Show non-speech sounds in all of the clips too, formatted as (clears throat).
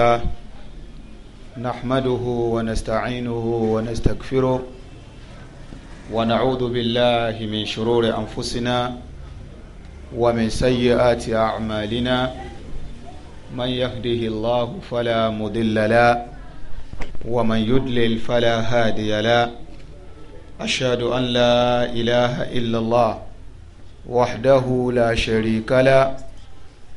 نحمده ونستعينه ونستغفره ونعوذ بالله من شرور أنفسنا ومن سيئات أعمالنا من يهده الله فلا مضل له ومن يدلل فلا هادي له أشهد أن لا إله إلا الله وحده لا شريك له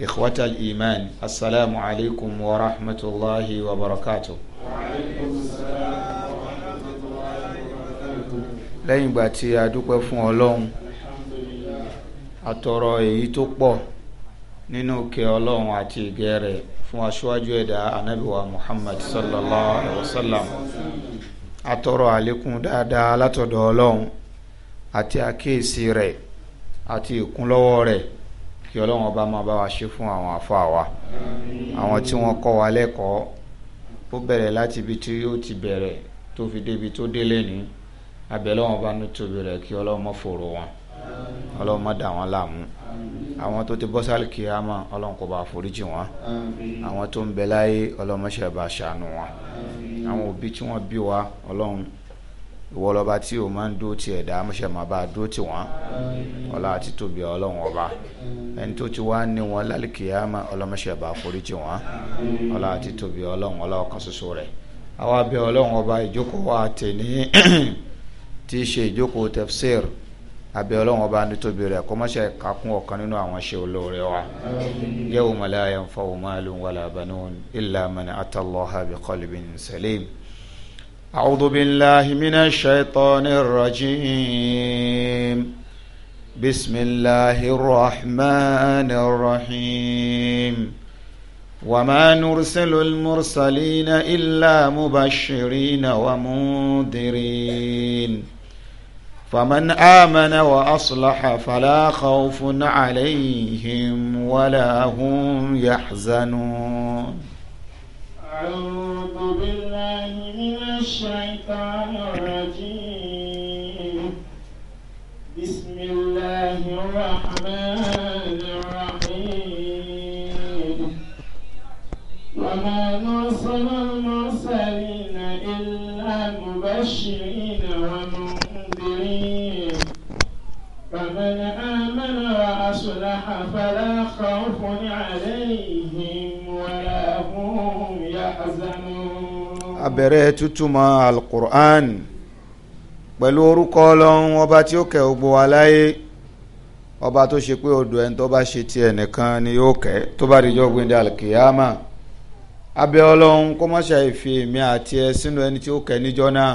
إخوة الإيمان السلام عليكم ورحمة الله وبركاته lẹ́yìn ìgbà tí a dúpẹ́ fún ọlọ́run àtọ̀rọ̀ èyí tó pọ̀ nínú òkè ọlọ́run àti ìgẹ́ rẹ̀ fún aṣáájú ẹ̀dá anábìwá Muhammad sallallahu alayhi wa sallam àtọ̀rọ̀ àlékún dáadáa látọ̀dọ̀ ọlọ́run àti àkíyèsí rẹ̀ àti ìkúnlọ́wọ́ rẹ̀ kí ọlọ́run ọba máa bá wa ṣe fún àwọn àfa wa àwọn tí wọ́n kọ́ wa lẹ́kọ̀ọ́ ó bẹ̀rẹ̀ láti ibi tí ó ti bẹ̀rẹ̀ tó fi débi tó délé ní abẹ́lọ́wọ́n bá ní tóbi rẹ̀ kí ọlọ́run má fòrò wọn ọlọ́run má dà wọ́n láàmú àwọn tó ti bọ́ sálì kíámà ọlọ́run kó bá foríjì wọn àwọn tó ń bẹ láyé ọlọ́run má bá ṣàánú wọn àwọn òbí tí wọ́n bí wa ọlọ́run ìwọ lọba tí o máa ń dúró ti ẹ̀dá amúṣẹ máa bá a dúró ti wọn ọlá àti tóbi ọlọ́run ọba ẹni tó ti wá ní wọn lálìkìyàmà ọlọ́mọṣẹ bá forí ti wọn ọlá àti tóbi ọlọ́run ọlọ́ọ̀kan ṣoṣo rẹ̀ àwa bẹ̀ ọlọ́run ọba ìjókòó wa tèní (clears throat) tí í ṣe ìjókòó tefsir abẹ Ọlọ́run ọba nítorí rẹ̀ kọmọṣẹ kakún ọ̀kan nínú àwọn ṣe olóore wa yawma la yanfa'u malun أعوذ بالله من الشيطان الرجيم بسم الله الرحمن الرحيم وما نرسل المرسلين إلا مبشرين ومنذرين فمن آمن وأصلح فلا خوف عليهم ولا هم يحزنون أعوذ بالله من الشيطان الرجيم بسم الله الرحمن الرحيم وما نرسل المرسلين إلا مبشرين abẹ̀rẹ̀ tútùmọ̀ alukur'an pẹ̀lú orúkọ ọlọ́run ọba tí ó kẹ́ gbogbo wa láyé ọba tó ṣe pé odò ẹni tó bá ṣe tiẹ̀ nìkan ni yóò kẹ́ tó bá dijọ́ gbẹ̀ndẹ̀ alikiyama abẹ́ ọlọ́run kó má ṣe àìfi èmi àti ẹ sínú ẹni tí ó kẹ́ níjọ́ náà.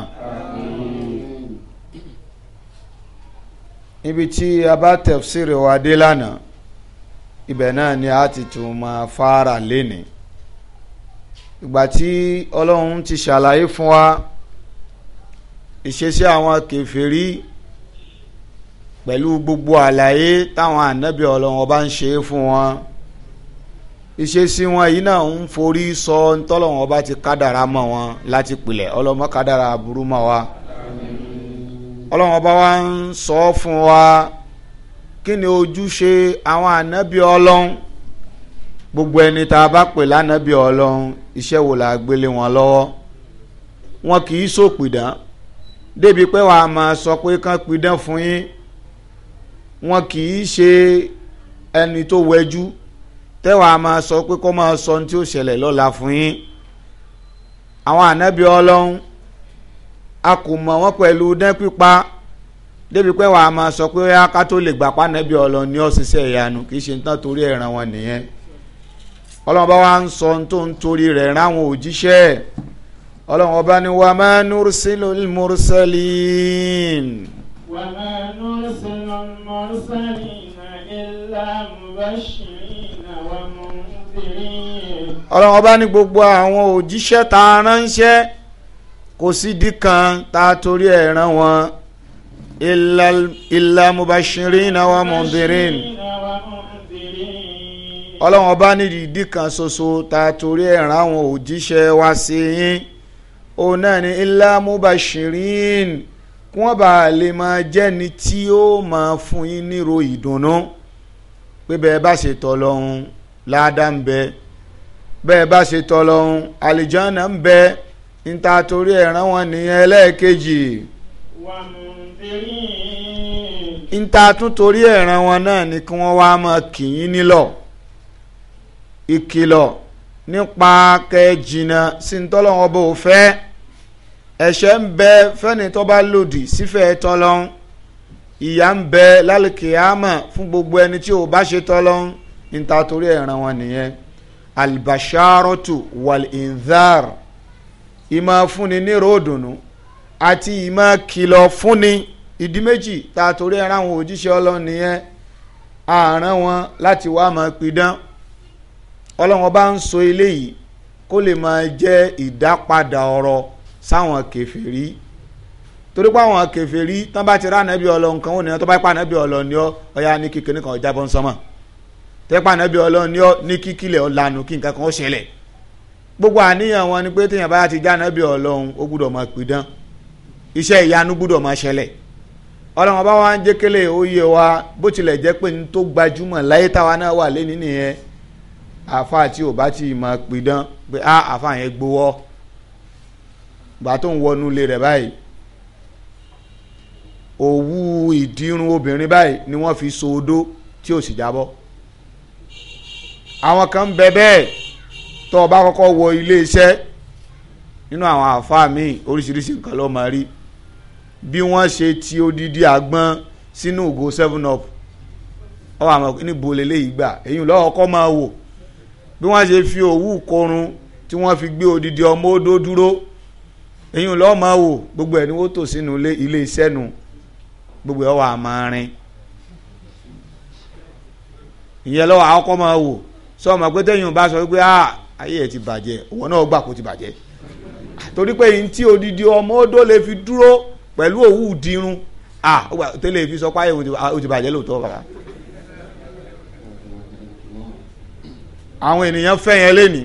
níbi tí a bá tafsiri wa dé lánàá ibẹ̀ náà ni a ti tún máa fara lénìí ìgbà tí ọlọ́run ti ṣàlàyé fún wa ìṣesí àwọn kèfèrí pẹ̀lú gbogbo àlàyé táwọn ànábì ọlọ́run ọba ń ṣe fún wọn ìṣesí wọn yìí náà ń forí sọ ntọ́lọ́run ọba ti kádàrá mọ́ wọn láti pilẹ̀ ọlọ́mọ kádàrá aburú mọ́ wa ọlọ́run ọba wa ń sọ fún wa kí ni ojúṣe àwọn ànábì ọlọ́run gbogbo ẹni tá a bá pè lánàbì ọlọ́run iṣẹ́ wo la gbélé wọn lọ́wọ́ wọn kì í sòpìdán débi pé wàá máa sọ pé kán pidán fún yín wọn kì í ṣe ẹni tó wẹjú tẹ́wàá máa sọ pé kó máa sọ ohun tí ó ṣẹlẹ̀ lọ́la fún yín àwọn ànábì ọlọ́run a kò mọ̀ wọ́n pẹ̀lú dán pípa débi pé wàá máa sọ pé ká tó lè gbà pa ànábì ọlọ́run ní ọ̀ṣiṣẹ́ ìyanu kì í ṣe ń ẹ̀ràn wọn nìyẹn ọlọ́run bá wa ń sọ tó ń torí rẹ̀ ráwọn òjíṣẹ́ ọlọ́run ọba ni wa ma nursilul mursalin. wa ma nursilul mursalina illa mubashirina wa munzirin. ọlọ́run ọba ní gbogbo àwọn òjíṣẹ́ tá a ránṣẹ́ kò sídìí kan tá a torí ẹ̀ rán wọn illa mubashirina wa munzirin ọlọ́run ọba nídìí ìdí kan ṣoṣo ta torí ẹ̀ràn àwọn òjíṣẹ́ wa sí yín òun náà ni ilá mubashirin kí wọ́n bá lè máa jẹ́ni tí ó máa fún yín níro ìdùnnú pé bẹ́ẹ̀ bá ṣe tọ́ lọ́hún ládàá ń bẹ bẹ́ẹ̀ bá ṣe tọ́ lọ́hún àlìjánà ń bẹ níta torí ẹ̀ràn wọn nìyẹn ẹlẹ́ẹ̀kejì níta tún torí ẹ̀ràn wọn náà ni kí wọ́n wá máa kì í nílọ̀ ìkìlọ̀ nípa kẹjìnà sí ntọ́lọ́wọ́n bó fẹ́ ẹ̀ṣẹ̀ ń bẹ fẹ́ni tó bá lòdì sífẹ́ tọ́lọ́n ìyà ń bẹ lálùkìyàmà fún gbogbo ẹni tí ò bá ṣe tọ́lọ́n níta torí ẹ̀ràn wọn nìyẹn albasharotu wal-inzar ìmọ̀ fúnni ní ròdùnú àti ìmọ̀ kìlọ̀ fúnni ìdí méjì tá torí ẹ̀ràn àwọn òjíṣẹ́ ọlọ́run nìyẹn àárán wọn láti wá máa pidán ọlọ́run ọba ń sọ eléyìí kó lè máa jẹ́ ìdápadà ọ̀rọ̀ sáwọn kèfèrí torí pé àwọn kèfèrí tán bá ti rá ànábì ọlọ́run kan ó nìyẹn tó bá pa ànábì ọlọ́run ni ọ ọ̀ya ní kíkiri kan ọ̀jábọ̀ ń sọmọ̀ tẹ́pà ànábì ọlọ́run ni ọ ní kíkílẹ̀ ọ̀lànà kí nǹkan kan ó ṣẹlẹ̀ gbogbo àníyàn wọn ni pé téèyàn bá ti já ànábì ọlọ́run ó gbúdọ̀ máa pidán iṣẹ́ ìyanu gbúdọ̀ máa ṣẹlẹ̀ ọlọ́run ọba wa ń jẹ́kẹ́lẹ̀ ó yé wa bó tilẹ̀ jẹ́ pé ní tó gbajúmọ̀ láyé táwa náà wà lé nínú àfa tí ò bá ti máa pidán pé á ah, àfa yẹn gbowó gbà tó ń wọnú ilé rẹ̀ báyìí òwú ìdírun obìnrin báyìí ni wọ́n fi so odó tí ò sì jábọ́ àwọn kan ń bẹ bẹ́ẹ̀ tó o bá kọ́kọ́ wọ ilé iṣẹ́ nínú àwọn àfa míì oríṣiríṣi nǹkan ló máa rí bí wọ́n ṣe ti odidi àgbọn sínú ògo seven up ọ̀ àmọ́ níbo lélẹ́yìí gbà èyí lọ́wọ́ kọ́ máa wò bí wọ́n ṣe fi òwú korun tí wọ́n fi gbé odidi ọmọ odó dúró eyín lọ́ọ́ máa wò gbogbo ẹ̀ ni wọ́n tò sínú ilé iṣẹ́ nu gbogbo ẹ̀ wà á máa rin ìyẹn lọ́wọ́ àwọn kọ́ máa wò sọ ma pé téèyàn bá sọ pé ah, ayé ẹ̀ ti bàjẹ́ òwò náà gbà kó ti bàjẹ́ torí pé yìí tí odidi ọmọ odó lè fi dúró pẹ̀lú òwú dirun ah tẹ́lẹ̀ fi sọ pé ayé ò ti bàjẹ́ lóòótọ́ bàbá. àwọn ènìyàn fẹ́ yẹn lénìí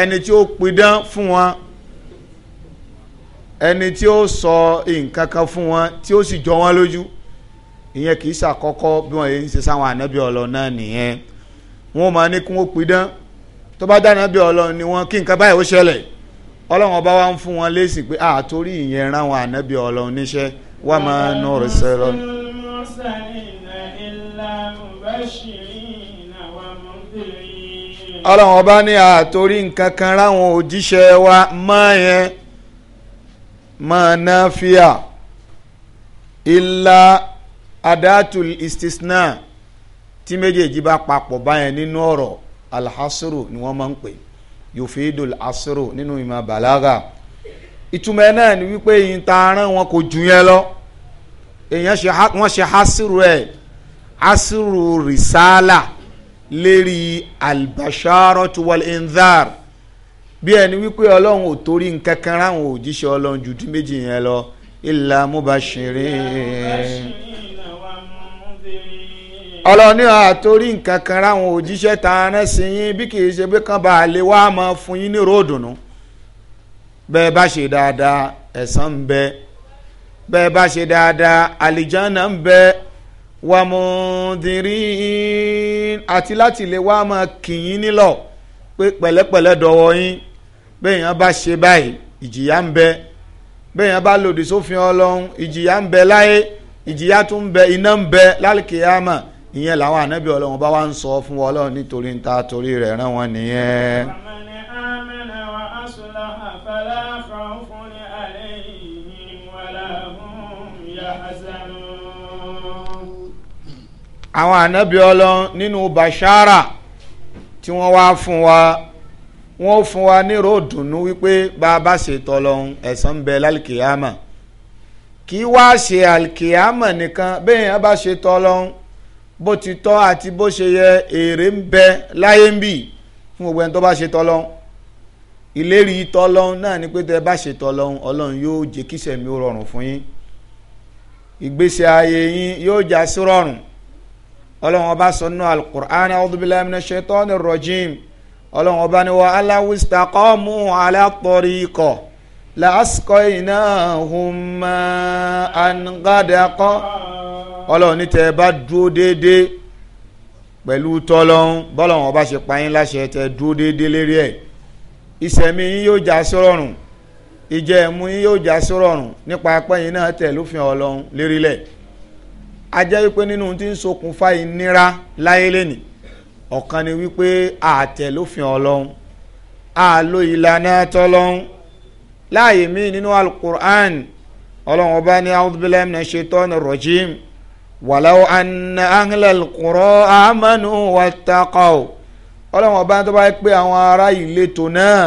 ẹni tí ó pidán fún wọn ẹni tí ó sọ nǹkan kan fún wọn tí ó sì jọ wọn lójú ìyẹn kì í ṣàkọ́kọ́ bí wọ́n yẹn ń ṣe sáwọn ànábì ọlọ náà nìyẹn wọn máa ní kí wọ́n pidán tó bá dáná bí ọlọ ni wọn kí nǹkan báyìí ó ṣẹlẹ̀ ọlọ́run ọba wa ń fún wọn lésì pé àtórí ìyẹn ráwọn ànábì ọlọ níṣẹ́ wà máa nù ọ̀rọ̀ sẹ́rọ̀ ọlọ́run ọba ní àtòrí nǹkan kan ráwọn òjíṣẹ́ wa mọ́ yẹn mọ́ náfíà ilá adátul istisna tí méjèèjì bá papọ̀ báyẹn nínú ọ̀rọ̀ alhasru ni wọ́n máa ń pè yòfídùl asru nínú ìmọ̀ bàlágà ìtumọ̀ náà ni wípé yìí ta arán wọn kò jù yẹn lọ èèyàn wọ́n ṣe hasru ẹ̀ hasru rìsálà lérí albasharatu wal inzar bí ẹni wípé ọlọ́run ò torí nǹkan kan ráwọn òjíṣẹ́ ọlọ́run jù tí méjì yẹn lọ ìlà mubashirin ọlọ́run ní àtorí nǹkan kan ráwọn òjíṣẹ́ tá a rán sí yín bí kì í ṣe pé kán bá a lè wá máa fún yín ní ròdùnú bẹ́ẹ̀ bá ṣe dáadáa ẹ̀san ń bẹ bẹ́ẹ̀ bá ṣe dáadáa àlìjánà ń bẹ wàmùndínrín àti láti lè wá máa kìyìn nílọ pé pẹ̀lẹ́pẹ̀lẹ́ dọ̀wọ́ yín bẹ́ẹ̀ yẹn bá ṣe báyìí ìjìyà ń bẹ bẹ́ẹ̀ yẹn bá lòdì sófin ọlọ́run ìjìyà ń bẹ láyé ìjìyà tún ń bẹ iná ń bẹ lálùkìyàmà ìyẹn làwọn ànábì ọlọ́run bá wá ń sọ fún ọlọ́run nítorí ń ta torí rẹ̀ rán wọn nìyẹn. àwọn ànábì ọlọ́run nínú bashara tí wọ́n wá fún wa wọ́n fún wa ní ròdùnú wípé bá a bá ṣètò ọlọ́run ẹ̀san ń bẹ lálìkìyàmà kì í wá ṣe àlìkìyàmà nìkan bẹ́ẹ̀ yẹn bá ṣètò ọlọ́run bó ti tọ́ àti bó ṣe yẹ èrè ń bẹ láyé ń bì fún gbogbo ẹni tó bá ṣètò ọlọ́run ìlérí ìtọ́ ọlọ́run náà ni pé tẹ́ bá ṣètò ọlọ́run ọlọ́run yóò jẹ́ kíṣẹ̀mí ó rọrùn fún yín ìgbésẹ̀ ayé yín yóò já sí rọrùn ọlọ́run ọba sọ nínú alukur'an a'udhu billahi minash shaitani rrajim ọlọ́run ọba ni wa alaw istaqamu ala tariqa la'asqaynahum ma'an ghadaqa ọlọ́run ní tẹ́ ẹ bá dúró déédéé pẹ̀lú tọ́lọ́hún bọ́lọ́run ọba ṣe pa yín láṣẹ tẹ́ dúró déédéé lérí ẹ̀ ìṣẹ̀mí yín yóò já sọ́rọ̀rùn ìjẹ́ ẹ̀mú yín yóò já sọ́rọ̀rùn nípa apẹ́yìn náà tẹ̀ lófin ọlọ́run lérílẹ̀ a jẹ́ wípé nínú tí ń ṣokùnfà ìnira láyé lẹ́nì ọ̀kan ni wípé àtẹ̀lófin ọlọ́run àlò ìlànà tọ́lọ́run láàyè míì nínú alukur'an ọlọ́run ọba ní audubilayi na ṣetán rọ̀jìm wàláwọ̀ anna ahlal kúrọ́ amánú wàtàkọ́ ọlọ́run ọba tó bá pé àwọn ará ìletò náà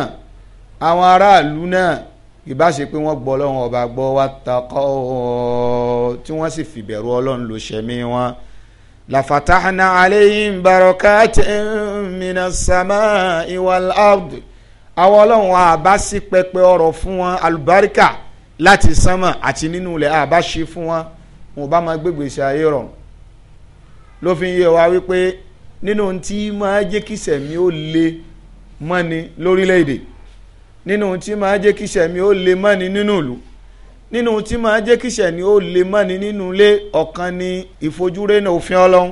àwọn aráàlú náà ìbáṣe pé wọ́n gbọ́ ọlọ́run ọba gbọ́ wá takọ́ tí wọ́n sì fìbẹ̀rù ọlọ́run ló ṣẹ̀mí wọn. lafatahna aleyhim barakatin minas samai wal ard àwọn ọlọ́run àbá sí pẹpẹ ọrọ̀ fún wọn alùbáríkà láti sánmọ̀ àti nínú ilẹ̀ àbá ṣe fún wọn wọn bá máa gbégbèsè ayé rọrùn lófin yé wa wípé nínú tí máa jẹ́ kí sẹ̀mí ó le mọ́ni lórílẹ̀‐èdè nínú tí máa jẹ́ kí sẹ̀mí ó le mọ́ni nínú ìlú nínú tí máa jẹ́ kí sẹ̀mí ó le mọ́ni nínú ilé ọ̀kan ni ìfojúrénà òfin ọlọ́run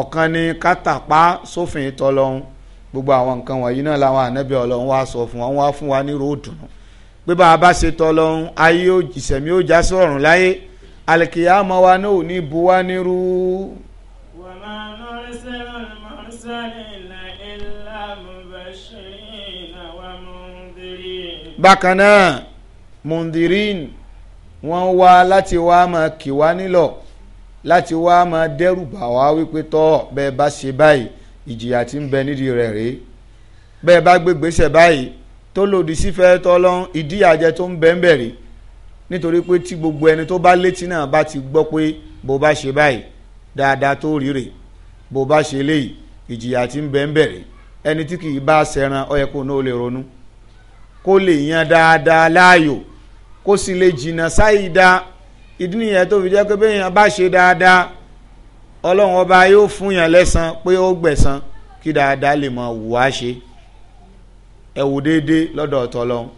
ọ̀kan ni kátàpá sófin ìtọ́lọ́run gbogbo àwọn nǹkan wọ̀nyí náà làwọn ànábì ọlọ́run wá sọ fún wa wọ́n wá fún wa ní ròdùnú pé bá a bá ṣe tọ́lọ́run ayé ìsẹ̀mí ó já sọ̀rùn láyé alìkìyàmọ wa náà ò ní buwá nírú. wàmà nọ́ọ̀rẹ́sẹ̀ rẹ̀ mọ̀ọ́sálẹ̀ bákan náà mundirin wọ́n wá láti wá máa kì wá nílọ̀ láti wá máa dẹ́rù bà wá wípé tọ́ bẹ́ẹ̀ bá ṣe báyìí ìjìyà tí ń bẹ nídìí rẹ̀ rèé bẹ́ẹ̀ bá gbé gbèsè báyìí tó lòdì sífẹ́ tọ́lọ́n ìdíyàjẹ tó ń bẹ ń bẹ̀rẹ̀ nítorí pé tí gbogbo ẹni tó bá létí náà bá ti gbọ́ pé bó bá ṣe báyìí dáadáa tó rí rè bó bá ṣe léyìí ìjìyà tí ń bẹ ń bẹ̀rẹ̀ ẹni tí kì í bá ṣẹran ó yẹ kó náà lè ronú kó lè yan dáadáa láàyò kó sì lè jìnnà sáìdá ìdí nìyẹn tó fi jẹ́ pé bẹ́ẹ̀ yẹn bá ṣe dáadáa ọlọ́run ọba yóò fún yàn lẹ́san pé ó gbẹ̀san kí dáadáa lè mọ wù á ṣe ẹ wò déédéé lọ́dọ̀ tọ́lọ́run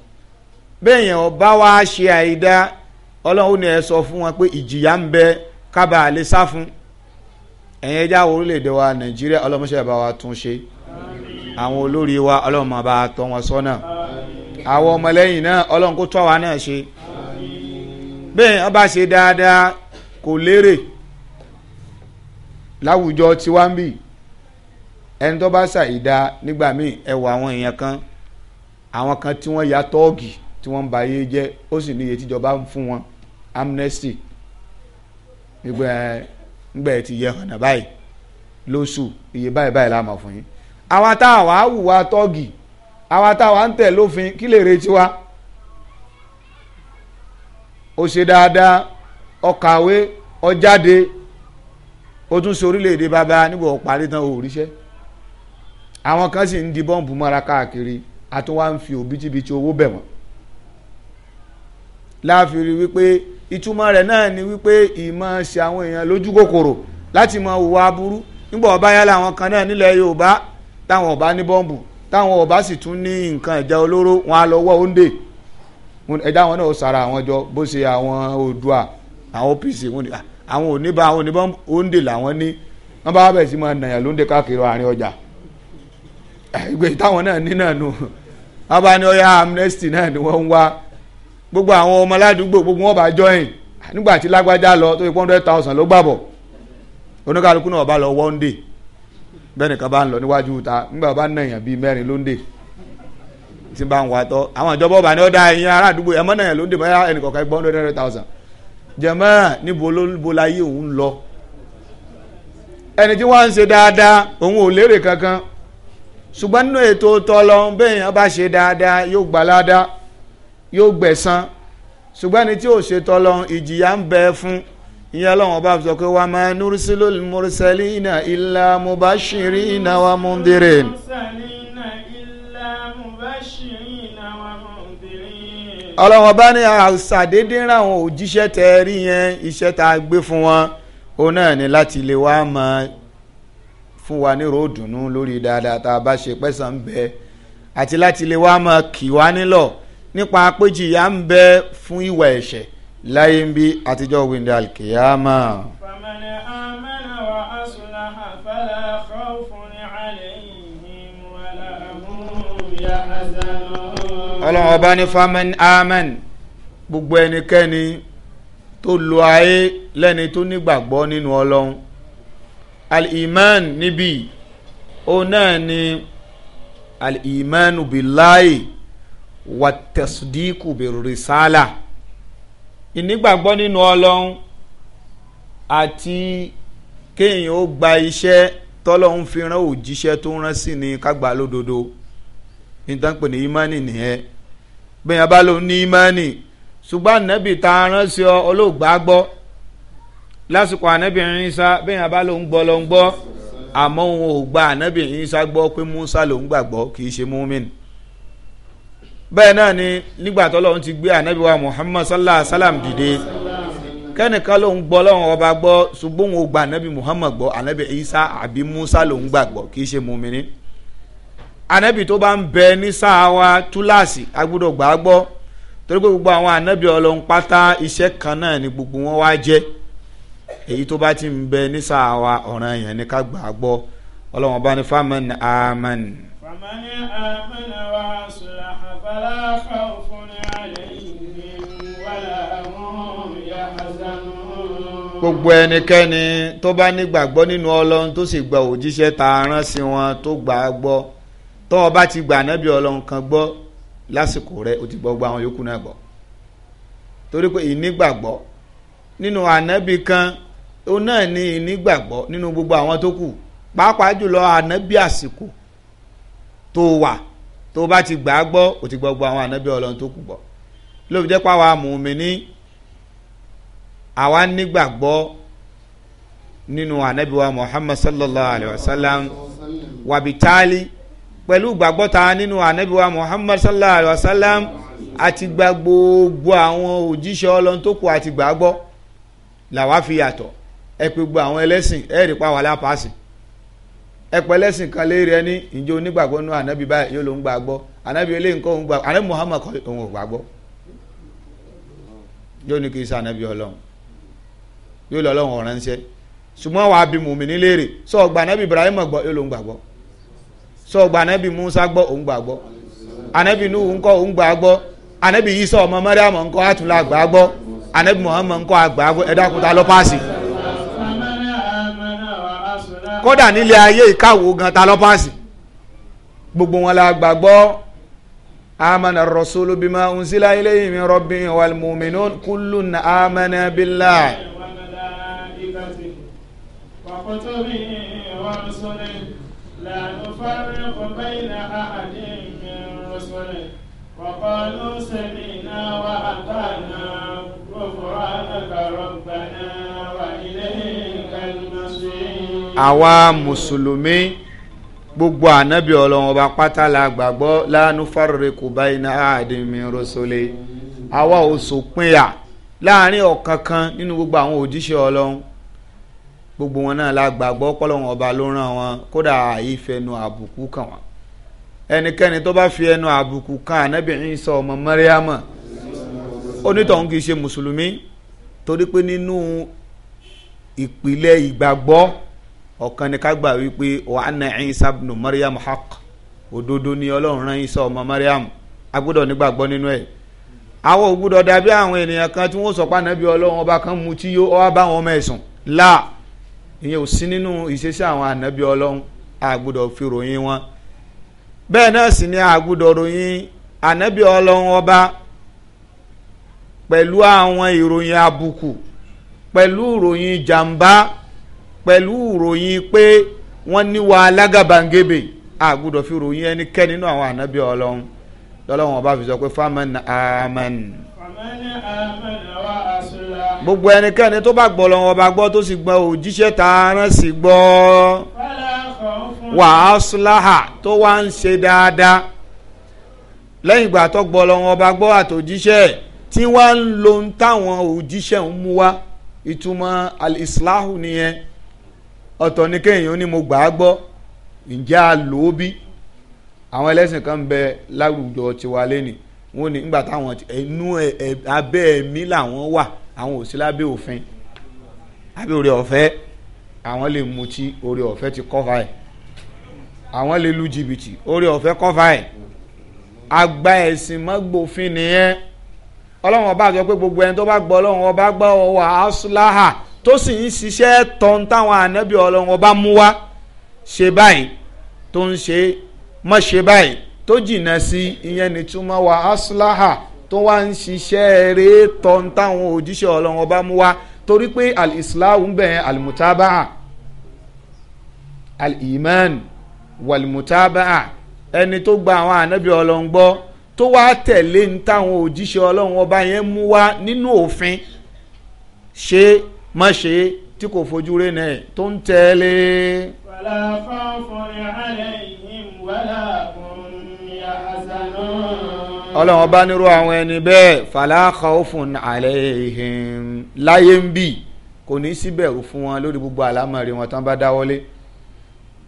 bẹ́ẹ̀ yẹn ọba wa ṣe àìdá ọlọ́run ní ẹ sọ fún wọn pé ìjìyà ń bẹ kábàá lè sá fún ẹ̀yin ẹja orílẹ̀-èdè wa nàìjíríà ọlọ́mọṣẹ́ bá wa tún ṣe àwọn olórí wa ọlọ́run bá tọ́ wọn sọ́nà. So àwọn ọmọlẹ́yìn náà ọlọ́run kó tọ́ wa náà ṣe bẹ́ẹ̀ wọ́n bá ṣe dáadáa kò lérè láwùjọ tiwa ń bì ẹni tó bá ṣàìdá nígbà míì ẹwà àwọn èèyàn kan àwọn kan tí wọ́n ya tọ́ọ̀gì tí wọ́n ń ba ayé jẹ́ ó sì níye tíjọba ń fún wọn amnesty nígbà ẹ nígbà ẹ ti yẹ ọ̀nà báyìí lóṣù iye báyìí báyìí la máa fún yín àwa tá a wàá hùwà tọ́ọ̀gì àwa táwa ń tẹ̀ lófin kí lè retí wa ó ṣe dáadáa ọkàwé ọjáde ó tún ṣe orílẹ̀-èdè bàbá níbo ọ̀parí tán ò ríṣẹ́ àwọn kan sì ń di bọ́ǹbù mọ́ra káàkiri àti wá ń fi òbítíbitì owó bẹ̀ wọ́n láàfin wípé ìtumọ̀ rẹ̀ náà ni wípé ìmọ̀ ṣe àwọn èèyàn lójú kòkòrò láti mọ òwò aburú nígbà ọba yálà àwọn kan náà nílẹ̀ Yorùbá táwọn ọba ní bọ́ǹbù táwọn ọba sì tún ní nǹkan ẹ̀já olóró wọn á lọ wọ́ ondè ẹ̀dá wọn náà sara àwọn jọ bó ṣe àwọn oòdùà àwọn OPC wọn ni ah, àwọn oníbà àwọn oníbà ondè làwọn ní wọn bá bẹ̀rẹ̀ sí máa nàyàn lóńdè káàkiri àárín ọjà ah, ìgbè táwọn náà ní náà nù wọn bá ní ọyá amnesty náà ni wọ́n ń wá gbogbo àwọn ọmọ aládùúgbò gbogbo wọn bá join ah, nígbà tí lágbájá lọ tó fi one hundred thousand ló gbàbọ̀ oníkàlùkù náà ọba lọ wọ́ndé bẹ́ẹ̀ nìkan bá ń lọ níwájú ta nígbà bá nàyàn bíi mẹ́rin lóńdè tí bá ń wà tọ́ àwọn ìjọba ọba ni ó da ẹ̀yin ará àdúgbò ẹ̀mọ́ nàyàn lóńdè báyà ẹnìkọ̀ọ̀kan gbọ́n hundred hundred thousand jẹ̀mọ́ níbo ló ń bo láyé òun lọ ẹni tí wọ́n ń ṣe kankan ṣùgbọ́n nínú ètò tọ́lọ bẹ́ẹ̀ yẹn bá ṣe dáadáa yóò gbà ládàá yóò gbẹ̀san ṣùgbọ́n ẹni tí ò ṣe tọ́lọ ìjìyà ń fún ìyẹn ọlọ́run bá sọ pé wa ma nursilul mursalina illa mubashirina wa mundirin. ọlọ́run bá ní àṣàdédé ráwọn òjíṣẹ́ tẹ rí yẹn iṣẹ́ tá a gbé fún wọn òun náà ni láti lè wá máa fún wa nírò òdùnnú lórí dáadáa tá a bá ṣe pẹ́sàn-án bẹ́ẹ̀ àti láti lè wá máa kì wá nílọ̀ nípa péjì ìyà ń bẹ fún ìwà ẹ̀ṣẹ̀ láyé ń bí àtijọ́ wíńdà alkiyama. famani amana wa asulaha fala khawfun alayhim wala hum yahzanun. ọlọ́run ọba ní famani amana gbogbo ẹnikẹ́ni tó lo ayé lẹ́ni tó nígbàgbọ́ nínú ọlọ́run al-iman níbí òun náà ni al-imanu billahi wa tasdiku bi risala. Al ìnígbàgbọ́ nínú ọlọ́run àti kéèyàn ó gba iṣẹ́ tọ́lọ́run fi rán òjíṣẹ́ tó rán sí ni kágbà lódodo nítorí pé ní imani nìyẹn bẹ́ẹ̀ bá lòun ní imani ṣùgbọ́n ànábì tá a rán sí ọ olóògbà gbọ́ lásìkò ànábì ìrìnsá bẹ́ẹ̀ bá lòun gbọ́ lòun gbọ́ àmọ́ òun ò gba ànábì ìrìnsá gbọ́ pé musa lòun gbàgbọ́ kì í ṣe múmin bẹ́ẹ̀ náà ni nígbà tó ti gbé anabi wa muhammad sallallahu alayhi wa sallam dìde kẹ́nìkan ló ń gbọ́ ọba gbọ́ ṣùgbọ́n òun gba anabi muhammad gbọ́ anabi isa àbí musa ló ń gbàgbọ́ kì í ṣe anabi tó bá ń bẹ ní sáà túláàsì agbọ́dọ̀ gbà gbọ́ torí pé gbogbo àwọn kan náà ni gbogbo wọn wá jẹ́ bá ti ń bẹ ní wa ọ̀ràn yẹn ni ká فمن آمن وأصلح فلا خوف عليهم ولا هم يحزنون gbogbo ẹnikẹ́ni tó bá nígbàgbọ́ nínú ọlọ́run tó sì gba òjíṣẹ́ tá a rán sí wọn tó gbà á gbọ́ tó o bá ti gbà nábì ọlọ́run kan gbọ́ lásìkò rẹ o ti gbọ́ gba àwọn yòókù náà gbọ́ torí pé ìnígbàgbọ́ nínú ànábì kan òun náà ní ìnígbàgbọ́ nínú gbogbo àwọn tó kù pàápàá jùlọ ànábì àsìkò tó wà tó bá ti gbà á gbọ́ ò ti gbọ́ gbọ́ àwọn ànábì ọlọ́run tó kù gbọ́ ló jẹ́ pé àwa mùmíní àwa nígbàgbọ́ nínú ànábì wa Muhammad sallallahu alayhi wa sallam wàbítálí pẹ̀lú ìgbàgbọ́ ta nínú ànábì wa Muhammad sallallahu alayhi wa sallam àti gba gbogbo àwọn òjíṣẹ́ ọlọ́run tó kù àti gbàgbọ́ làwa fi yàtọ̀ ẹ pé gbogbo àwọn ẹlẹ́sìn ẹ̀ẹ́dì pa ẹpẹlẹsìn kan léèrè ẹni ìjọ onígbàgbọ́ nù ànábì báyìí yóò ló ń gbàgbọ́ anabi eléyìí nǹkan òun gbàgbọ́ ànábì Muhammad kọ òun ò gbàgbọ́ yóò ní kí isa ànábì Ọlọ́run yóò lọ Ọlọ́run ọ̀ràn ṣẹ́ ṣùgbọ́n wàá bí mùmí ní léèrè sọ ọgbà ànábì Ibrahim gbọ́ yóò ló ń gbàgbọ́ sọ ọgbà ànábì Musa gbọ́ òun gbàgbọ́ ànábì Nuhu ńkọ́ òun gbàgbọ́ ànábì Isa ọmọ Mariam ńkọ́ àtúnlá gbàgbọ́ anabi Muhammad ńkọ́ àgbàgbọ́ ẹ̀dá kúta lọ́pàá sí kódà nílé ayé ìkàwó gan ta lọ́pàásì gbogbo wọn la gbàgbọ́ amana rasulu bima unsila ilayhi min rabbihim wal mu'minun kullun amana billahi. وقالوا سمعنا وأطعنا غفرانك ربنا وإليك àwa mùsùlùmí gbogbo ànábì ọlọ́run ọba pátá la gbàgbọ́ lánú fárọ̀rẹ́ kò báyìí náà àdìmí rọ́sọ̀lẹ̀ àwa ò sòpinya láàrin ọ̀kankan nínú gbogbo àwọn òjíṣẹ́ ọlọ́run gbogbo wọn náà la gbàgbọ́ pọ́lọ́run ọba ló ràn wọn kódà àìfẹnu àbùkù kàn wọn ẹnikẹ́ni tó bá fi ẹnu àbùkù kan ànábì Ìsá ọmọ mẹ́ríàmà onítọ̀hún kì í ṣe mùsùlùmí torí pé nínú ìpìlẹ̀ ìgbàgbọ́ ọ̀kan ni ká gbà wípé wa anna Isa ibn mariam haqq òdodo ni ọlọ́run rán Isa ọmọ mariam a gbọ́dọ̀ nígbàgbọ́ nínú ẹ̀ àwọn ò gbọ́dọ̀ dàbí àwọn ènìyàn kan tí wọ́n sọ pé ànábì ọlọ́run ọba kan mu tí yóò wá bá wọn mẹ̀sùn là ìyẹn ò sí nínú ìṣesí àwọn ànábì ọlọ́run a gbọ́dọ̀ fi ròyìn wọn bẹ́ẹ̀ náà sì ni a gbọ́dọ̀ ròyìn ànábì ọlọ́run ọba pẹ̀lú àwọn ìròyìn àbùkù pẹ̀lú ìròyìn jàǹbá pẹ̀lú ìròyìn pé wọ́n níwà alágàbàǹgebè àgùdọ̀ fi ròyìn ẹnikẹ́ni nínú àwọn ànábì ọlọ́run lọ́lọ́run ọba fi sọ pé faman amen. gbogbo ẹnikẹ́ni tó bá gbọ́ lọ́wọ́ ọba gbọ́ tó sì gbọ́ òjíṣẹ́ tààrán sì gbọ́ wàásùláhà tó wá ń ṣe dáadáa lẹ́yìn ìgbà tó gbọ́ lọ́wọ́ ọba gbọ́ àtòjíṣẹ́ tí wọ́n ń lo táwọn òjíṣẹ́ ń mú wá ìtumọ̀ al-islahu nìyẹn ọ̀tọ̀ ni kéèyàn ní mo gbà á gbọ́ ǹjẹ́ a lò ó bí àwọn ẹlẹ́sìn kan ń bẹ láwùjọ tiwa lẹ́nì wọn ni nígbà táwọn ẹnu abẹ́ ẹ̀mí làwọn wà àwọn ò sí lábẹ́ òfin àbí orí ọ̀fẹ́ àwọn lè mutí orí ọ̀fẹ́ ti kọ́fà ẹ̀ àwọn lè lu jìbìtì orí ọ̀fẹ́ kọ́fà ẹ̀ àgbà ẹ̀sìn mọ́gbòfin nìyẹn ọlọ́run ọba àjọ pé gbogbo ẹni tó bá gbọ́ ọlọ́run ọba gbọ́ ọwọ́ asúláhà tó sì ń ṣiṣẹ́ tọ́n táwọn ànábì ọlọ́run ọba mú wá ṣe báyìí tó ń ṣe mọ́ ṣe báyìí tó jìnnà sí ìyẹn nìtúmọ̀ wa tó wá ń ṣiṣẹ́ eré tọ́n táwọn òjíṣẹ́ ọlọ́run ọba mú wá torí pé al ń ẹni tó má ṣe é tí kò fojú rẹ̀ náà tó ń tẹ̀lé. wàlá fáfọ́n àlẹ́ yìí wàlá kùn yà àzànà. ọlọ́run ọba nírú àwọn ẹni bẹ́ẹ̀ fàlà khawfun alayhim láyé ń bì kò ní síbẹ̀rù fún wọn lórí gbogbo àlámọ̀rí wọn tán bá dáwọ́lé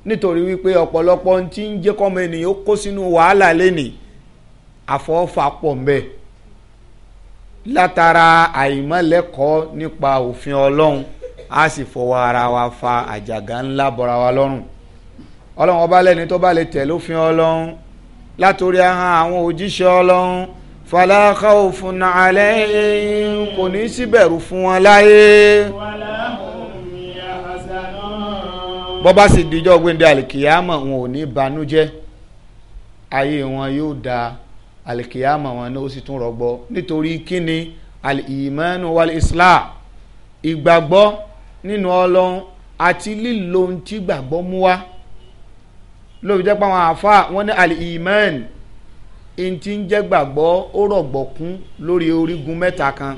nítorí wípé ọ̀pọ̀lọpọ̀ ti ń jẹ́ ènìyàn ó kó sínú wàhálà lẹ́nìí àfọ́fà pọ̀ ń látara àìmọ̀lẹ́kọ̀ọ́ nípa òfin ọlọ́run a sì fọwọ́ ara wa fa àjàgà ńlá bọ́ra wa lọ́rùn ọlọ́run ọba lẹ́ni tó bá lè tẹ̀lé òfin ọlọ́run látòrí ahọ́n àwọn òjíṣẹ́ ọlọ́run fala khawfun alayhim kò ní síbẹ̀rù fún wọn láyé bọ́bá sì dijọ́ gbéńdé àlìkìyàmọ̀ wọn ò ní banújẹ́ ayé wọn yóò dáa alikiyama wọn náà ó sì tún rọgbọ nítorí kíni alìmánu wàlí islam ìgbàgbọ́ nínú ọlọ́run àti lílo ohun tí gbàgbọ́ mú wá lóbi jẹ́ pé àwọn àáfà wọn ní alìmán ẹni ń jẹ́ gbàgbọ́ ó rọ̀gbọ̀kún lórí orígun mẹ́ta kan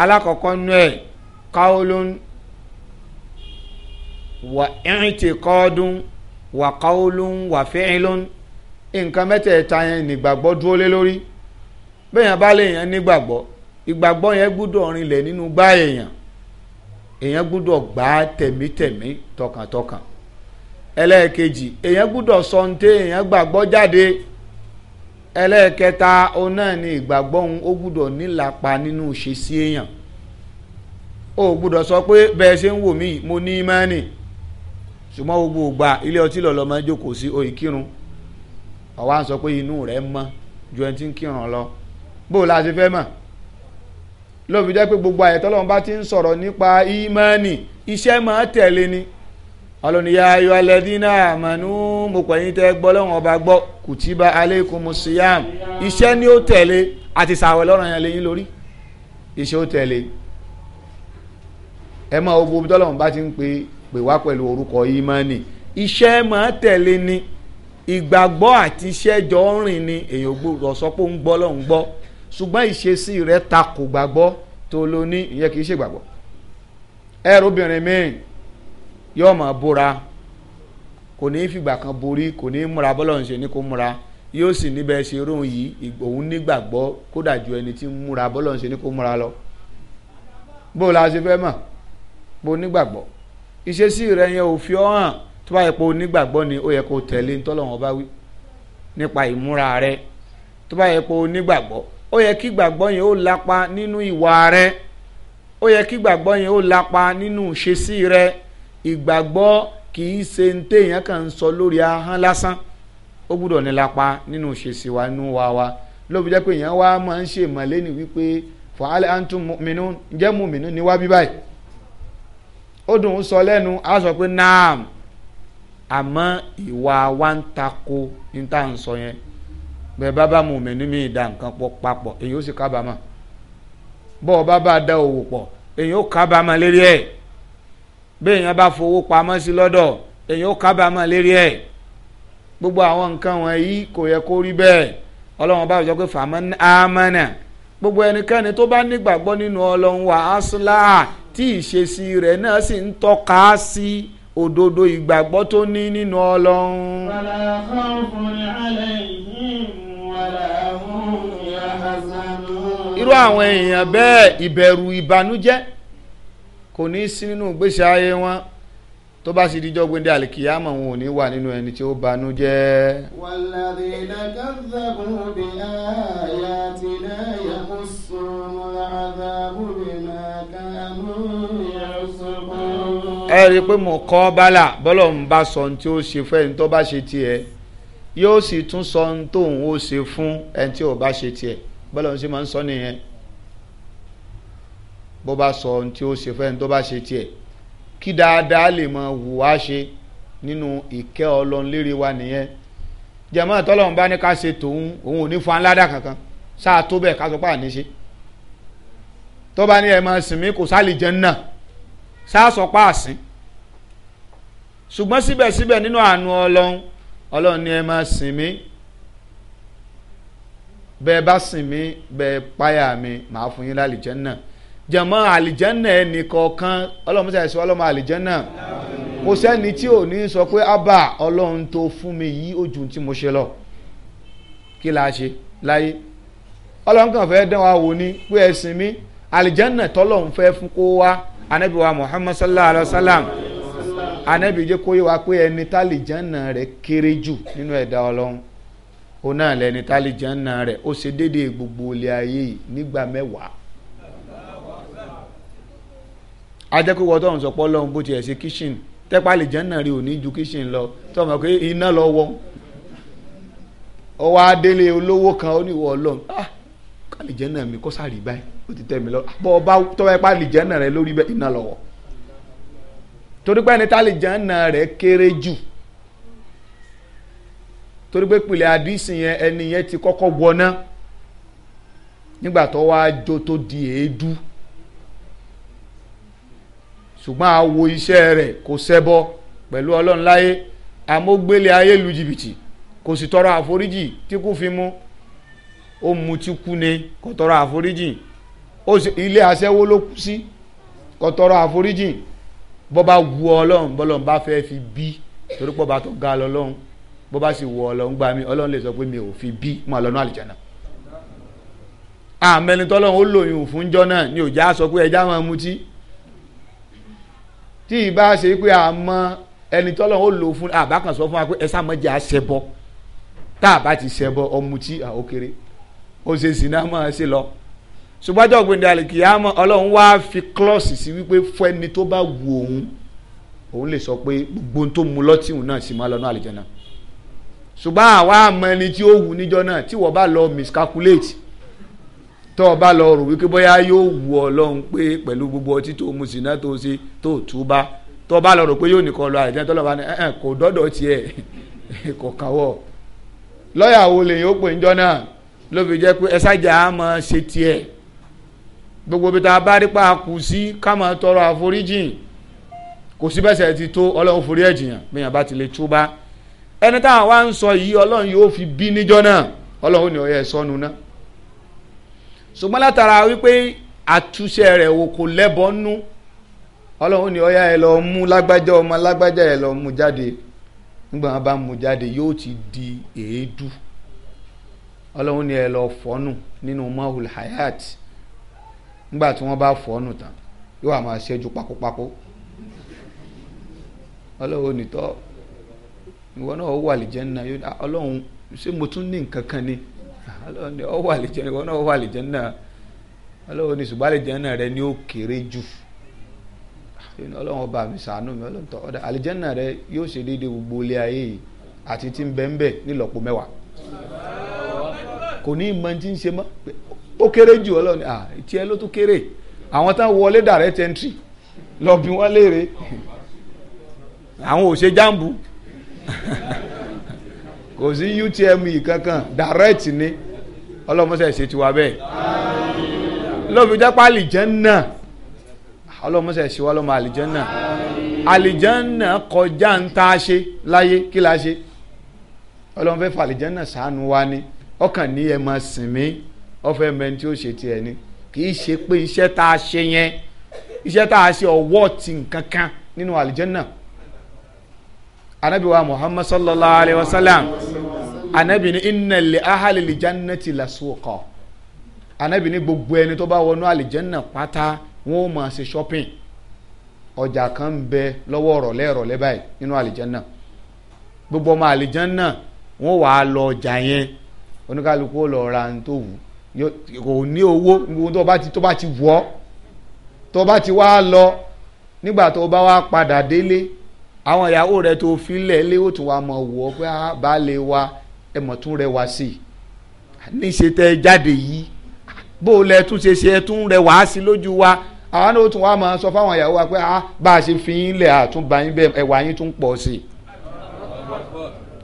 alákọ̀ọ́kọ́ nú ẹ̀ káwọ́lón wà ẹ̀rìntì kọ́ọ́dún wà káwọ́lón wà fẹ́ẹ́lón nǹkan mẹ́tẹ̀ẹ̀ta yẹn nígbàgbọ́ dúró lé lórí bẹ́ẹ̀yàn bá léèyàn nígbàgbọ́ ìgbàgbọ́ yẹn gbúdọ̀ rinlẹ̀ nínú gbá èèyàn èèyàn gbúdọ̀ gbá tẹ̀mítẹ̀mí tọkàntọkàn ẹlẹ́ẹ̀kejì èèyàn gbúdọ̀ sọ ohun tí èèyàn gbàgbọ́ jáde ẹlẹ́ẹ̀kẹta òun náà ni ìgbàgbọ́ òun ó gbúdọ̀ nílapa nínú ìṣesí èèyàn o gbúdọ̀ sọ pé bẹ́ẹ̀ ṣe ń wò mí mo ní ìmánì ṣùgbọ́n gbogbo ìgbà ilé ọtí lọ́lọ́ máa ń sí oyè ọwọ́ à ń sọ pé inú rẹ̀ mọ́ ju ẹni tí ń kírun lọ bó la ṣe fẹ́ mọ̀ lóbi jẹ́ pé gbogbo àyẹ̀tọ́ lọ́wọ́ bá ti ń sọ̀rọ̀ nípa ìmánì iṣẹ́ máa tẹ̀lé ni ọlọ́niyà ayọ̀ alẹ́dínà àmànú mo pẹ̀yìn tẹ́ gbọ́ lọ́wọ́n ọba gbọ́ kùtìbà aleikum siyam iṣẹ́ ni ó tẹ̀lé àti sàwẹ̀ lọ́rọ̀ yẹn lẹ́yìn lórí iṣẹ́ ó tẹ̀lé ẹ máa wo gbogbo tọ́lọ́wọ́n bá ti ń pè wá pẹ̀lú orúkọ ìmánì iṣẹ́ máa tẹ̀lé ni ìgbàgbọ́ àti iṣẹ́ jọ ń rìn ni èèyàn gbọ́dọ̀ sọ pé ó ń gbọ́ ló ń gbọ́ ṣùgbọ́n ìṣesí rẹ̀ ta kò gbàgbọ́ tó ló ní ìyẹn kì í ṣe gbàgbọ́ ẹrù obìnrin míì yóò máa bóra kò ní í fìgbà kan borí kò ní í múra bọ́lọ̀ ń ṣe ní kó múra yóò sì níbẹ̀ ṣe róun yìí òun nígbàgbọ́ kódà ju ẹni tí ń múra bọ́lọ̀ ń ṣe ní kó múra lọ bó la ṣe fẹ́ mọ̀ bó nígbàgbọ́ ìṣesí tó bá yẹ pé ni ó yẹ kó tẹ̀lé ntọ́lọ́wọ́n bá wí nípa ìmúra rẹ tó bá yẹ pé onígbàgbọ́ ó yẹ kí gbàgbọ́ yẹn ó lapa nínú ìwà rẹ ó yẹ kí gbàgbọ́ yẹn ó lapa nínú ìṣesí rẹ ìgbàgbọ́ kì í ṣe ń ń sọ lórí lásán ó gbúdọ̀ ní lapa nínú ìṣesí wa nínú wa wa lóbi jẹ́ pé èèyàn wá máa ń ṣe ìmọ̀lẹ́ ni wípé fàálẹ̀ antum naam àmọ́ ìwà wa ń tako ní tá à ń sọ yẹn bẹ́ẹ̀ bá bá mùmí ní mi ìdá nǹkan pọ̀ papọ̀ èyí ó sì kábàámọ̀ bọ́ ọ bá bá da òwò pọ̀ èyí ó kábàámọ̀ lérí ẹ̀ bẹ́ẹ̀ yẹn bá fowó pamọ́ sí lọ́dọ̀ èyí ó kábàámọ̀ lérí ẹ̀ gbogbo àwọn nǹkan wọ̀nyí kò yẹ kó rí bẹ́ẹ̀ ọlọ́run bá sọ pé fàmọ́ àmọ́nà gbogbo ẹnikẹ́ni tó bá nígbàgbọ́ nínú ọlọ́run wà á tí ìṣesí rẹ̀ náà sì ń tọ́ka sí. Si òdodo ìgbàgbọ́ tó ní nínú ọlọ́run. wàlá khawfun alayhim wàlá hum yahzanun. irú àwọn èèyàn bẹ́ẹ̀ ìbẹ̀rù ìbànújẹ́ kò ní sí nínú ìgbésí ayé wọn tó bá sì díjọ́ gbéńdé àlìkìyàmọ̀ wọn ò ní wà nínú ẹni tí ó banú jẹ́. walladhina kadhabu bi ayatina yamassuhumul adhabu bima kanu ya'subun ẹ rí i pé mo kọ́ bálà bọ́lọ̀ ń bá sọ ohun tí ó ṣe fún ẹni tó bá ṣe tiẹ̀ yóò sì tún sọ ohun tóun ó ṣe fún ẹni tí ò bá ṣe tiẹ̀ bọ́lọ̀ ń ṣe máa ń sọ nìyẹn bó bá sọ ohun tí ó ṣe fún ẹni tó bá ṣe tiẹ̀ kí dáadáa lè mọ wù wá ṣe nínú ìkẹ́ ọlọ́run lérí wa nìyẹn jẹ̀mọ́ ìtọ́lọ́run bá ní ká ṣe tòun òun ò ní fún aládà kankan sáà tó bẹ́ẹ̀ ká sọ pé àníṣe tó bá ní ẹ̀ máa sìn mí kò sálì jẹ́ náà sáàsọ páàsìn ṣùgbọ́n síbẹ̀síbẹ̀ nínú àánú ọlọ́run ọlọ́run ni ẹ máa sìn mí bẹ́ẹ̀ bá sìn mí bẹ́ẹ̀ páyà mi màá fún yín lálìjẹ́nà jẹ̀mọ́ àlìjẹ́nà ẹnì kọ̀ọ̀kan ọlọ́run sẹ́yìn sọ ọlọ́run àlìjẹ́nà kò sẹ́ni tí ò ní sọ pé ábà ọlọ́run tó fún mi yí ojú tí mo ṣe lọ kí la ṣe láyé ọlọ́run kàn fẹ́ dán wa wò ni pé ẹ sìn mí àlìjẹ́nà tọ́lọ́run fẹ́ fún kó wá anabi wa muhammad sallallahu alayhi wa sallam anabi jẹ́ kó yé wa pé ẹni tálí jẹ́nà rẹ̀ kéré jù nínú ẹ̀dá ọlọ́run ó náà lẹ́ni tálí jẹ́nà rẹ̀ ó ṣe déédéé gbogbo ilé ayé yìí nígbà mẹ́wàá ajẹ́kọ̀wọ́ tó ń sọ pé ọlọ́run bó tiẹ̀ ṣe kíṣìn tẹ́pálì jẹ́nà rí òní ju kíṣìn lọ tó mọ̀ pé iná lọ wọ́n ọwọ́ adélé olówó kan ó ní ìwọ ọlọ́run ah kálí jẹ́nà mi kó sáré báyìí ó ti tẹ́ mi lọ bọ́ ọba tọ́wọ́ ẹ pa àlìjẹ́nà rẹ lórí bẹ́ẹ̀ iná lọ́wọ́ torí pé ẹni tá àlìjẹ́nà rẹ kéré jù torí pé pìlẹ̀ àdìsí yẹn ẹni yẹn ti kọ́kọ́ wọná nígbà tó wá jó tó di èédú ṣùgbọ́n àwo iṣẹ́ rẹ̀ kò ṣẹbọ pẹ̀lú ọlọ́run láyé amógbélé ayé lu jìbìtì kò sì tọrọ àforíjì tí kò fi mú ó mutí kú ni kò tọrọ àforíjì ilé aṣẹ́wó ló kú sí kó tọrọ àforíjì bọ́ba wu ọlọ́run bọ́lọ́run bá fẹ́ fi bí torí pọ́ bá tó ga lọ́lọ́run bó bá sì wọ ọlọ́run gbà mí ọlọ́run lè sọ pé mi ò fi bí mọ́ ọlọ́run àlìjáná àmẹnitọ́lọ́run ó lòyún fúnjọ́ náà ni ò já sọ pé ẹja máa mutí tí ì bá ṣe pé àmọ́ ẹni tọ́lọ́run ó lò fún àbákan sọ fún wa pé ẹ sá mọ́jà ṣẹbọ tá a bá ti ṣẹbọ ọmutí àókèrè ó ṣe sìnà ṣe lọ ṣùgbọ́n ọjọ́ gbẹ̀ndẹ̀ àlìkìyàmọ́ ọlọ́run wá fi klọ́ọ̀sì sí wípé fún ẹni tó bá wù òun òun lè sọ pé gbogbo tó mu lọ́tìhùn náà sì máa lọ náà àlìjẹ́ náà ṣùgbọ́n àwa àmọ́ ẹni tí ó wù níjọ́ náà tí wọ́n bá lọ miscalculate tó o bá lọ rò wípé bóyá yóò wù ọ lọ́hùn pé pẹ̀lú gbogbo ọtí tó mu sí náà tó ṣe tó tú bá tó o bá lọ rò pé yóò nìkan lọ àlìjẹ́ tó lọ́ba ní (laughs) lèyìn ó pè níjọ́ náà ló fi jẹ́ pé ẹ sájà á mọ ṣe tiẹ̀ gbogbo bí ta bá rí pa kù sí ká máa tọrọ àforíjì kò sí bẹ́sẹ̀ ti tó ọlọ́run forí ẹ̀jìyàn bẹ́yàn bá ti lè túbá ẹni táwọn wá ń sọ yìí ọlọ́run yóò fi bí níjọ́ náà ọlọ́run ní ọyẹ sọnù náà ṣùgbọ́n látara wípé àtúnṣe rẹ̀ wò kò lẹ́bọ̀ọ́ nú ọlọ́run ní ọyá ẹ lọ mú lágbájá ọmọ lágbájá ẹ lọ mú jáde nígbà wọn bá mú jáde yóò ti di èédú ọlọ́run ní ẹ lọ fọ́nù nínú mahul hayat. nígbà tí wọ́n bá fọ́ ọ́nù tán yóò wá máa ṣẹ́jú pákópákó ọlọ́run nìtọ́ ìwọ náà ó wà lè jẹ́ nínú ah, ọlọ́run ṣé mo tún ní nǹkan kan ni ọlọ́run ni ó wà lè jẹ́ ìwọ náà ó wà lè jẹ́ nínú ọlọ́run ní ṣùgbọ́n àlè jẹ́ nínú rẹ ni ó kéré jù ah, ọlọ́run ọba mi ṣàánú mi ọlọ́run tọ́ ọ̀dà àlìjẹ́nà rẹ yóò ṣe déédéé gbogbo ilé ayé yìí àti tí ń bẹ ń mẹ́wàá kò ní ìmọ̀ tí ń ṣe mọ́ ó kéré jù ọlọ́ni à tiẹ̀ ló tún kéré àwọn tán wọlé direct entry lọ bí wọ́n léèrè àwọn ò ṣe jáàmbù kò sí UTME kankan direct ni ọlọ́mọṣẹ́ ṣe tiwa bẹ́ẹ̀ lọ́bi jápá àlìjẹ́nà ọlọ́mọṣẹ́ ṣe wá lọ́mọ àlìjẹ́nà àlìjẹ́nà kọjá ń tá a ṣe láyé kí la ṣe ọlọ́mọ fẹ́ fà àlìjẹ́nà ṣàánú wa ni ọkàn ní ẹ máa sìn mí ọfẹ mẹni tí ó ṣe tiẹ̀ ni kì í ṣe pé iṣẹ́ tá a ṣe yẹn iṣẹ́ tá a ṣe ọwọ́ ti nǹkan kan nínú àlìjẹ́nà anabi wa muhammad sallallahu alayhi wa sallam anabi ni inna li ahali lijannati la suqa anabi ni gbogbo ẹni tó bá wọnú àlìjẹ́nà pátá wọn ò máa ṣe shopping ọjà kan ń bẹ lọ́wọ́ ọ̀rọ̀lẹ́ ọ̀rọ̀lẹ́ báyìí nínú àlìjẹ́nà gbogbo ọmọ àlìjẹ́nà wọn wàá lọ ọjà yẹn oníkálukú ó lọ ra ní kò ní owó gbogbo tó bá ti tó bá ti wọ́ tó bá ti wá lọ nígbà tó bá wá padà délé àwọn ìyàwó rẹ tó filẹ̀ lé ó tún wá mọ̀ wọ́ pé a ah, bá lè wa ẹ mọ̀ tún rẹ wá sí i níṣe tẹ jáde yìí bó lẹ tún ṣe ṣe tún rẹ wá sí lójú wa àwọn náà ó tún wá mọ̀ sọ fáwọn ìyàwó wa pé a ah, bá a ṣe fi yín lẹ̀ àtúnbá yín bẹ́ẹ̀ ẹ̀wà yín tún pọ̀ sí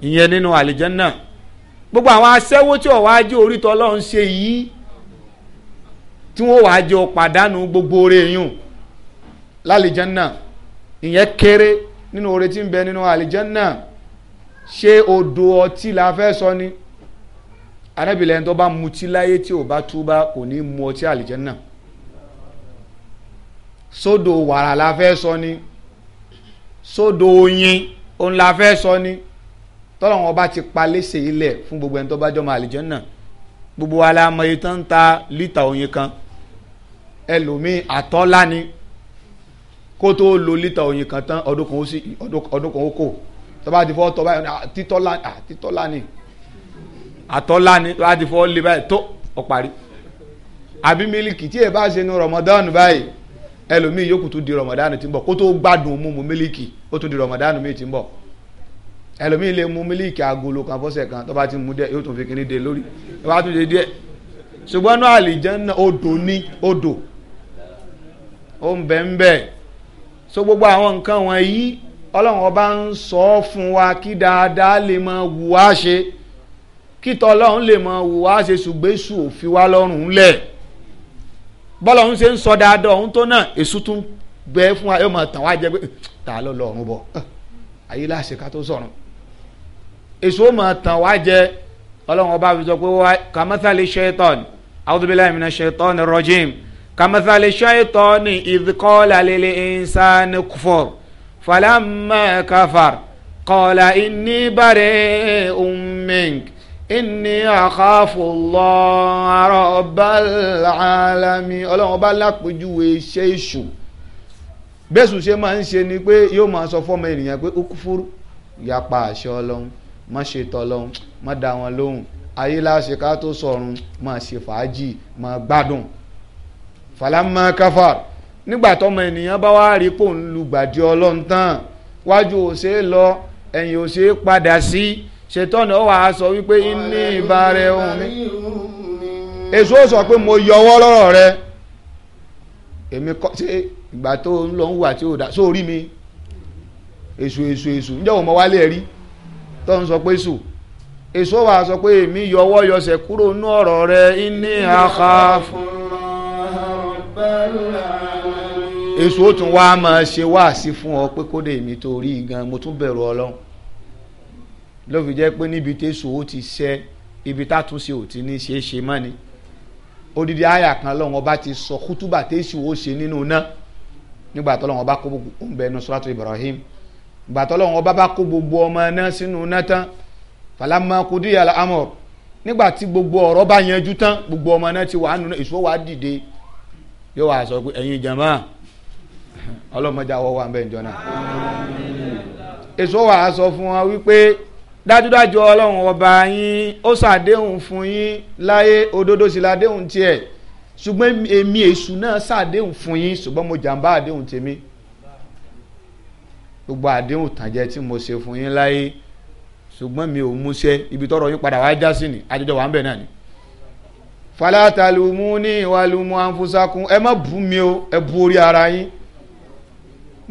ìyẹn nínú àlìjẹ́ náà gbogbo àwọn aṣẹ́wó tí ọ̀wá ajé orí tọ́lọ́run ṣe yìí tí wọ́n wàá jọ pàdánù gbogbo oore yùn lálìjánná ìyẹn kéré nínú oore tí ń bẹ nínú àlìjánná ṣé odò ọtí la fẹ́ sọ ni arábìlẹ̀ ẹni tó bá mutí láyé tí ò bá túbá kò ní mu ọtí àlìjánná sódò wàrà la fẹ́ sọ ni sódò oyin òun la fẹ́ sọ ni. So tọ́lọ́run ọba ti pa léṣe ilẹ̀ fún gbogbo ẹni tó bá jọmọ àlìjẹ́nà gbogbo wa la mọ iye tó ń ta lítà oyin kan ẹlòmíì àtọ́lá ni kó tó lo lítà oyin kan tán ọdún kan ó sì ọdún kan ó kò tó bá ti fọ́ tọ́ báyìí ah, títọ́lá ah, títọ́lá ni àtọ́lá ni tó ti fọ́ lé báyìí tó ó àbí mílíkì tí ẹ bá ṣe ní rọmọdánù báyìí ẹlòmíì yòókù tún di rọmọdánù tí ń bọ̀ kó tó gbádùn mú mílíkì ó tún di rọmọdánù míì ẹlòmíì lè mú mílíìkì agolo kan fọ́sẹ̀ kan tó bá ti mú díẹ̀ yóò tún fi kíní de lórí tó bá tún de díẹ̀ ṣùgbọ́n náà àlìjẹ́nà odò ní odò ó ń bẹ̀ ń bẹ̀ so gbogbo àwọn nǹkan wọ̀nyí ọlọ́run ọba ń sọ ọ́ fún wa kí dáadáa lè mọ wù wá ṣe kí tọ́lọ́run lè mọ wù ṣe ṣùgbẹ́sù òfin wa lọ́rùn lẹ̀ bọ́lọ́run ṣe ń sọ dáadáa ọ̀hún tó náà èṣù tún gbẹ fún wa yóò mọ̀ tàn wá jẹ pé tà lọ́lọ́run bọ̀ ayé láṣẹ ká tó sọ̀rùn èso máa tàn wá jẹ ọlọ́run ọba fi sọ pé wá kàmáṣálẹ̀ ṣẹ́tọ́n àwùjọbílẹ̀ ìmìnà ṣẹ́tọ́n rọ́jìm kàmáṣálẹ̀ ṣẹ́tọ́n ìdíkọ́lá lélẹ̀ ìnsán kúfọ̀r fàlámà káfàr kọ́lá ìní bàrẹ̀ ummink ìní àkàfọ̀lọ́ àrọ̀ ọba alami ọlọ́run ọba lápèjúwe ṣe èṣù bẹ́sù ṣe máa ń ṣe ni pé yóò máa sọ fọ́mọ ènìyàn pé ó kúfúrú yapa àṣẹ ọlọ́run má ṣe tọlọ́hún má dá wọn lóhùn ayé láṣẹ ká tó sọ̀run má ṣe fàájì má gbádùn falama kafar nígbà tọmọ ènìyàn bá wá rí pò ń lùgbàdì ọlọ́run tán wájú ò ṣe é lọ ẹ̀yìn ò ṣe é padà sí ṣètọ́nà ó wàá sọ wípé ní ìbára ohun mi èso sọ pé mo yọwọ́ lọ́rọ̀ rẹ èmi kọ́ ṣe ìgbà tó ń lọ ń wà tí ò dá sórí mi èso èso èso ǹjẹ́ òun mọ wálé ẹ tó ń sọ pé sù èso wa sọ pé èmi yọwọ́ yọsẹ̀ kúrò nú ọ̀rọ̀ rẹ ní àká fún èso tún wá máa ṣe wáàsí fún ọ pé kódé èmi tó rí gan mo tún bẹ̀rù ọlọ́run ló fi jẹ́ pé níbi tẹ́sù ó ti ṣẹ́ ibi tátúnṣe ò ti ní ṣe é ṣe mọ́ ni odidi àyà kan lọ́wọ́n ọba ti sọ kútúbà tẹ́sù ó ṣe nínú náà nígbà tó lọ́wọ́n ọba kó gbogbo ń bẹ nínú suratu Ibrahim gbàtọ́lọ́hún ọba bá kó gbogbo ọmọ náà sínú náà tán falama kudi ala amor nígbà tí gbogbo ọ̀rọ̀ bá yanjú tán gbogbo ọmọ náà ti wà nù ìṣó wa dìde yóò wá sọ pé ẹ̀yin jama ọlọ́mọdé àwọ̀ wa ń bẹ̀ ń jọ́nà èso wa sọ fún wa wípé dájúdájú ọlọ́run ọba yín ó ṣàdéhùn fún yín láyé òdodo sì ládéhùn tiẹ̀ ṣùgbọ́n èmi èṣù náà ṣàdéhùn fún yín ṣùgbọ́n mo jàǹbá àdéhùn tèmi gbogbo àdéhùn tàjẹ tí mo ṣe fún yín láyé ṣùgbọ́n mi ò múṣẹ́ ibi tọ́rọ̀ yín padà wáá já sí ni àjọjọ wà ń bẹ̀ náà ni. falatalumu ní ìwàlùmọ́ anfusakun ẹ má bú mi o ẹ bú orí ara yín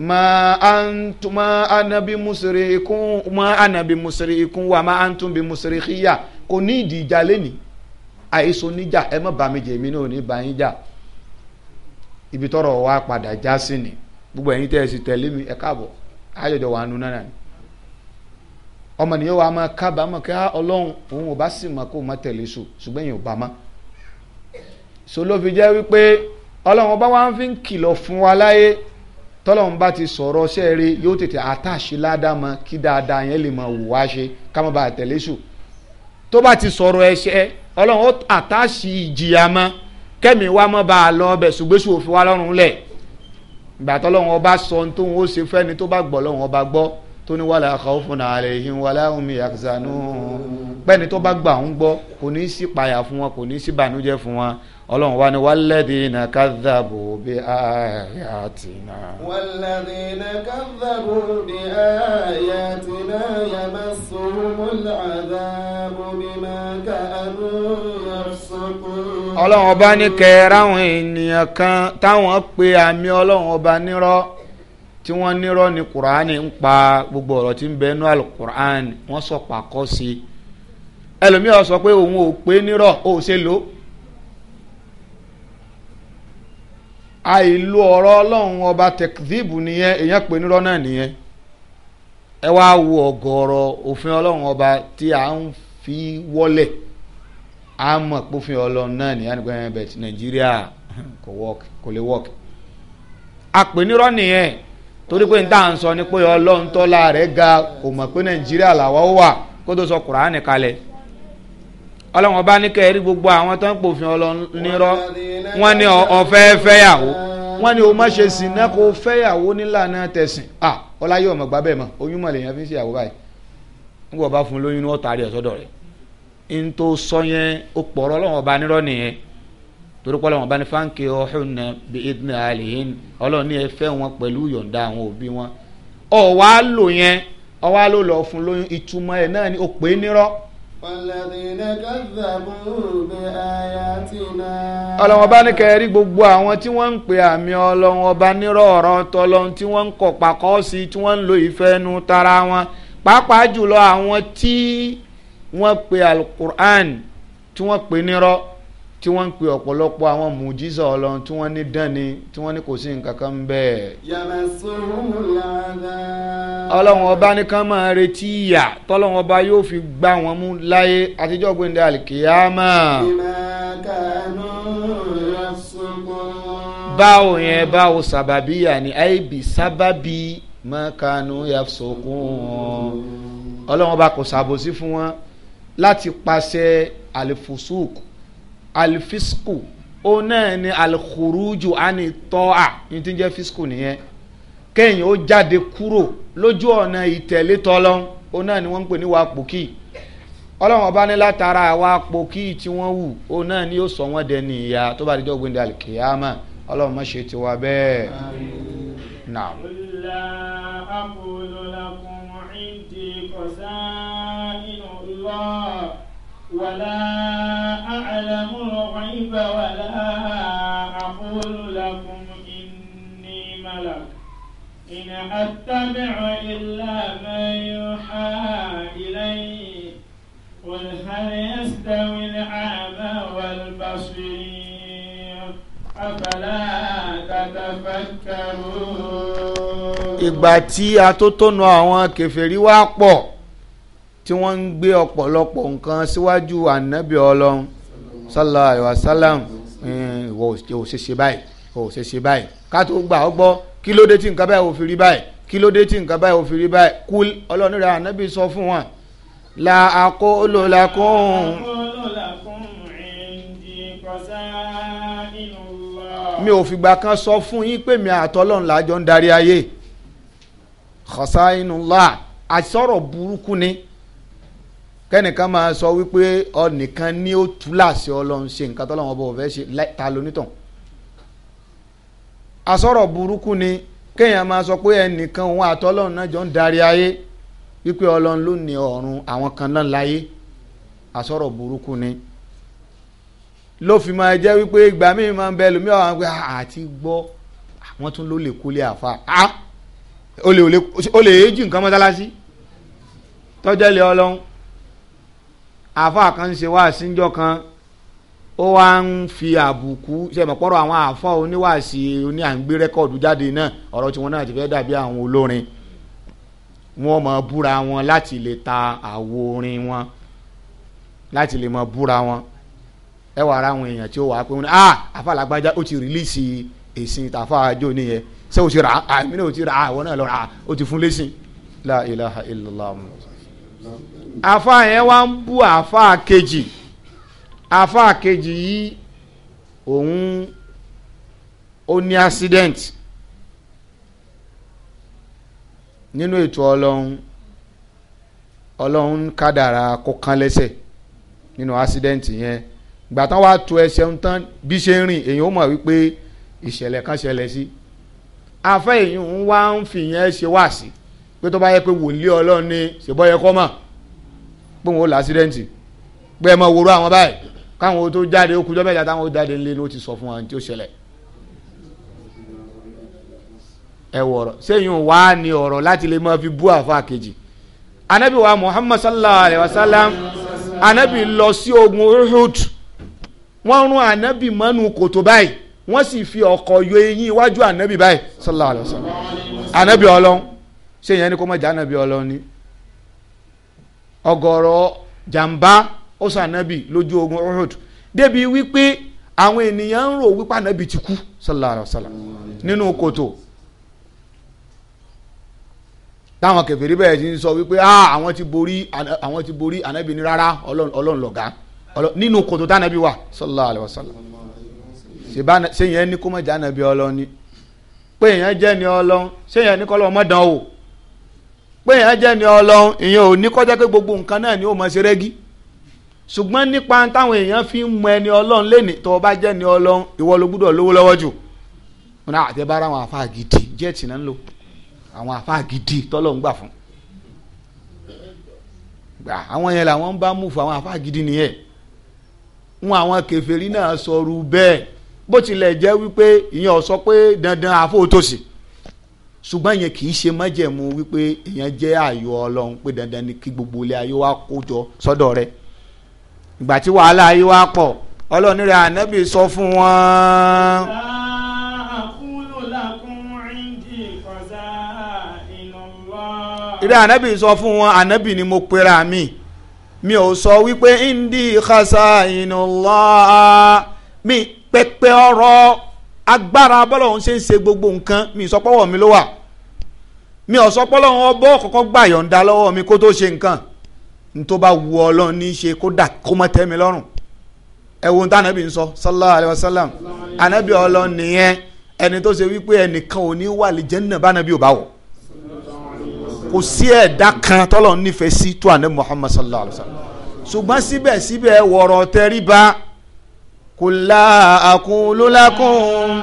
ma antum ma anabi musiri ikun ma anabi musiri ikun wa ma antum bi musiri kiya kò ní ìdí ìjà lẹ́nìí àìsàn níjà ẹ má bá mi jẹ èmi náà ò ní bá yín jà ibi tọrọ wa padà já sí ni gbogbo ẹ̀yin tẹ́ ẹ sì tẹ̀lé mi ẹ káàbọ̀ ayọ̀jọ̀ wà nù ọmọ ni wa máa kábàámọ̀ ah, ọlọ́run òun ò bá sì ma kó má tẹ̀lé so ṣùgbọ́n ò bá so wípé ọlọ́run ọba wa fi ń kìlọ̀ fún wa láyé tọ́lọ́run bá ti yóò tètè àtàṣe ládàá kí dáadáa yẹn lè ma wò wá ṣe ká má ti àtàṣe ìjìyà kẹ́mi wa ma bá a lọ òfin ìgbà tọ́lọ́wọ́n ọba sọ ohun tó ń ó ṣe fẹ́ni tó bá gbọ́ lọ́wọ́n ọba gbọ́ tó ní wàhálà khawfun alayhim wala hum yahzanun pẹ́ni tó bá gbà ń gbọ́ kò ní sí payà fún wọn kò ní sí bànújẹ́ fún wọn ọlọ́run wa ni walladhina kadhabu bi ayatina. walladhina kadhabu bi ayatina yamassuhumul adhabu bima kanu yafsukun. ọlọ́run ọba ní kẹ́ẹ̀rẹ́ àwọn ènìyàn kan táwọn pe àmì ọlọ́run ọba nírọ́ tí wọ́n nírọ́ ni kùránì ń pa gbogbo ọ̀rọ̀ tí ń bẹ nú àlùkùránì wọ́n sọ pàkọ́ sí i ẹlòmíràn sọ pé òun ò pé nírọ́ ò ṣe lò ó àìlò ọ̀rọ̀ ọlọ́run ọba nìyẹn èèyàn pe nírọ́ náà nìyẹn ẹ wá wo ọ̀gọ̀ọ̀rọ̀ òfin ọba tí à ń fi a mọ̀ pófin ọlọ́run náà nìyá nìkan yẹn bẹ̀ tí nàìjíríà kò nìyẹn torí pé n tà ń sọ ni pé ọlọ́run tọ́lá rẹ̀ ga kò mọ̀ pé nàìjíríà làwọ́ wà kó tó sọ kùránì kalẹ̀ ọlọ́run ọba ní gbogbo àwọn tó ń ọlọ́run nírọ́ wọ́n ní ọ̀fẹ́ fẹ́yàwó wọ́n ní o má ṣe náà kó fẹ́yàwó nílànà tẹ̀sìn oyún mọ̀ fi ń n tó sọ yẹn ó pọ̀rọ̀ Ọlọ́run ọba nírọ́ nìyẹn torí pé Ọlọ́run ọba ní fáńkì ọ̀hún náà bí idna àlìyìn Ọlọ́run ní ẹ fẹ́ wọn pẹ̀lú yọ̀ǹda àwọn òbí wọn ọ̀ lò yẹn ọ̀ lò lọ fún lóyún ìtumọ̀ ẹ̀ náà ni ó pè é nírọ́. Ọlọ́run ọba ní kẹrí gbogbo àwọn tí wọ́n ń pè àmì Ọlọ́run ọba nírọ́ ọ̀rọ̀ tọ́lọ́run tí wọ́n ń kọ̀ pàkọ́ sí tí wọ́n ń lo ìfẹ́ tara wọn pàápàá jùlọ àwọn tí wọ́n pe alukur'an tí wọ́n pe nírọ́ tí wọ́n ń pe ọ̀pọ̀lọpọ̀ àwọn mùjísà ọlọ́run tí wọ́n ní dánni tí wọ́n ní kò sí nǹkan kan bẹ́ẹ̀. ọlọ́run ọba nìkan máa retí ìyà tọ́lọ́run ọba yóò fi gbá wọn mú láyé àtijọ́ gbẹ̀ndẹ̀ àlìkìyàmà. báwo yẹn báwo sábàbíyà ni àìbì sábàbí mọ́kànú yàtọ̀ sókun ọlọ́run ọba kò ṣàbòsí fún wọn láti pàṣẹ alifusuk alifisku òun náà ni alikuruju àni tọ́à ní ti ń jẹ́ fisku nìyẹn kéèyàn ó jáde kúrò lójú ọ̀nà ìtẹ̀lé tọ́lọ́n òun náà ni wọ́n ń pè ní wàá pòkì ọlọ́run ọba ní látara àwa pòkì tí wọ́n wù òun náà ni yóò sọ wọ́n dẹni ìyá tó bá dijọ́ gbẹ̀ndẹ̀ alikiyama ọlọ́run má ṣe tiwa bẹ́ẹ̀ naam. ولا أعلم الغيب ولا أقول لكم إني ملك إن أتبع إلا ما يوحى إلي قل هل يستوي الأعمى والبصير أفلا تتفكرون ìgbà tí atótónu àwọn kèfèrí wá pọ̀ tí wọ́n ń gbé ọ̀pọ̀lọpọ̀ nǹkan síwájú ànábì ọlọ́run sallallahu alaihi wasallam ìwọ ò ṣe ṣe báyìí ò ṣe ṣe báyìí ká tó gbà ọ́ gbọ́ kí ló dé tí nǹkan báyìí ò fi rí báyìí kí ló dé tí nǹkan báyìí ò rí báyìí kúl ọlọ́run rẹ̀ ànábì sọ fún wọn. la aqulu lakum. mi ò fìgbà kan sọ fún yín pé mi àtọ́lọ́run làjọ ń darí ayé khasa'inullah àsọ̀rọ̀ burúkú ni kẹ́nìkan máa sọ wípé ọ̀nìkan ní ó tú láṣẹ ọlọ́run ṣe nǹkan tó lọ́wọ́ bọ̀ ọ̀fẹ́ ṣe ta lónítàn àsọ̀rọ̀ burúkú ni kéèyàn máa sọ pé ẹnìkan òun àtọ́lọ́run náà jọ ń darí ayé wípé ọlọ́run ló ní ọ̀run àwọn kan náà láyé àsọ̀rọ̀ burúkú ni ló fi máa jẹ́ wípé ìgbà míì máa ń bẹ lómi àwọn pé ah, àti gbọ́ wọ́n tún ló lè kólé àfa ah! ó lè èéjì nǹkan mọ́tálásí tọ́jọ́ lé ọlọ́run àfa kan ń ṣe wá síjọ́ kan ó wá ń fi àbùkù ṣèmọ̀pọ̀rọ̀ àwọn àfa oníwàásí oní àǹgbé rẹ́kọ̀dù jáde náà ọ̀rọ̀ tiwọn náà ti fẹ́ dàbí àwọn olórin wọn mọ̀ búra wọn láti lè ta àwo orin wọn láti lè mọ̀ búra wọn ẹ wà ara àwọn èèyàn tí ó wà á pé wọn ni ah àfa làgbájá ó ti rìlíìsì èsì ìtàfà àjò nìyẹn ṣé o ti rà á èmi náà o ti rà á àwọn náà lọ rà á o ti fún lẹ́sìn la ilaha illallah àfa yẹn wá ń bú àfa kejì àfa kejì yìí òun ó ní accident nínú ètò ọlọ́run ọlọ́run kádàrá kó kán lẹ́sẹ̀ nínú accident yẹn gbà tán wàá tu ẹsẹ̀ ń tán bí ṣe ń rìn èyàn ó mọ̀ wípé ìṣẹ̀lẹ̀ kan ṣẹlẹ̀ sí afẹ́ èyàn ń wá ń ṣe wá sí pé tó bá yẹ pé wòlíì ọlọ́run ni ṣèbọ́ yẹ kọ́ mọ̀ pé wọn ò lásìrẹ́ǹtì pé ẹ mọ wòrò àwọn báyìí káwọn tó jáde ó kújọ́ mẹ́ta táwọn ó jáde ńlẹ́ ló ti sọ fún wa tí ó ṣẹlẹ̀ ẹ wọ̀rọ̀ sẹ́yìn wá ní ọ̀rọ̀ láti lè máa fi bú àfa kejì anabi wa muhammad sallallahu alayhi wa sallam anabi lọ sí ogun uhud wọ́n rún anabi mọ́nú kòtò báyìí wọ́n sì fi ọkọ̀ yọ eyín iwájú anabi báyìí sallallahu alayhi wa sallam anabi ọlọ́run sẹ́yìn ẹni kó má jẹ́ anabi ọlọ́run ni ọ̀gọ̀rọ̀ jàǹbá ó sọ ànábì lójú ogun Uhud débi wípé àwọn ènìyàn ń rò wípé ànábì ti kú sallallahu alaihi wasallam nínú kòtò táwọn kèfèrí bẹ̀rẹ̀ sí ń sọ wípé ah, àwọn ti borí àwọn ti borí ànábì ní rárá ọlọ́run lọ̀gá nínú kòtò tánábì wà sallallahu alaihi wasallam ṣèyẹn ní kó mọ̀ jẹ́ ànábì ọlọ́run ni pé èèyàn jẹ́ ni ọlọ́run ṣèyẹn ní kọ́ lọ́wọ́ mọ̀ dán o pé èèyàn jẹ́ ni ọlọ́run èèyàn ò ní kọjá pé gbogbo nǹkan náà ni ó mọ̀ ṣe rẹ́gí ṣùgbọ́n nípa táwọn èèyàn fi ń mọ ẹni ọlọ́run lẹ́ni tó bá jẹ́ ni ọlọ́run ìwọ ló gbúdọ̀ lówó lọ́wọ́ jù wọn àti bára àwọn àfáà gidi jẹ́ẹ̀tì náà ń lò àwọn àfáà gidi tọ́lọ̀ ń gbà fún gbà àwọn yẹn làwọn ń bá mú fún àwọn àfáà gidi nìyẹn wọn àwọn kèfèrí náà sọrú bẹ́ẹ̀ bó tilẹ̀ jẹ́ wípé ìyẹn ò sọ pé dandan àfóòtòsí ṣùgbọ́n yẹn kì í ṣe májẹ̀mú wípé èèyàn jẹ́ ààyò ọlọ́run pé dandan ni kí gbogbo ilé ayé wa kó jọ sọ́dọ̀ rẹ̀ ìgbà tí wàhálà ayé wa pọ̀ ọlọ́run rẹ̀ ànábì sọ fún wọn. ìrẹ́ ànábì sọ fún wọn ànábì ni mo pera mi mi ò sọ wípé indi khasa inú lọ́ọ́ mi pẹpẹ ọ̀rọ̀ agbára bọ́lá òun ṣe ń ṣe gbogbo nǹkan mi ìsọpọ́wọ́ mi ló wà mi ọ̀sọpọ́lọ́ wọn bọ́ kọ́kọ́ gbà yọ̀ǹda lọ́wọ́ mi kó tó ṣe nǹkan ní tó bá wu ọlọ́run ní í ṣe kó dà kó mọ́ tẹ́mi lọ́rùn ẹ wo ní ànábì ń sọ sallallahu alayhi wa sallam ànábì ọlọ́run nìyẹn ẹni tó ṣe wípé ẹnìkan ò ní wà lè jẹ́ nínú bánábì ò bá wọ̀ kò sí ẹ̀dá kan tọ́lọ́run nífẹ̀ẹ́ sí tó ànábì Muhammad sallallahu alayhi wa sallam ṣùgbọ́n síbẹ̀síbẹ̀ wọ̀rọ̀ tẹríba قل لا أقول لكم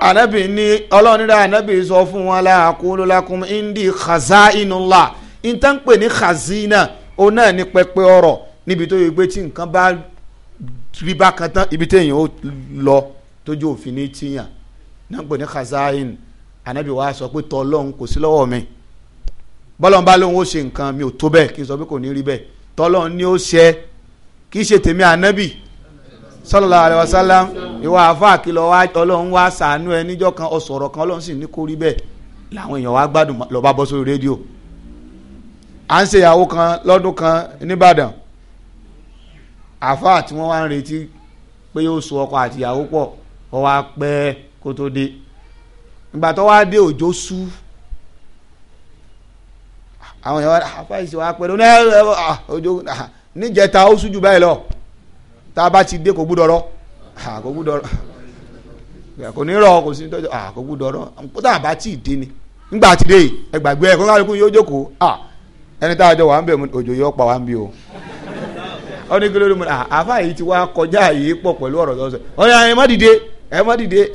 anabi ni ọlọ́nira anabi sọ fún wọn la aqulu lakum indi khazainullah nǹkan pè ní khazina ó náà ní pẹpẹ ọrọ̀ níbi tó yẹ gbé tí nǹkan bá rí bákan tán ibi téèyàn ó lọ tójú òfin ní tíyàn náà ní khazain anabi wa sọ pé tọ́lọ́hún kò sí lọ́wọ́ mi bọ́lọ́n bá lóun ó ṣe nǹkan mi ò tó bẹ́ẹ̀ kí n sọ pé kò ní rí bẹ́ẹ̀ tọ́lọ́ ni ó ṣẹ kì í ṣe tèmi ànábì sallallahu alaihi wasallam ìwà àfáà kìlọ̀ wa ọlọ́run wá sàánú ẹ níjọ́ kan ọ̀sọ̀rọ̀ kan ọlọ́run sì ní kó rí bẹ́ẹ̀ làwọn èèyàn wá gbádùn lọ́ba bọ́ sórí rédíò à ń ṣe ìyàwó kan lọ́dún kan nìbàdàn àfáà tí wọ́n wá ń retí pé yóò so ọkọ àti ìyàwó pọ̀ ọ wá pẹ́ kó tó dé ìgbà tó wá dé òjò sú àwọn èèyàn àfáìsì wa pẹ̀lú ọjọ́ níjẹta ó sùn báyìí lọ tá a bá ti dé kò gbúdọ̀ rọ ah, kò gbúdọ̀ rọ kò ní rọ kò sí tọ́jú ah, kò gbúdọ̀ rọ tá a bá tí ì dé ni nígbà tí dé ẹgbàgbé ẹ kó o ọ ní mu ah, ti wá kọjá yìí pọ̀ pẹ̀lú ọ̀rọ̀ ẹ má dìde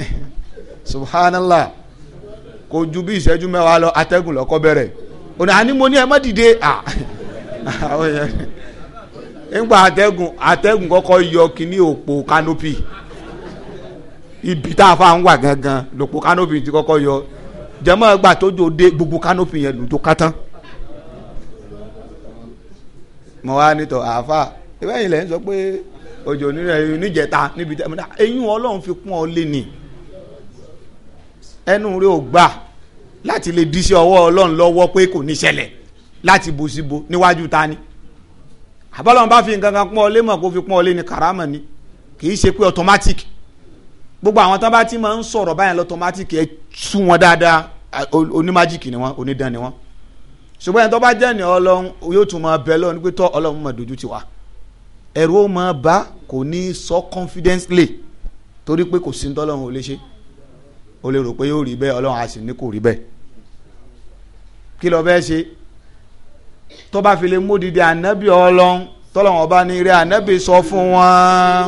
(laughs) ona àní mo ní ẹ má dìde nígbà àtẹ̀gùn àtẹ̀gùn kọ́kọ́ yọ kíní òpó kanopi ibi tá a fa ń wà gangan lopo kanopi ti kọ́kọ́ yọ jẹmọ ẹgbà tó jò dé gbogbo kanopi yẹn lòjó kátán mo wá nítọ̀ àáfà ìbẹ́yìn lẹ́yìn sọ pé òjò onírẹ̀ níjẹta níbi tẹ́mọ́tà eyín ọlọ́run fi kún ọ lé ni ẹnu rẹ ò gbà láti lè di sí ọwọ́ ọlọ́run lọ́wọ́ pé kò ní ṣẹlẹ̀ láti bo síbo níwájú ta ni àbọ̀lọ́run bá fi nǹkan kan pọ́n ọlé mọ̀ kó fi pọ́n ọlé ni karama ni kì ṣe pé automatic gbogbo àwọn tán bá ti máa ń sọ̀rọ̀ báyẹn lọ́tọ́mátìkì ẹ tú wọn dáadáa onímájìkì ni wọn onídán ni wọn ṣùgbọ́n ẹni tó bá jẹ́ ní ọlọ́run yóò tún máa bẹ lọ́run pé tọ́ ọlọ́run máa dojú ti wá ẹ̀rù máa bá kò ní sọ confidently torí pé kò sí ní tọ́lọ́run ò lè ṣe o lè rò pé yóò rí bẹ́ẹ̀ ọlọ́run á sì ní kò rí bẹ́ẹ̀ kí lọ bẹ́ẹ̀ ṣe tó bá fi lè mú dìde ànábì ọlọ́run tọ́lọ́run ọba ní rí ànábì sọ fún wọn.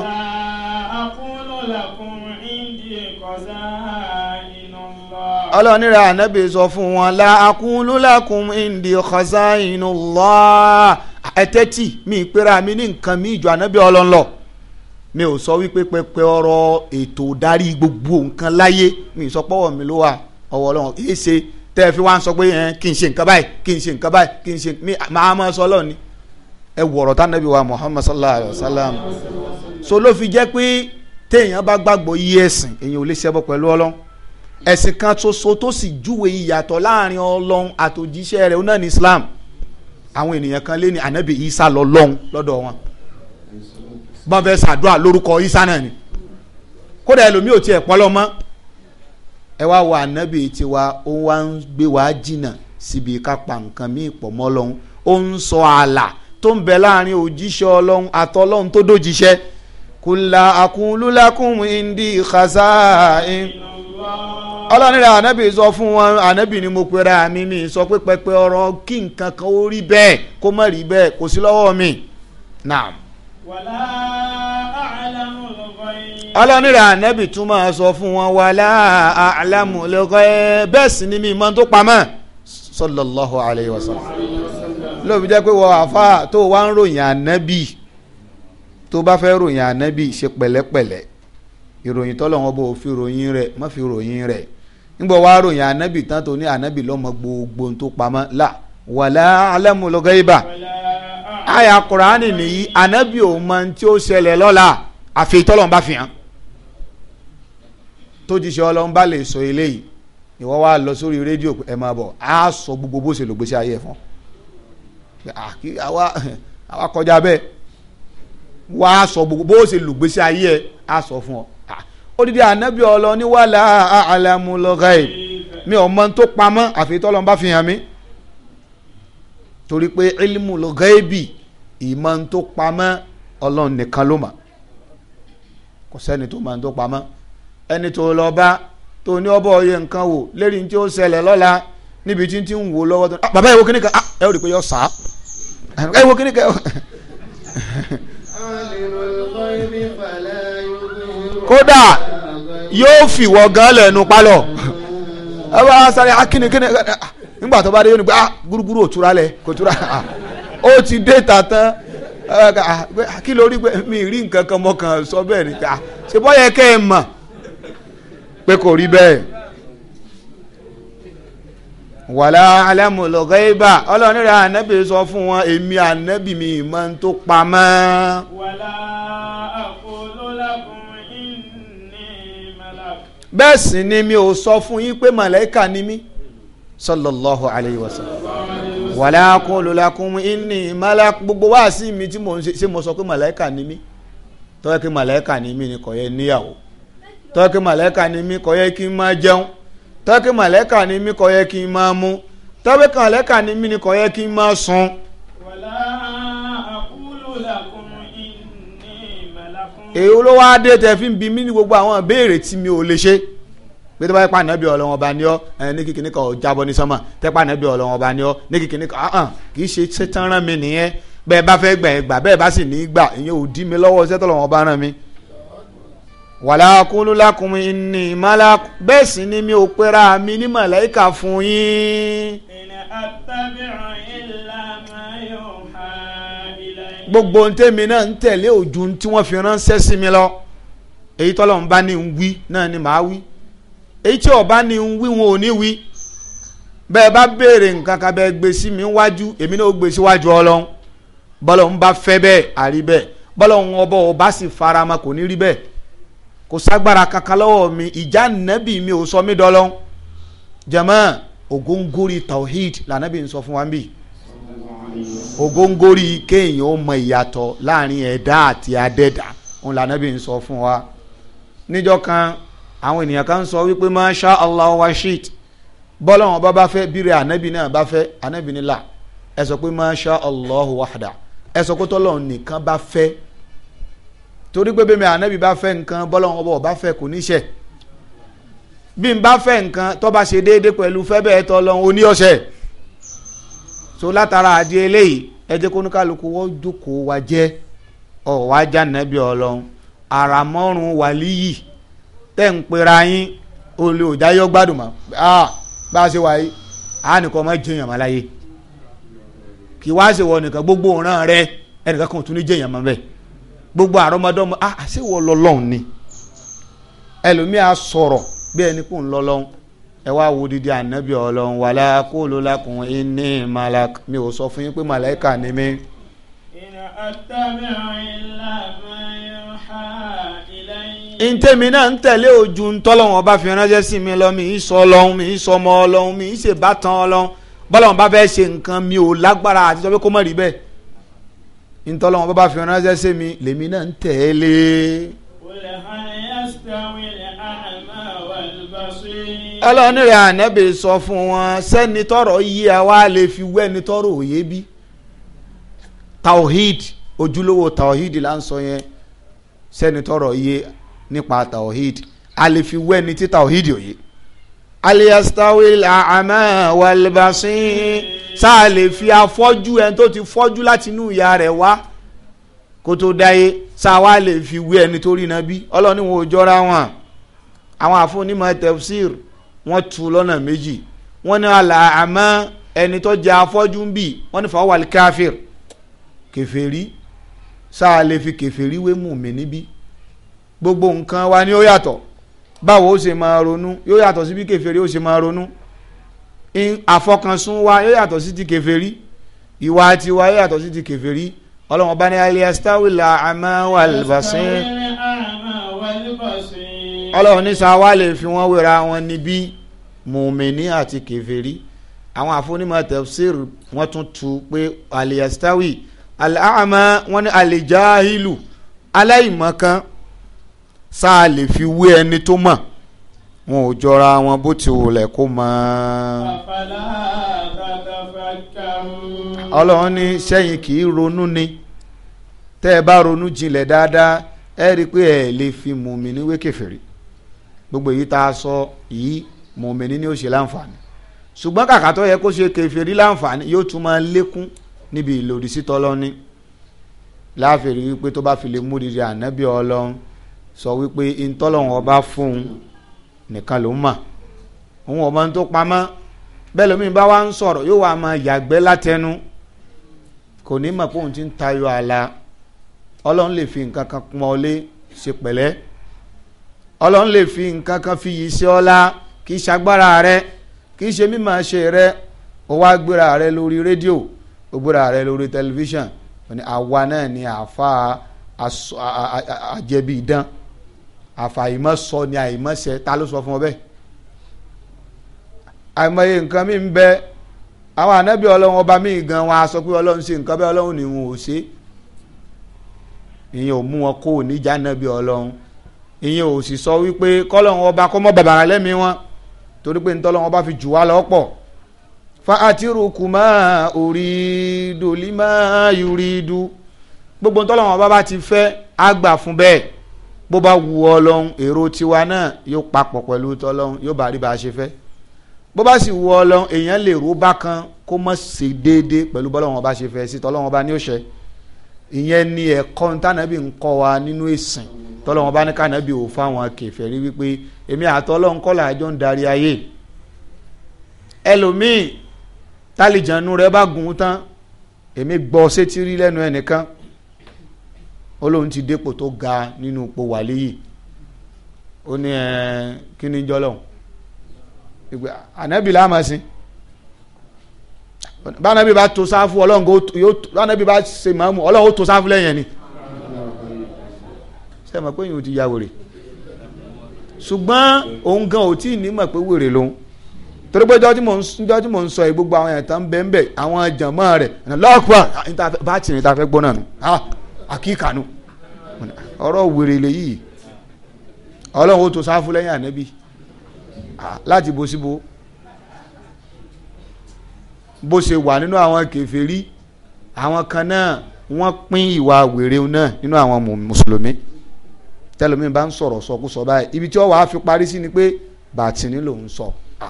ọlọ́run rẹ̀ ànábì sọ fún wọn la akúlú lakum indi khaza'inullah ẹ̀tẹ́tì mi ìpera mi ní nǹkan mi ìjọ ànábì ọlọ́run lọ mi ò sọ wípé pẹpẹ ọ̀rọ̀ ètò darí gbogbo nǹkan láyé mi sọ pọ́wọ́ mi ló wà ọwọ́ ọlọ́run èyí ṣe tẹ́ ẹ fi wá ń sọ pé ẹ kí n ṣe nǹkan báyìí kí n ṣe nǹkan báyìí kí n ṣe mi máa mọ sọ lọ́ọ̀ni ẹ wọ̀rọ̀ tá nàbí wa Muhammad sallallahu alayhi wa sallam so ló fi jẹ́ pé téèyàn bá gbàgbọ́ yí ẹ̀sìn èyàn ò lè ṣẹbọ pẹ̀lú ọlọ́run ẹ̀sìn kan ṣoṣo tó sì júwe ìyàtọ̀ láàrin ọlọ́run àtòjíṣẹ́ rẹ̀ ó náà ní Islam àwọn ènìyàn kan lé ní ànábì Isa lọ́lọ́run lọ́dọ̀ wọn bọ́n fẹ́ ṣàdúrà lórúkọ isa náà ni kódà ẹlòmíì ò tiẹ̀ pọ́lọ́ mọ́ ẹ wá wo ànábì tiwa ó wá ń gbé wá jìnnà síbi ká pa nǹkan míì pọ̀ mọ́ lọ́hún ó ń sọ ààlà tó ń bẹ láàrin òjíṣẹ́ ọlọ́hun àtọ́lọ́hun tó dójíṣẹ́ kùlà àkúnlúlákùn ìndí ìkàsá ọlọ́nira ànábì sọ fún wọn ànábì ni mo pera mi mi sọ pé pẹpẹ ọ̀rọ̀ kí nǹkan kan ó rí bẹ́ẹ̀ kó má rí bẹ́ẹ̀ kò sí lọ́wọ́ mi naam wàlá àlámù lọ́gọ́yìn. ọlọ́nira ànẹ́bì tún máa sọ fún wọn wàlá àlámù lọ́gọ́yìn bẹ́ẹ̀ sì ni mi mọ tó pamọ́ sallallahu alayhi wa sallam lóbi jẹ́ pé wọ́n àfa tó wá ń ròyìn ànẹ́bì tó bá fẹ́ ròyìn ànẹ́bì ṣe pẹ̀lẹ́pẹ̀lẹ́ ìròyìn tọ́lọ́wọ́n bó fi ròyìn rẹ̀ má fi ròyìn rẹ̀ nígbà wàá ròyìn ànẹ́bì tán tó ní ànẹ́bì lọ́mọ gbogbo tó pamọ́ là wàlá àlámù lọ́gọ́yìn bá. Aya kùránì nìyí ànábì òun máa ń tí ó ṣẹlẹ̀ lọ́la àfi tọ́lọ́n bá fi hàn tó ti ṣe ọlọ́run bá lè sọ eléyìí ìwọ wa lọ sórí rédíò ẹ máa bọ̀ á sọ gbogbo bó ṣe lògbèsè ayé ẹ fún àwa àwa kọjá bẹ́ẹ̀ wà sọ gbogbo bó ṣe lògbèsè ayé ẹ á sọ fún ọ odidi ànábì ọlọ́run ní wàhálà àlàmúlọ́gáì mi ò mọ tó pamọ́ àfi tọ́lọ́n bá fi torí pé ilmu lọ́gáìbì ìmọ̀ ń tó pamọ́ ọlọ́run nìkan ló mọ̀ kò sẹ́ni tó mọ̀ ń tó pamọ́ ẹni tó lọ bá tó ní ọbọ̀ ọyẹ nǹkan wò lérí tí ó ṣẹlẹ̀ lọ́la níbi tí tí ń wò lọ́wọ́ tó ah, bàbá ìwọ kíníkà ah, ẹ ò rí i pé yọ sá (laughs) ẹ ìwọ kíníkà. (laughs) kódà yóò fìwọ gan lẹ́nu pálọ̀ (laughs) ẹ bá sáré akínní ah, kíní nígbà tó bá dé yóò ní pé ah gúrúgúrú ò túra lẹ kò túra ó ti dé tàtán ah, ah, kí ló pé mi rí nǹkan kan mọ́kàn sọ bẹ́ẹ̀ ni ah, ṣe bọ́ kẹ́ ẹ mọ̀ pé kò rí bẹ́ẹ̀. wàlá alámùlọ́gọ́ sọ fún wọn èmi ànábì mi ìmọ̀ ń tó pamọ́. wàlá bẹ́ẹ̀ sì ni mi ò sọ fún yín pé màlẹ́kà ni mí sallallahu alayhi wàlá kọlù lakum inni malak gbogbo wá sí mi tí mo ṣe mo sọ pé màláìka ni mí tọ́wọ́ pé màláìka ni mí ni kò yẹ níyàwó tọ́wọ́ pé màláìka ni mí kò yẹ kí n máa jẹun tọ́wọ́ pé màláìka ni mí kò yẹ kí n máa mu tọ́wọ́ pé màláìka ni mí ni kò yẹ kí n máa sùn. èyí ló wá dé tẹ fi ń bi mí ní gbogbo àwọn ìbéèrè tí mi ò lè ṣe pé tó bá yẹ pa ànábì ọlọ́wọ́n ọba ni ọ́ ní kíkiní kan ò jábọ́ ní sánmà tẹ́ pa ànábì ọlọ́wọ́n ọba ni ọ́ ní kíkiní kan ahàn kì í ṣe ṣetán rán mi nìyẹn bẹ́ẹ̀ bá fẹ́ gbà ẹ̀ gbà bẹ́ẹ̀ bá sì ní í gbà ìyẹn ò dí mi lọ́wọ́ ṣẹ́ tọ́lọ́wọ́n ọba rán mi. wàlá kúlúlákùn ní ìmọ̀lá bẹ́ẹ̀ sì ni mi ò pera mi ní màláìkà fún yín. gbogbo ntẹ́mi náà ń tẹ̀lé òjú tí wọ́n fi ránṣẹ́ sí mi lọ èyí tọ́lọ́run èyí ọba ni wí wọn ò ní wí bá béèrè nǹkan bẹ́ẹ̀ mi wájú èmi náà ó gbé síwájú ọlọ́run ń bá fẹ́ bẹ́ẹ̀ àrí bẹ́ẹ̀ bọ́lọ̀ ń ọbọ̀ ọba sì farama kò ní bẹ́ẹ̀ kò ságbára kankan mi ìjà mi ò sọ mí dọ́lọ́run jẹ̀mọ́ ogongori tawhid lànàbì ń fún wa kéèyàn ó ìyàtọ̀ láàrin àwọn ènìyàn kan sọ wípé masha allah wa shit bọ́lọ́wọ́n bá bá fẹ́ bírẹ̀ ànábì náà bá fẹ́ ànábì nílà ẹ sọ pé masha allah wahda ẹ sọ pé tọ́lọ́run nìkan bá fẹ́ torí pé bẹ́ẹ̀ ànábì bá fẹ́ nǹkan bọ́lọ́wọ́n bá bá fẹ́ kò ní ṣe bí n bá fẹ́ nǹkan tó bá ṣe déédéé pẹ̀lú fẹ́ bẹ́ẹ̀ tọ́lọ́run oníọ̀ṣẹ́ so látara àdí eléyìí ẹ jẹ́ kónúkálukú wọ́n jókòó wa jẹ́ ọ̀ wá já nàbí ọlọ́run àràmọ́rùn wàlíyìí tẹ́ ń pera yín olè òjáyọ́ gbádùn mọ́ bá a ṣe wáyé a nìkan ọmọ jẹyàn mọ́ láyé kì í wá ṣe wọ nìkan gbogbo ọ̀ràn rẹ ẹnìkan kan tún ní jẹyàn mọ́ bẹ́ẹ̀ gbogbo àrọ́mọdọ́mọ a àṣewọ lọ́lọ́hún ni ẹlòmíà sọ̀rọ̀ bí ẹni kò ń lọ́lọ́hún ẹ wá wo didi ànábì ọlọ́hún wàlá kó ló lákùn iní màlàk mi ò sọ fún yín pé màláìkà ni mí ntẹ́mi náà ń tẹ̀lé ojú ntọ́lọ́wọ́n bá fi ránṣẹ́ sí mi lọ mi ń sọ ọlọ́run mi ń sọ ọmọ ọlọ́run mi ń ṣèbátan ọlọ́run bọ́lọ́run bá fẹ́ ṣe nǹkan mi ò lágbára àti sọ kó mọ̀ rí bẹ́ẹ̀ ntọ́lọ́wọ́n bá bá fi ránṣẹ́ sí mi lèmi náà ń tẹ̀lé. ẹlọ́ni rẹ̀ ànẹ́bẹ̀ sọ fún wọn sẹ́ni tọrọ yí a lè fi wẹ́ni tọrọ òye bí tawhid ojúlówó tawhid là ń sọ yẹn sẹ́ni tọrọ iye nípa tawhid a lè ni tí tawhid ò yé aliastawil ama walbasin sáà lè fi afọ́jú ẹni tó ti fọ́jú láti inú ìyá rẹ̀ wá kó tó dáyé sáà wá lè fi wé ẹni tó rí iná bí ọlọ́ni wọn ò jọra wọn àwọn àfúnímọ̀ tefsir wọ́n tú lọ́nà méjì wọ́n ní àlà ẹni tó jẹ́ afọ́jú ń bì wọ́n ní fọwọ́ wàlí kèfèrí sáà lè fi kèfèrí wé mùmíní bí gbogbo nǹkan wa ni ó yàtọ̀ báwo ó ṣe máa ronú yóò yàtọ̀ sí bí kèfèrí ó ṣe máa ronú àfọkànsùn wa yóò yàtọ̀ sí ti kèfèrí ìwà tiwa yóò yàtọ̀ sí ti kèfèrí ọlọ́run ọba ní aliastawila amáwàlbàṣẹ́ ọlọ́run ní sáà wà lè fi wọ́n wéra wọn níbí mùmíní àti kèfèrí àwọn àfonímọ̀ tafsir wọ́n tún tu pé aliastawi al-a'ma wọ́n ní al-jahilu aláìmọ̀kan sáà lè fi wé ẹni tó mọ̀ wọn ò jọra wọn bó ti wulẹ̀ kó mọ́. ọlọ́run ní sẹ́yìn kì í ronú ni tẹ́ ẹ bá ronú jinlẹ̀ dáadáa ẹ rí i pé ẹ lè fi mùmíní wé kèfèrí gbogbo èyí tá a sọ yìí mùmíní ni ó ṣe láǹfààní ṣùgbọ́n kàkà tó yẹ kó ṣe kèfèrí láǹfààní yóò tún máa lékún níbi ìlòdì sítọ́ láàfẹ̀rí wípé tó bá fi lè mú rírì ànábì ọlọ́run sọ wípé ọba fún un nìkan ló mà òun ọmọ tó pamọ́ bẹ́ẹ̀ lómi bá wá ń sọ̀rọ̀ yóò wá máa yàgbẹ́ látẹnu kò ní mọ̀ pé òun ti ń tayọ ọlọ́run lè fi nǹkan kan ọ lé ṣe pẹ̀lẹ́ ọlọ́run lè fi ó búra rẹ lórí tẹlifíṣàn òní àwa náà ni àfa àjẹbí idán àfàìmọ̀sọ ni àìmọ̀sẹ ta ló sọ fún ọ bẹ́ẹ̀ àìmọye nǹkan mi ń bẹ àwọn ànábì ọlọ́run ọba mi gan wọn a pé ọlọ́run ṣe nǹkan bẹ́ẹ̀ ọlọ́run ni wọn ò ṣe ìyẹn ò mú wọn kó níjà ànábì ọlọ́run ìyẹn ò sì sọ wípé kọ́lọ́run ọba kọ́ mọ́ bàbàrà lẹ́mìí wọn torí pé ntọ́lọ́run ọba fi jù wá lọ́pọ̀ fa'atiruku ma uridu lima yuridu gbogbo ntọ́lọ́wọ́n bá bá ti fẹ́ á gbà fún bẹ́ẹ̀ bó bá wu ọlọ́run èrò tiwa náà yóò papọ̀ pẹ̀lú tọ́lọ́run yóò bá rí bá a ṣe fẹ́ bó bá sì wu ọlọ́run èèyàn lè rú bákan kó mọ̀ sí déédéé pẹ̀lú bọ́lọ́wọ́n bá ṣe fẹ́ sí tọ́lọ́wọ́n bá ní òṣẹ ìyẹn ni ẹ̀kọ́ ntànàbí ń kọ́ wa nínú ìsìn tọ́lọ́wọ́n bá ní kànábì ò fáwọn kèfèrí wípé èmi àtọ́lọ́nkọ́lá àjọ ń darí ayé ẹlòmíì tálìjànú rẹ bá gùn tán èmi gbọ́ sétí rí lẹ́nu ẹnìkan ó lóun ti dépò tó ga nínú ipò wàlẹ́ yìí ó ní ẹ kí ni jọlọ ìgbà ànábì láàmà sí bánábì bá tó sáfù ọlọ́run yóò bánábì bá ṣe màmú ọlọ́run ó tó sáfù lẹ́yìn ni ṣe mọ̀ pé yìí ó ti ya wèrè ṣùgbọ́n òun gan ò tí ì ní mọ̀ pé wèrè lòun torí pé jọ́jú mò ń sọ yìí gbogbo àwọn ẹ̀tàn bẹ́ẹ̀ àwọn jàmọ́ rẹ̀ lọ́ọ̀pọ̀ ah, bá tì ní ta fẹ́ gbóná nu ah, àkíkà nu ọ̀rọ̀ wèrè lèyí ọlọ́run ó tó sáfù lẹ́yìn ànẹ́bí ah, láti bo síbo bó ṣe wà nínú àwọn kèfèrí àwọn kan náà wọ́n pín ìwà wèrè náà nínú àwọn mùsùlùmí tẹlomi bá ń sọ̀rọ̀ sọkúsọ báyìí ibi tí ó wàá fi parí sí ni pé bàtìní lòún sọ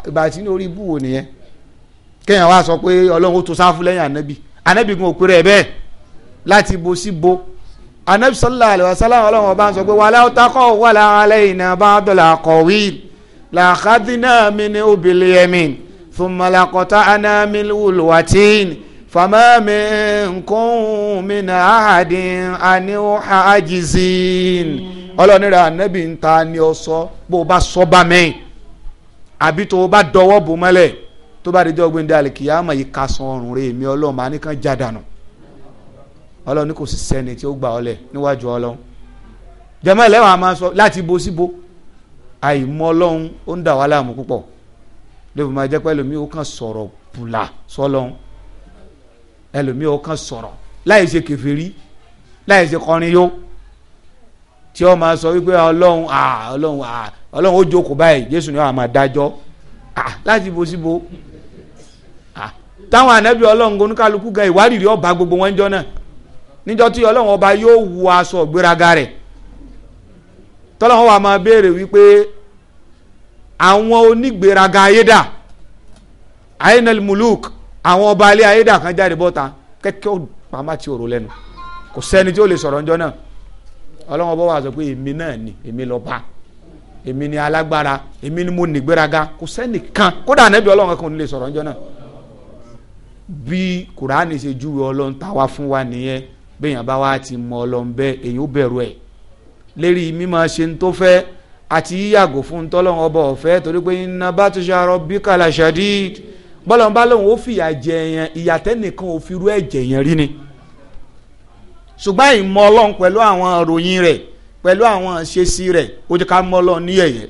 ìgbà tí orí ibú wo nìyẹn kéèyàn wá sọ pé ọlọ́run ó tó sáfù lẹ́yìn ànábì ànábì gun òpèrè ẹ̀ bẹ́ẹ̀ láti bo sí bo ànábì sallallahu alaihi wasallam ọlọ́run ọba ń sọ pé wala taqaw wala alaina ba'dal aqawil làkàdínà minhu bil yamin thumma laqata'na minhul watin fama minkum min ahadin anhu hajizin ọlọ́run rẹ̀ ànábì ń ta ni ọ sọ bó o bá sọ bá mẹ́yìn àbí tó o bá dọwọ́ bò mọ́lẹ̀ tó bá dijọ́ gbẹ̀ndé àlìkìyàmọ̀ yìí ka san ọrùn rẹ̀ èmi ọlọ́run máa nìkan já dànù ọlọ́run ní kò sì sẹ́ni tí ó gbà ọlẹ̀ níwájú ọlọ́run jẹ́mọ́ ẹlẹ́wọ̀n a máa sọ láti bo síbo àìmọ̀ ọlọ́run ó ń dà wá láàmú púpọ̀ lóbi máa jẹ́ pé ẹlòmíì ó kàn sọ̀rọ̀ bùlà sọlọ́run ẹlòmíì ó kàn sọ̀rọ̀ láì ṣe kèfèrí láì ṣe kọrin yó tí ó máa sọ wípé ọlọ́run à ọlọ́run à ọlọ́run ó jókòó báyìí jésù ni wàá máa dájọ́ láti bo síbo táwọn ànábì ọlọ́run oníkálukú gan ìwárìrì ọba gbogbo wọn jọ náà níjọ́ tí ọlọ́run ọba yóò wu aṣọ ìgbéraga rẹ̀ tọ́lọ́run wàá máa béèrè wípé àwọn onígbéraga ayédà ainal muluk àwọn ọba alẹ́ ayédà kan jáde bọ́ta kẹ́kẹ́ ó pamá ti ọ̀rọ̀ lẹ́nu kò sẹ́ni tí ó lè sọ̀rọ̀ ńjọ́ náà ọlọ́run ọba wàá sọ pé èmi náà ni èmi lọ́ọ́ bá a èmi ni alágbára èmi ni mo nìgbéraga kò sẹ́nìkan kódà ànábì ọlọ́run kan ò ní lè sọ̀rọ̀ ńjọ́ náà bí kùránì ṣe júwe ọlọ́run tá a wá fún wa nìyẹn béèyàn bá wá ti mọ ọlọ́run bẹ́ẹ̀ èyàn ó bẹ̀rù ẹ̀ lérí mímọ ṣe ń tó fẹ́ àti yíyàgò fún tọ́lọ́run ọba ọ̀fẹ́ torí pé iná bá tó ṣe arọ bí kàlà ṣadid bọ́lọ́run bá lóun ó fìyà jẹ yẹn ìyàtẹ́ nìkan ò fi rú ẹ̀jẹ̀ yẹn rí ni ṣùgbọ́n ìmọ̀ ọlọ́run pẹ̀lú àwọn ìròyìn rẹ̀ pẹ̀lú àwọn àṣesí rẹ̀ ó jẹ́ ká mọ́ lọ ní yẹ̀yẹ́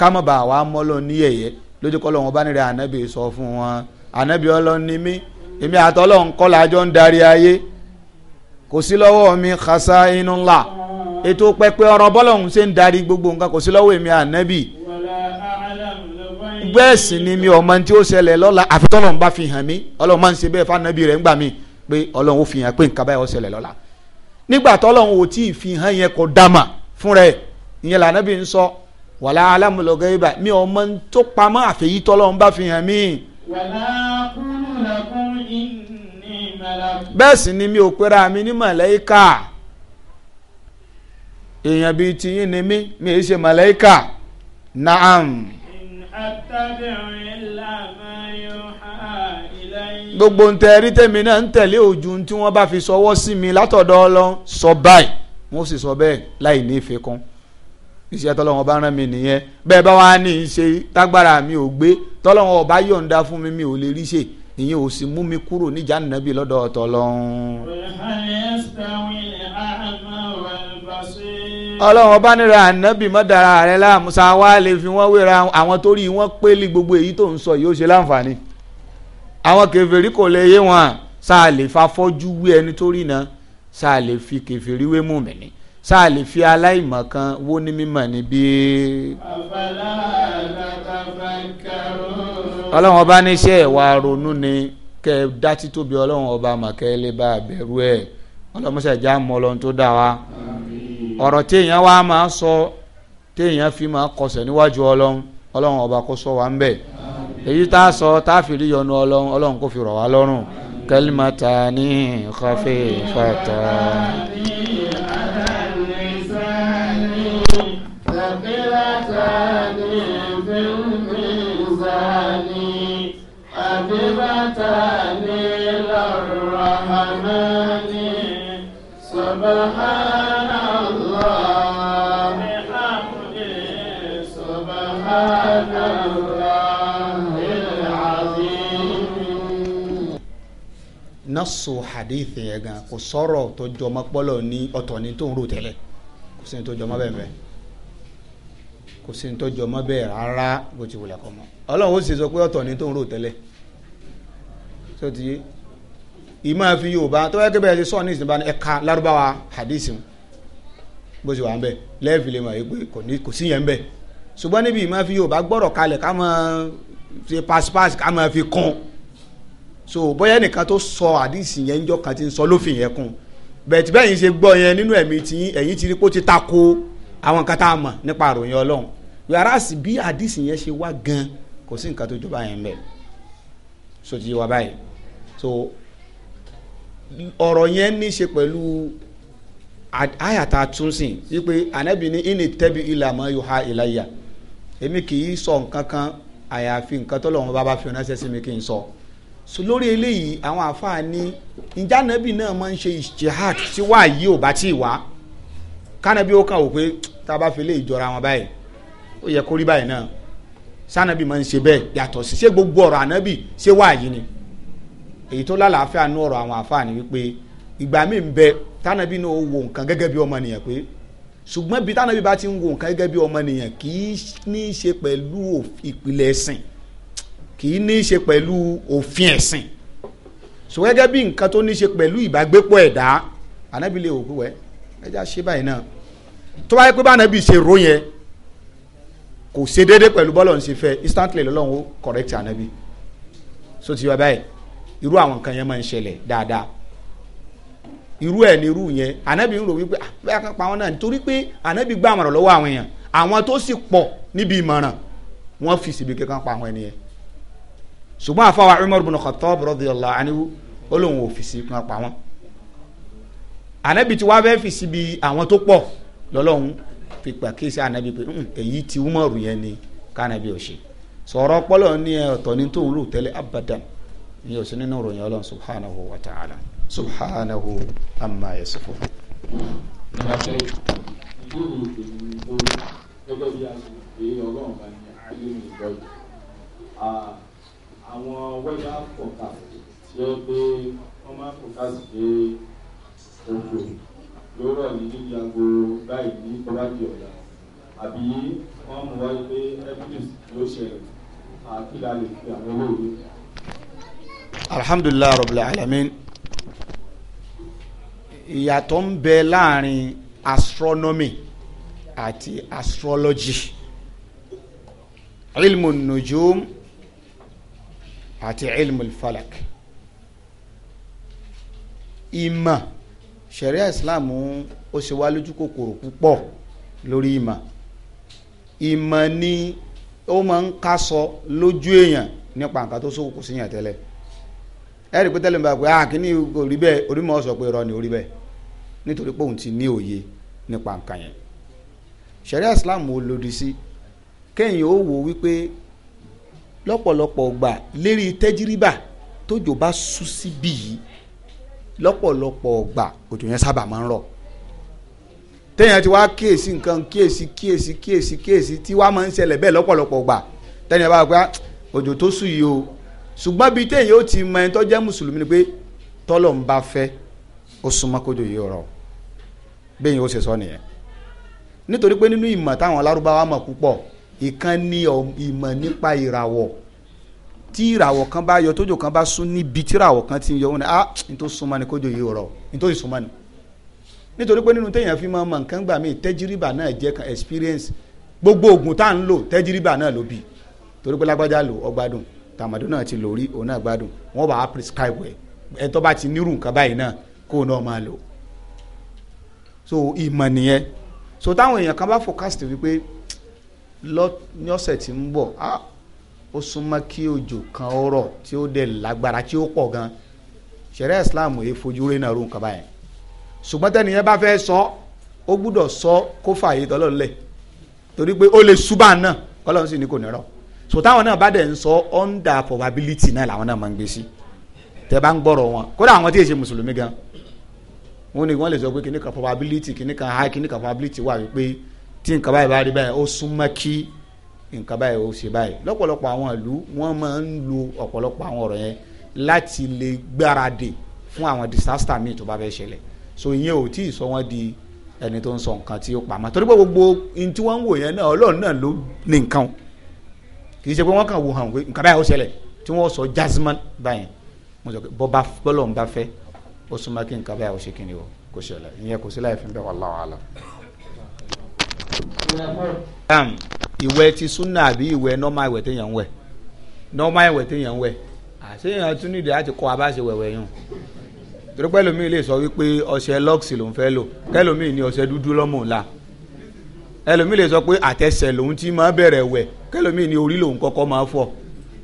ká mọ̀ bá wa mọ́ lọ ní yẹ̀yẹ́ lójú kọ́ lọ́wọ́n bá nírẹ̀ ànábì sọ fún wọn ànábì ọlọ́run ni mí èmi àtọ́lọ́ kọ́ lájọ ń darí ayé kò sí lọ́wọ́ mi xasa inú ńlá ètò pẹpẹ ọ̀rọ̀ bọ́lọ́hún ṣe ń darí gbogbo nǹkan kò sí lọ́wọ́ èmi ànábì bẹ́ẹ̀ sì ni mi ọmọ tí ó ṣẹlẹ̀ lọ́la àfitọ́lọ́hún bá fi hàn mí ọlọ́run máa ń ṣe bẹ́ẹ̀ fún ànábì rẹ̀ ńgbà mí pé ọlọ́run ó fi hàn pé nǹkan báyìí ó ṣẹlẹ̀ lọ́la nígbà tọ́lọ́hún ò tí ì fi hàn yẹn kò dàmà fúnra ẹ̀ ìyẹn lànà bí n sọ wàlá alámúlọ̀gẹ́ ibà mi ò mọ tó pamọ́ àfẹ́yí tọ́lọ́hún bá fi hàn mí. wàlá kúlù làkún ìní màlá. bẹ́ẹ̀ sì ni mi ò pera mi ní màláíkà èèyàn bíi tiyín ni mí mi ì ṣe màláíkà naam. in attabi'u illa ma gbogbo ń tẹ rí tèmi náà ń tẹ̀lé òjò tí wọ́n bá fi sọwọ́ sí mi látọ̀dọ̀ ọlọ́run sọ báyìí mo sì sọ bẹ́ẹ̀ láì ní ìfẹ́ kan iṣẹ́ tọ́lọ́wọ́n bá rán mi nìyẹn bẹ́ẹ̀ bá wàá ní í ṣe tágbára mi ò gbé tọ́lọ́wọ́n ọba yọ̀ǹda fún mi mi ò lè rí ṣe ìyẹn ò sì mú mi kúrò níjà nàbí lọ́dọ̀ ọ̀tọ̀ lọ́hún. ọlọ́run ọba nira ànábì mọ́dàra rẹ̀ láàmúsá wa lè fi wọ́n wéra àwọn torí wọ́n pélé gbogbo èyí tó ń sọ yìí ó ṣe láǹfààní àwọn kèfèrí kò lè yé wọn sáà lè fa fọ́jú wé ẹni tó rí náà sáà lè fi kèfèrí wé mùmínì sáà lè fi aláìmọ̀ kan wó ní mímọ̀ níbí. ọlọ́run ọba níṣẹ́ ìwà ronú ni kẹ́ ẹ dá títóbi ọlọ́run ọba màkẹ́ lè bá a bẹ̀rù ẹ̀ ọlọ́mọṣẹ́já mọ ọlọ́run tó dá wa ọ̀rọ̀ téèyàn wá máa sọ téèyàn fi máa kọsẹ̀ níwájú ọlọ́run ọlọ́run ọba kó sọ wa ń bẹ̀ èyí tá a sọ tá a fi rí yọ́nú ọlọ́run kò fi rọ̀ wá lọ́rùn kalimatani khafifatani. حبيبتاني للرحمن سبحان الله بحمده nasu hadithi yẹn gan kò sọ̀rọ̀ tó jọmọ́ pọ́lọ̀ ní ọ̀tọ̀ ní tó ń rò tẹ́lẹ̀ kò sí ní tó jọmọ́ bẹ́ẹ̀ bẹ́ẹ̀ kò sí ní tó jọmọ́ bẹ́ẹ̀ rárá bó ti wùlẹ̀ kọ́ mọ́ ọlọ́run ó sì sọ pé ọ̀tọ̀ ní tó ń rò tẹ́lẹ̀ tó ti yé ìmọ̀ fi yorùbá tó yẹ kí bẹ́ẹ̀ ṣe sọ ní ìsìnbá ẹ̀ka lárúbáwá hadith bó ṣe wà ń bẹ̀ lẹ́ẹ̀fì lè mọ̀ yìí pé kò sí yẹn ń ṣùgbọ́n níbi ìmọ̀ fi yorùbá gbọ́dọ̀ kalẹ̀ ká máa ṣe paṣipaṣi ká máa fi kún so bóyá ẹnìkan tó sọ àdìsí yẹn níjọ́ kan ti ń sọ lófin yẹn kún bẹ̀tí bẹ́ẹ̀ yín ṣe gbọ́ yẹn nínú ẹ̀mí tí ẹ̀yìn ti rí kó ti tako àwọn nǹkan tá a mọ̀ nípa àròyìn ọlọ́run yàrá sì bí àdìsí yẹn ṣe wá gan kò sí nǹkan tó jọba yẹn bẹ́ẹ̀ so ti wá báyìí so ọ̀rọ̀ yẹn ní í ṣe pẹ̀lú àyàtà túnsìn wípé ànábì ní ìní tẹ́bi ìlàmọ́ yóò ha ìlàyà èmi kì í sọ nǹkan kan àyàfi nǹkan tó lọ́wọ́ bá bá fi ránṣẹ́ sí mi kí n sọ. So so lórí eléyìí àwọn àáfàá ní ìjánabi náà máa ń ṣe ìjihad tí wàá yí ò bá tí ì wá kánabi ó kàn wò pé tá a bá fi lè jọra wọn báyìí ó yẹ kó rí báyìí náà sánabi máa ń ṣe bẹ́ẹ̀ yàtọ̀ sí ṣé gbogbo ọ̀rọ̀ ànábì ṣé wàá yí ni èyí tó lálàáfíà nú ọ̀rọ̀ àwọn àáfàá ní wípé ìgbà míì ń bẹ tánabi náà ó wo nǹkan gẹ́gẹ́ bí ọmọ nìyẹn pé ṣùgbọ́n bí tánabi bá ti ń wo nǹkan gẹ́gẹ́ bí ọmọ nìyẹn kì í ní í ṣe pẹ̀lú ìpìlẹ̀ ẹ̀sìn kì í ní í ṣe pẹ̀lú òfin ẹ̀sìn so gẹ́gẹ́ bí nǹkan tó ní í ṣe pẹ̀lú ìbágbépọ̀ ẹ̀dá ànábì lè wò pé ẹja ṣe báyìí náà tó bá yẹ pé báyìí ṣe ro yẹn kò ṣe déédé pẹ̀lú bọ́ọ̀lù ń ṣe fẹ́ instantly lọ́lọ́run ó correct ànábì so ti wá báyìí irú àwọn nǹkan yẹn máa ń ṣẹlẹ̀ dáadáa irú ẹ̀ ní irú yẹn ànábì ń rò wípé ah, bẹ́ẹ̀ kan pa àwọn náà nítorí pé ànábì gba àmọ̀ràn lọ́wọ́ àwọn èèyàn àwọn tó sì pọ̀ níbi ìmọ̀ràn wọ́n fi síbi kankan pa àwọn ẹni ṣùgbọ́n àfọwọ́ Umar bin Khattab radiyallahu anhu ó lóun ò fi sí kan pa wọn ànábì tí wàá fẹ́ fi síbi àwọn tó pọ̀ lọ́lọ́run fi pàkíyèsí ànábì pé hmm, èyí ti Umaru yẹn ni kánábì ò ṣe sọ̀rọ̀ ọpọlọ ní ọ̀tọ̀ ní tóun lò tẹ́lẹ̀ abadan ní òsì nínú ìròyìn ọlọ́run subhanahu wa ta'ala subhanahu amma yasifun. gẹ́gẹ́ bí àwọn wẹ́dà fọ̀kà tí ó pé wọ́n máa fọ̀kà sí pé òjò ló rọ̀ ní níbi aago báyìí ní kọ́lájì ọ̀la àbí wọ́n mú wáyé pé evidence ló ṣẹlẹ̀ àkílà lè fi àwọn olóòwe. alhamdulilayi rabbil alamin ìyàtọ̀ ń bẹ láàrin astronomy àti astrology ilmu nujum àti ilmul falak ìmọ̀ ṣẹ̀ríà islam ó ṣe wá lójú kòkòrò púpọ̀ lórí ìmọ̀ ìmọ̀ ni ó máa ń kásọ lójú èèyàn nípa nǹkan tó sókò kò síyàn tẹ́lẹ̀ ẹ rí i pé tẹ́lẹ̀ ń bá pé a ah, kì í ní orí bẹ́ẹ̀ orímọ̀ sọ pé irọ́ ni orí bẹ́ẹ̀ nítorí pé òun ti ní òye nípa nǹkan yẹn ṣẹ̀ríà islam ó lòdì sí kéèyàn ó wò wípé lọ́pọ̀lọpọ̀ ọgbà lérí tẹ́jíríbà tójò bá sú síbí yìí lọ́pọ̀lọpọ̀ ọgbà òjò yẹn sábà máa ń rọ̀ téèyàn ti wá kíyèsí nǹkan kíyèsí kíyèsí kíyèsí kíyèsí tí wá máa ń ṣẹlẹ̀ bẹ́ẹ̀ lọ́pọ̀lọpọ̀ ọgbà téèyàn bá gba ah, òjò tó sú yìí o ṣùgbọ́n bíi téèyàn ó ti mọ ẹni tó jẹ́ mùsùlùmí ni pé tọ́lọ̀ ń bá fẹ́ ó súnmọ́ kójò yìí rọ̀ bẹ́ẹ̀ yìí ṣe sọ nìyẹn nítorí pé nínú ìmọ̀ táwọn lárúbáwá mọ̀ púpọ̀ ìkan ni ìmọ̀ nípa ìràwọ̀ tí ìràwọ̀ kan bá yọ tójò kan bá sún níbi tí ìràwọ̀ kan ti yọ wọn ni ah n tó súnmọ́ ni kójò yìí n tó sì súnmọ́ ni nítorí pé nínú téèyàn fi máa mọ nǹkan gbà míì náà jẹ́ kan experience gbogbo oògùn tá à ń lò tẹ́jírìbà náà ló bì torí pé lágbájá lò ti lò rí òun náà gbádùn bá prescribe ẹ tó bá ti nírú nǹkan báyìí náà kó o náà máa lò so ìmọ̀ nìyẹn so táwọn èèyàn kan ní ọ̀sẹ̀ tí ń bọ̀ ó súnmọ́ kí òjò kan ọ̀rọ̀ tí ó dẹ̀ lágbára tí ó pọ̀ gan ṣẹ̀rẹ́ Islam yìí fojú rẹ̀ náà ro nǹkan báyẹn ṣùgbọ́n tẹ́nìyẹn bá fẹ́ sọ ó gbúdọ̀ sọ kó fààyè tọ́lọ́run lẹ̀ torí pé ó lè ṣúbà náà kọ́lọ́run sì ní kò ní rọ̀ so táwọn náà bá dẹ̀ ń sọ under probability náà làwọn náà máa ń gbé sí tẹ́ bá ń gbọ́rọ̀ wọn kódà àwọn tí èsì mùsùlùmí gan wọn ni wọ́n lè sọ pé kìnnìkan probability kìnnìkan high kìnnìkan probability wà wípé tí nǹkan báyìí bá rí báyìí ó súnmọ́ kí nǹkan báyìí ó ṣe báyìí lọ́pọ̀lọpọ̀ àwọn ìlú wọ́n máa ń lo ọ̀pọ̀lọpọ̀ àwọn ọ̀rọ̀ yẹn láti lè gbáradì fún àwọn disaster míì tó bá fẹ́ ṣẹlẹ̀ so ìyẹn ò tí ì sọ wọ́n di ẹni tó ń sọ nǹkan tí ó pamọ́ torí pé gbogbo ohun tí wọ́n ń wò yẹn náà ọlọ́run náà ló ní nǹkan kì í ṣe pé wọ́n kàn wò hàn pé nǹkan báyìí ó ṣẹlẹ̀ tí wọ́n sọ jasmine báyìí mo sọ pé bọ́ba bọ́lọ̀ ń bá fẹ́ ó súnmọ́ kí nǹkan báyìí ó ṣe kí o kò ṣẹlẹ̀ ìyẹn kò sí láì fi bẹ́ẹ̀ wallahu alam ìwẹ̀ ti súnà àbí ìwẹ̀ nọ́mà ìwẹ̀ téèyàn ń wẹ̀ nọ́mà ìwẹ̀ téèyàn ń wẹ̀ àṣeyàn tún nídìí láti kọ́ abáṣe wẹ̀wẹ̀ yàn torí pé lómi lè sọ wípé ọṣẹ lọ́ọ̀sì lòún fẹ́ lò kẹ́lómi ní ọṣẹ dúdú lọ́mọ ńlá ẹlòmí lè sọ pé àtẹsẹ̀ lòun ti máa bẹ̀rẹ̀ wẹ̀ kẹlòmí ni orí lòun kọ́kọ́ máa fọ̀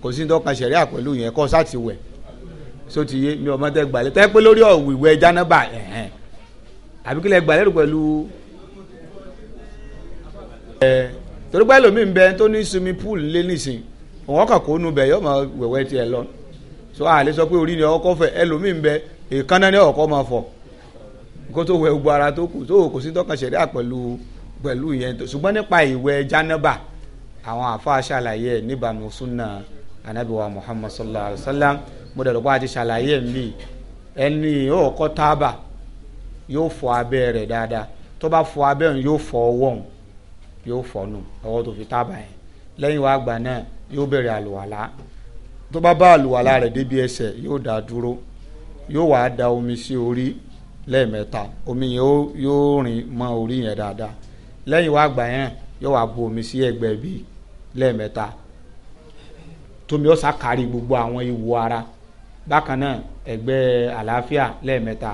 kò sí dọ́kan ṣẹ̀ríà pẹ̀lú yẹn kọ́ sáti wẹ̀ so ti yé mi ọmọ tẹ gbàlẹ́ tẹ́ pé lórí ọ̀wìwẹ̀ jánábà ẹ̀hẹ́n àbíkílẹ̀ gbàlẹ́ rò pẹ̀lú ẹ torí pé ẹlòmíì ń bẹ tó ní swimming pool lé nísìn òun ọkàn kó nu bẹ yóò máa wẹ̀wẹ̀ tiẹ̀ lọ so àlè sọ pé orí ni ọkọ fẹ ẹlòmíì ń bẹ èkánná ni ọkọ máa fọ kó tó wẹ gbogbo ara tó kù tó kò sí tọkàn ṣẹ̀ríà pẹ̀lú pẹ̀lú ìyẹn ṣùgbọ́n nípa ìwẹ̀ jánábà àwọn àfáà ṣàlàyé ẹ̀ níbàámu súnà anábìwá muhammad sallallahu alayhi wa sallam mo dẹ̀ lọ́pọ̀ àti ṣàlàyé ẹ̀ mí ẹni yóò kọ́ tábà yóò fọ abẹ́ rẹ̀ dáadáa tó bá fọ abẹ́ yóò fọ ọwọ́ yóò fọnù ọwọ́ tó fi tábà yẹn lẹ́yìn wá gbà náà yóò bẹ̀rẹ̀ àlùwàlá tó bá bá àlùwàlá rẹ̀ débi ẹsẹ̀ yóò dá dúró yóò wá da omi sí orí lẹ́ẹ̀mẹ́ta omi yẹn yóò rìn mọ́ orí yẹn dáadáa lẹ́yìn wá gbà yẹn yóò wá bu omi sí ẹ̀gbẹ́ bíi lẹ́ẹ̀mẹ́ta tómi ọ̀sà kárí gbogbo àwọn ìwò ara bákan náà ẹ̀gbẹ́ àlàáfíà lẹ́ẹ̀mẹ́ta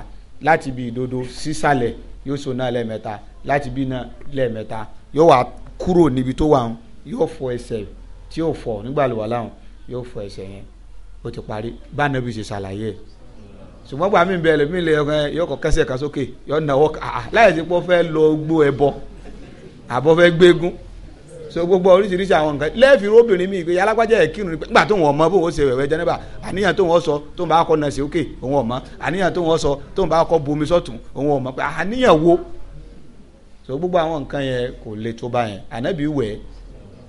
láti bí ìdodo sísàlẹ̀ yóò so náà lẹ́ẹ̀mẹ́ta láti bí náà lẹ́ẹ̀mẹ́ta yóò wá kúrò níbi tó wà ń yóò fọ ẹsẹ̀ tí yóò fọ nígbà ló wà láwọn yóò fọ ẹsẹ̀ yẹn ó ti parí bá nàbí ṣe ṣàlàyé ẹ̀ ṣùgbọ́n gbà mí bẹ̀rẹ̀ mí lè ọkàn yóò kọ kẹsẹ̀ kan sókè yóò nàwọ́ àà láyé tí pọ́ fẹ́ lọ gbó ẹbọ àbọ̀ fẹ́ gbégún so gbogbo oríṣiríṣi àwọn nǹkan lẹ́ẹ̀fì obìnrin mi ìgbéyà alágbájá ẹ̀ kírun nígbà tó wọn mọ bó wọn ṣe wẹ̀wẹ̀ jẹ́nẹ́bà àníyàn tó wọn sọ tó ń bá kọ́ nà sí òkè òun ò mọ̀ àníyàn tó wọn sọ tó ń bá kọ́ bomi sọ̀tún òun ò àníyàn wo so gbogbo àwọn nǹkan yẹn kò le tó báyẹn ànábì wẹ̀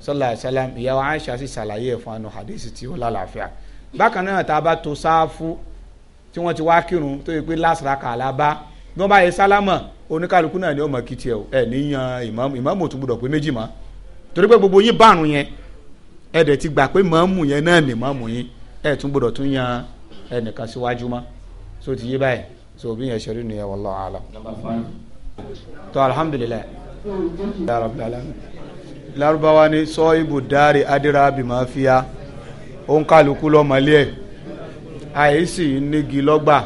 sallallahu alaihi wasallam ìyàwó Aisha sì ṣàlàyé ẹ̀ fún anu hadith tí ó lálàáfíà bákan náà tá a bá to sáfù tí wọ́n ti wá kírun tó yẹ pé lásìrà kàlá bá bí wọ́n bá yẹ sálámà oníkàlùkù náà ni ó mọ̀ kí tiẹ̀ ẹ̀ níyan ìmáàmù ìmáàmù tó gbọdọ̀ pé méjì mọ́ torí pé gbogbo yín bárun yẹn ẹ dẹ̀ ti gbà pé mọ̀ọ́mù yẹn náà ni mọ̀ọ́mù yín ẹ tún gbọdọ̀ tún yan ẹnìkan síwájú mọ́ so ti yé báyìí so bí yẹn ṣe rí nìyẹn wallahu alam. number five. to alhamdulillah ya rabbi alamin larubawa ni sọ ibu dari adira bima fiya ó ń kálukú a e àìsí nígi lọ́gbà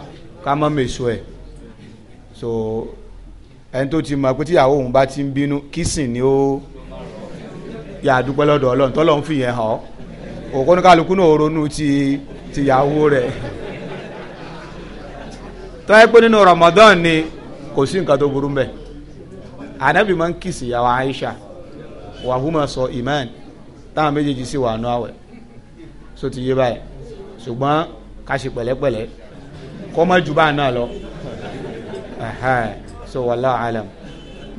ká mọ́ mèso ẹ̀ so ẹni tó ti mọ̀ pé tíyàwó òun bá ti ń bínú kìsìn ni ó yà á dúpẹ́ lọ́dọ̀ ọlọ́run tọ́lọ́run fìyẹn hàn ọ́ kálukú náà ronú ti tìyàwó rẹ̀ pé nínú Ramadan ni kò sí nǹkan tó burú mbẹ̀ anabi máa ń kìsì yàwó Aisha wàhùmá sọ iman táwọn méjèèjì sì wà nù àwẹ̀ so ti yé báyìí ṣùgbọ́n ká ṣe pẹ̀lẹ́pẹ̀lẹ́ kọ́ mọ́ ju báà náà lọ so wallahu alam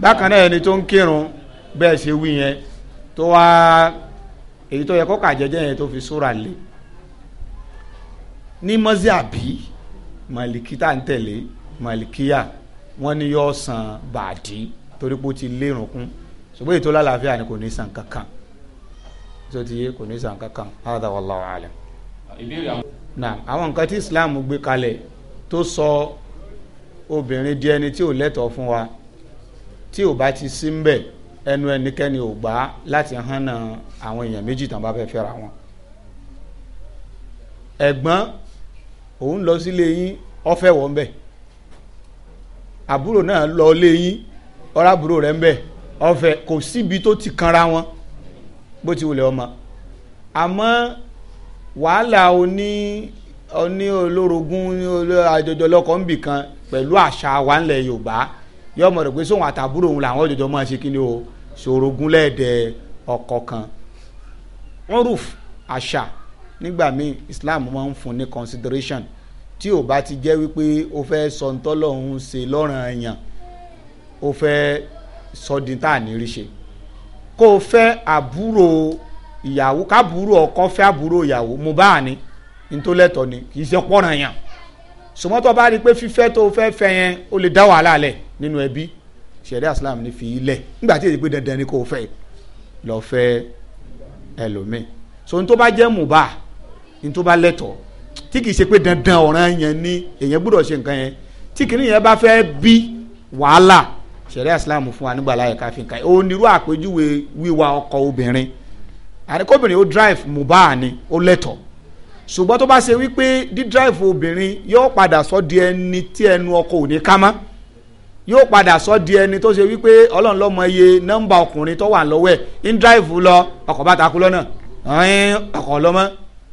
bákan náà ẹni tó ń kírun bẹ́ẹ̀ ṣe wí yẹn tó wá èyí tó yẹ kó kà jẹ́jẹ́ yẹn tó fi súra lé ní mọ́sí àbí màlìkí ń tẹ̀lé màlìkíyà wọ́n ní yóò san bàdí torí pé ó ti lérun kún ṣùgbọ́n ètò lálàáfíà ni kò ní san kankan tó ti yé kò ní san kankan hádà wallahu alam. na àwọn nǹkan tí Islam gbé kalẹ̀ tó sọ obìnrin di ẹni tí ò lẹ́tọ̀ọ́ fún wa tí ò bá ti sí ń bẹ̀ ẹnu ẹnikẹ́ni ò gbà láti hànà àwọn èèyàn méjì tán bá fẹ́ fẹ́ra wọn. ẹ̀gbọ́n òun lọ sílé yín ó wọ̀ ń bẹ̀ àbúrò náà lọ lé yín ọ̀rọ̀ àbúrò rẹ̀ ń bẹ̀ ọ̀fẹ́ kò síbi tó ti kanra wọn bó ti wulẹ̀ ọmọ àmọ́ wàhálà oní oní olórogún àjọjọ lọ́kọ̀ ń bì kan pẹ̀lú àṣà wa ńlẹ̀ Yorùbá yóò mọ̀ rẹ̀ pé sóhun àtàbúrò òun làwọn òjòjò máa ṣe kí ni o ṣòrogún lẹ́ẹ̀dẹ̀ ọkọ̀ kan uruf àṣà nígbà míì Islam máa ń fún ní consideration tí ò bá ti jẹ́ wípé o fẹ́ sọ ntọ́lọ́hún ṣe lọ́ràn ẹ̀yàn o fẹ́ sọdín tá à ní rí ṣe kó o fẹ́ àbúrò ìyàwó kábúrò ọkọ fẹ́ àbúrò ìyàwó mo bá àní ntólẹ́tọ̀ ni kì í ṣe pọ́nrán ẹ̀yàn sọmọ́tò bá rí i pé fífẹ́ tó o fẹ́ fẹ́ yẹn o lè dá wàhálà lẹ̀ nínú ẹbí sẹ̀ríà Islam ní fi ilẹ̀ nígbà tí èdè pé dandan ni kò fẹ́ lọ́ọ́ fẹ́ ẹlòmíì so ntó bá jẹ́ mùbá ntó bá lẹ́tọ̀ọ́ tí kì í ṣe pé dandan ọ̀ràn yẹn ni èyàn gbúdọ̀ ṣe nǹkan yẹn tí kìnìún yẹn bá fẹ́ bí wàhálà ṣẹ̀ríà Islam fún wa nígbà láyé káfíń ká ó nírú wíwa ọkọ̀ obìnrin àríkóbìnrin ó drive mubaa ni ó lẹ́tọ̀ ṣùgbọ́n tó bá ṣe wípé dí drive obìnrin yóò padà sọ di ẹni tí ẹnu ọkọ̀ ò ní ká mọ́ yóò padà sọ di ẹni tó ṣe wípé ọlọ́run lọ́mọ iye nọ́mbà ọkùnrin tó wà lọ́wọ́ ẹ̀ ń drive lọ ọkọ̀ bá takú lọ́nà ọkọ̀ lọ́mọ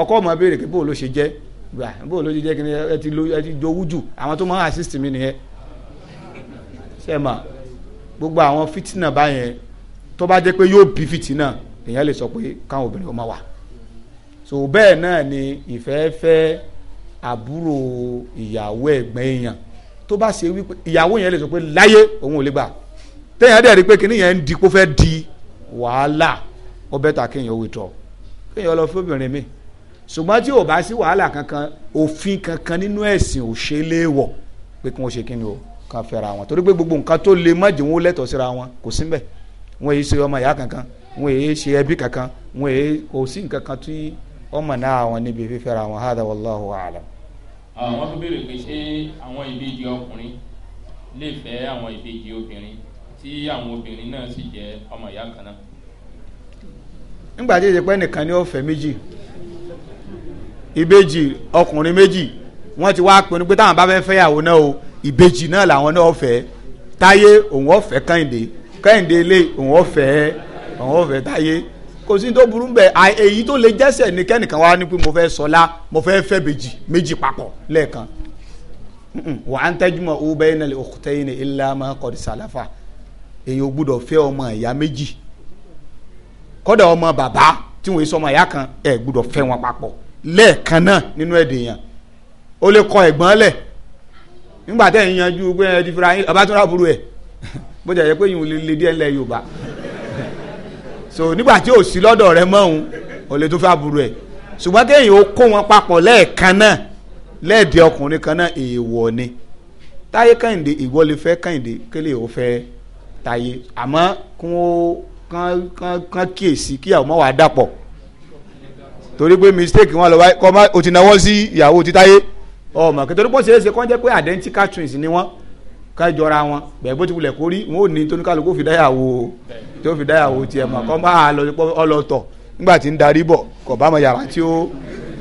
ọkọ ọmọ béèrè pé bóòló ṣe jẹ́ gbà bóòló ṣe jẹ́ kí ẹ ti lo ẹ ti jowú jù àwọn tó máa ń assist mi nìyẹn ṣe mà gbogbo àwọn fìtínà báyẹn tó bá jẹ́ pé yóò bí fìtínà èèyàn lè sọ pé káwọn obìnrin ó wà so bẹ́ẹ̀ náà ni ìfẹ́ fẹ́ àbúrò ìyàwó ẹ̀gbọ́n èèyàn tó bá ṣe wípé ìyàwó yẹn lè sọ pé láyé òun ò lè gbà téèyàn dẹ̀ rí pé kíní yẹn ń di kó fẹ́ di wàhálà ó ta kéèyàn ó wìtọ́ kéèyàn lọ fún obìnrin mi ṣùgbọ́n tí ò bá sí kankan òfin kankan nínú ẹ̀sìn ò ṣe pé kí wọ́n ṣe kí ni o kan fẹ́ra wọn torí pé gbogbo nǹkan tó lè má jẹun ó lẹ́tọ̀ọ́ síra wọn kò sí mbẹ̀ wọn èyí ọmọ ìyá kankan wọn èyí ṣe ẹbí kankan wọn èyí kò sí nkankan ọmọ náà wọn níbi fífẹ́ra wọn hádà àwọn tó pé ṣé àwọn ìbejì ọkùnrin lè fẹ́ àwọn ìbejì obìnrin tí àwọn obìnrin náà sì jẹ́ ọmọ ìyá ìbejì ọkùnrin méjì wọ́n ti wá pinnu pé táwọn bá fẹ́ fẹ́yàwó náà o ìbejì náà làwọn náà fẹ́ táyé òun ọ̀fẹ́ kẹ́hìndé kẹ́hìndé ilé òun ọ̀fẹ́ òun ọ̀fẹ́ táyé kò sí tó burú bẹ́ẹ̀ à èyí tó lè jẹ́sẹ̀ ní kẹ́nìkan wá ní pé mo fẹ́ sọlá mo fẹ́ fẹ́ bèjì méjì papọ̀ lẹ́ẹ̀kan wà á ń tẹ́júmọ̀ owó bẹ́ẹ̀ náà lè òkúta yìí ní ilé ama kọ́dí sàlàfà èyàn gbúdọ̀ fẹ́ ọmọ ìyá méjì kọ́dà ọmọ bàbá tí wọ́n sọ ọmọ ìyá kan ẹ̀ gbúdọ̀ fẹ́ wọn papọ̀ lẹ́ẹ̀kan náà nínú èdè yẹn ó lè kọ ẹ̀gbọ́n lẹ̀ nígbà tẹ̀ ń yanjú pé ẹ ti fira yín ọba tó rà burú ẹ̀ bó jẹ́ yẹ pé yìí ò lè díẹ̀ ńlẹ̀ Yorùbá so nígbà tí ò sí lọ́dọ̀ rẹ mọ́hún ò lè tó fẹ́ aburú ẹ̀ ṣùgbọ́n kéèyàn ó kó wọn papọ̀ lẹ́ẹ̀kan náà lẹ́ẹ̀dẹ̀ ọkùnrin kan náà èèwọ̀ ni táyé kẹ́hìndé ìwọ lè fẹ́ kẹ́hìndé kélé ò fẹ́ táyé àmọ́ kán kíyèsí kíyàwó mọ́ wàá dàpọ̀ torí pé mistake wọn lọ wáyé kọ́má o ti náwó sí ìyàwó títáyé ọmọ kí torí pé ó ṣeé ṣe kọ́ jẹ́ pé identical twins ni wọ́n ká jọra wọn bẹ́ẹ̀ bó ti wulẹ̀ kórí wọn ò ní tóníkàlùkù fi dáyàwó tó fi dáyàwó tiẹ̀ mọ̀ kọ́má ọlọ́tọ̀ nígbà tí ń darí bọ̀ bá mọ yàrá tí ó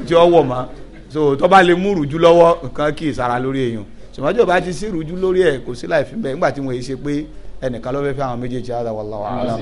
tí ó wọ̀ mọ́ so tó bá lè mú rùjú lọ́wọ́ nǹkan kì bá ti sí lórí kò sí láì fi nígbà tí yìí ṣe pé ẹnìkan ló fẹ́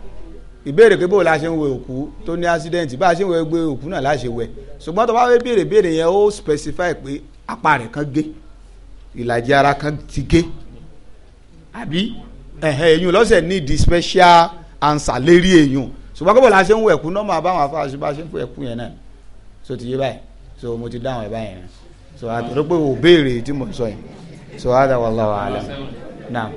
ìbéèrè pé bóò la ṣe ń wẹ òkú tó ní accident bá a ṣe ń wẹ gbé òkú náà láṣẹ wẹ ṣùgbọ́n tó bá wẹ́ béèrè béèrè yẹn ó specify pé apá rẹ̀ kan gé ìlàjì ara kan ti gé àbí ẹ̀hẹ̀ èyàn lọ́sẹ̀ ní di special answer lérí èyàn ṣùgbọ́n kó bóò la ṣe ń wẹ òkú náà máa bá àwọn afáàṣù bá ṣe ń fún ẹ̀kú yẹn náà so ti yé báyìí so mo ti dáhùn ẹ̀ báyìí so àtọ̀rọ̀ pé béèrè tí mo sọ yẹn so hada wallahu alam naam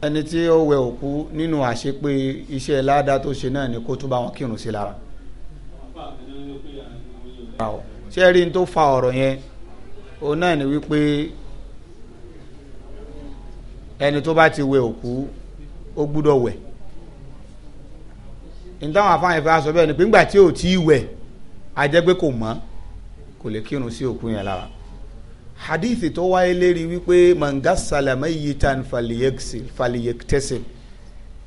ẹni tí ó wẹ òkú nínú àṣepé iṣẹ́ ládàá tó ṣe náà ni kó tún bá wọn kírun sí lára ṣé rí n tó fa ọ̀rọ̀ yẹn òun náà ni wípé ẹni tó bá ti wẹ òkú ó gbúdọ̀ wẹ̀ ní táwọn afáàyàn fẹ́ sọ bẹ́ẹ̀ ni pé ńgbà tí ò tí ì wẹ̀ a jẹ́ pé kò mọ́ kò lè kírun sí òkú yẹn lára hadithi tó wáyé lérí wípé manga salama yi tan faliyektesil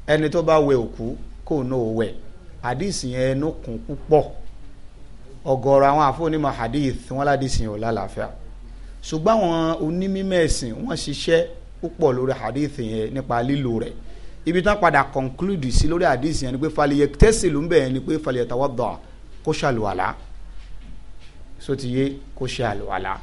ẹni tó bá wẹ òkú kò ní o wẹ hadithi yẹn ẹnu kún púpọ̀ ọ̀gọ̀rọ̀ àwọn àfọwọ́nìmọ̀ hadith wọn ládìsìn ò lálàáfíà ṣùgbọ́n àwọn onímímẹ̀sìn wọ́n ṣiṣẹ́ púpọ̀ lórí hadith yẹn nípa lílo rẹ̀ ibi tán padà conclude sí lórí hadith yẹn ni pé faliyektesil ń bẹ̀ ni pé faliyetawadọ́ kó ṣàlùwàlà sotiye kó ṣàlùwàlà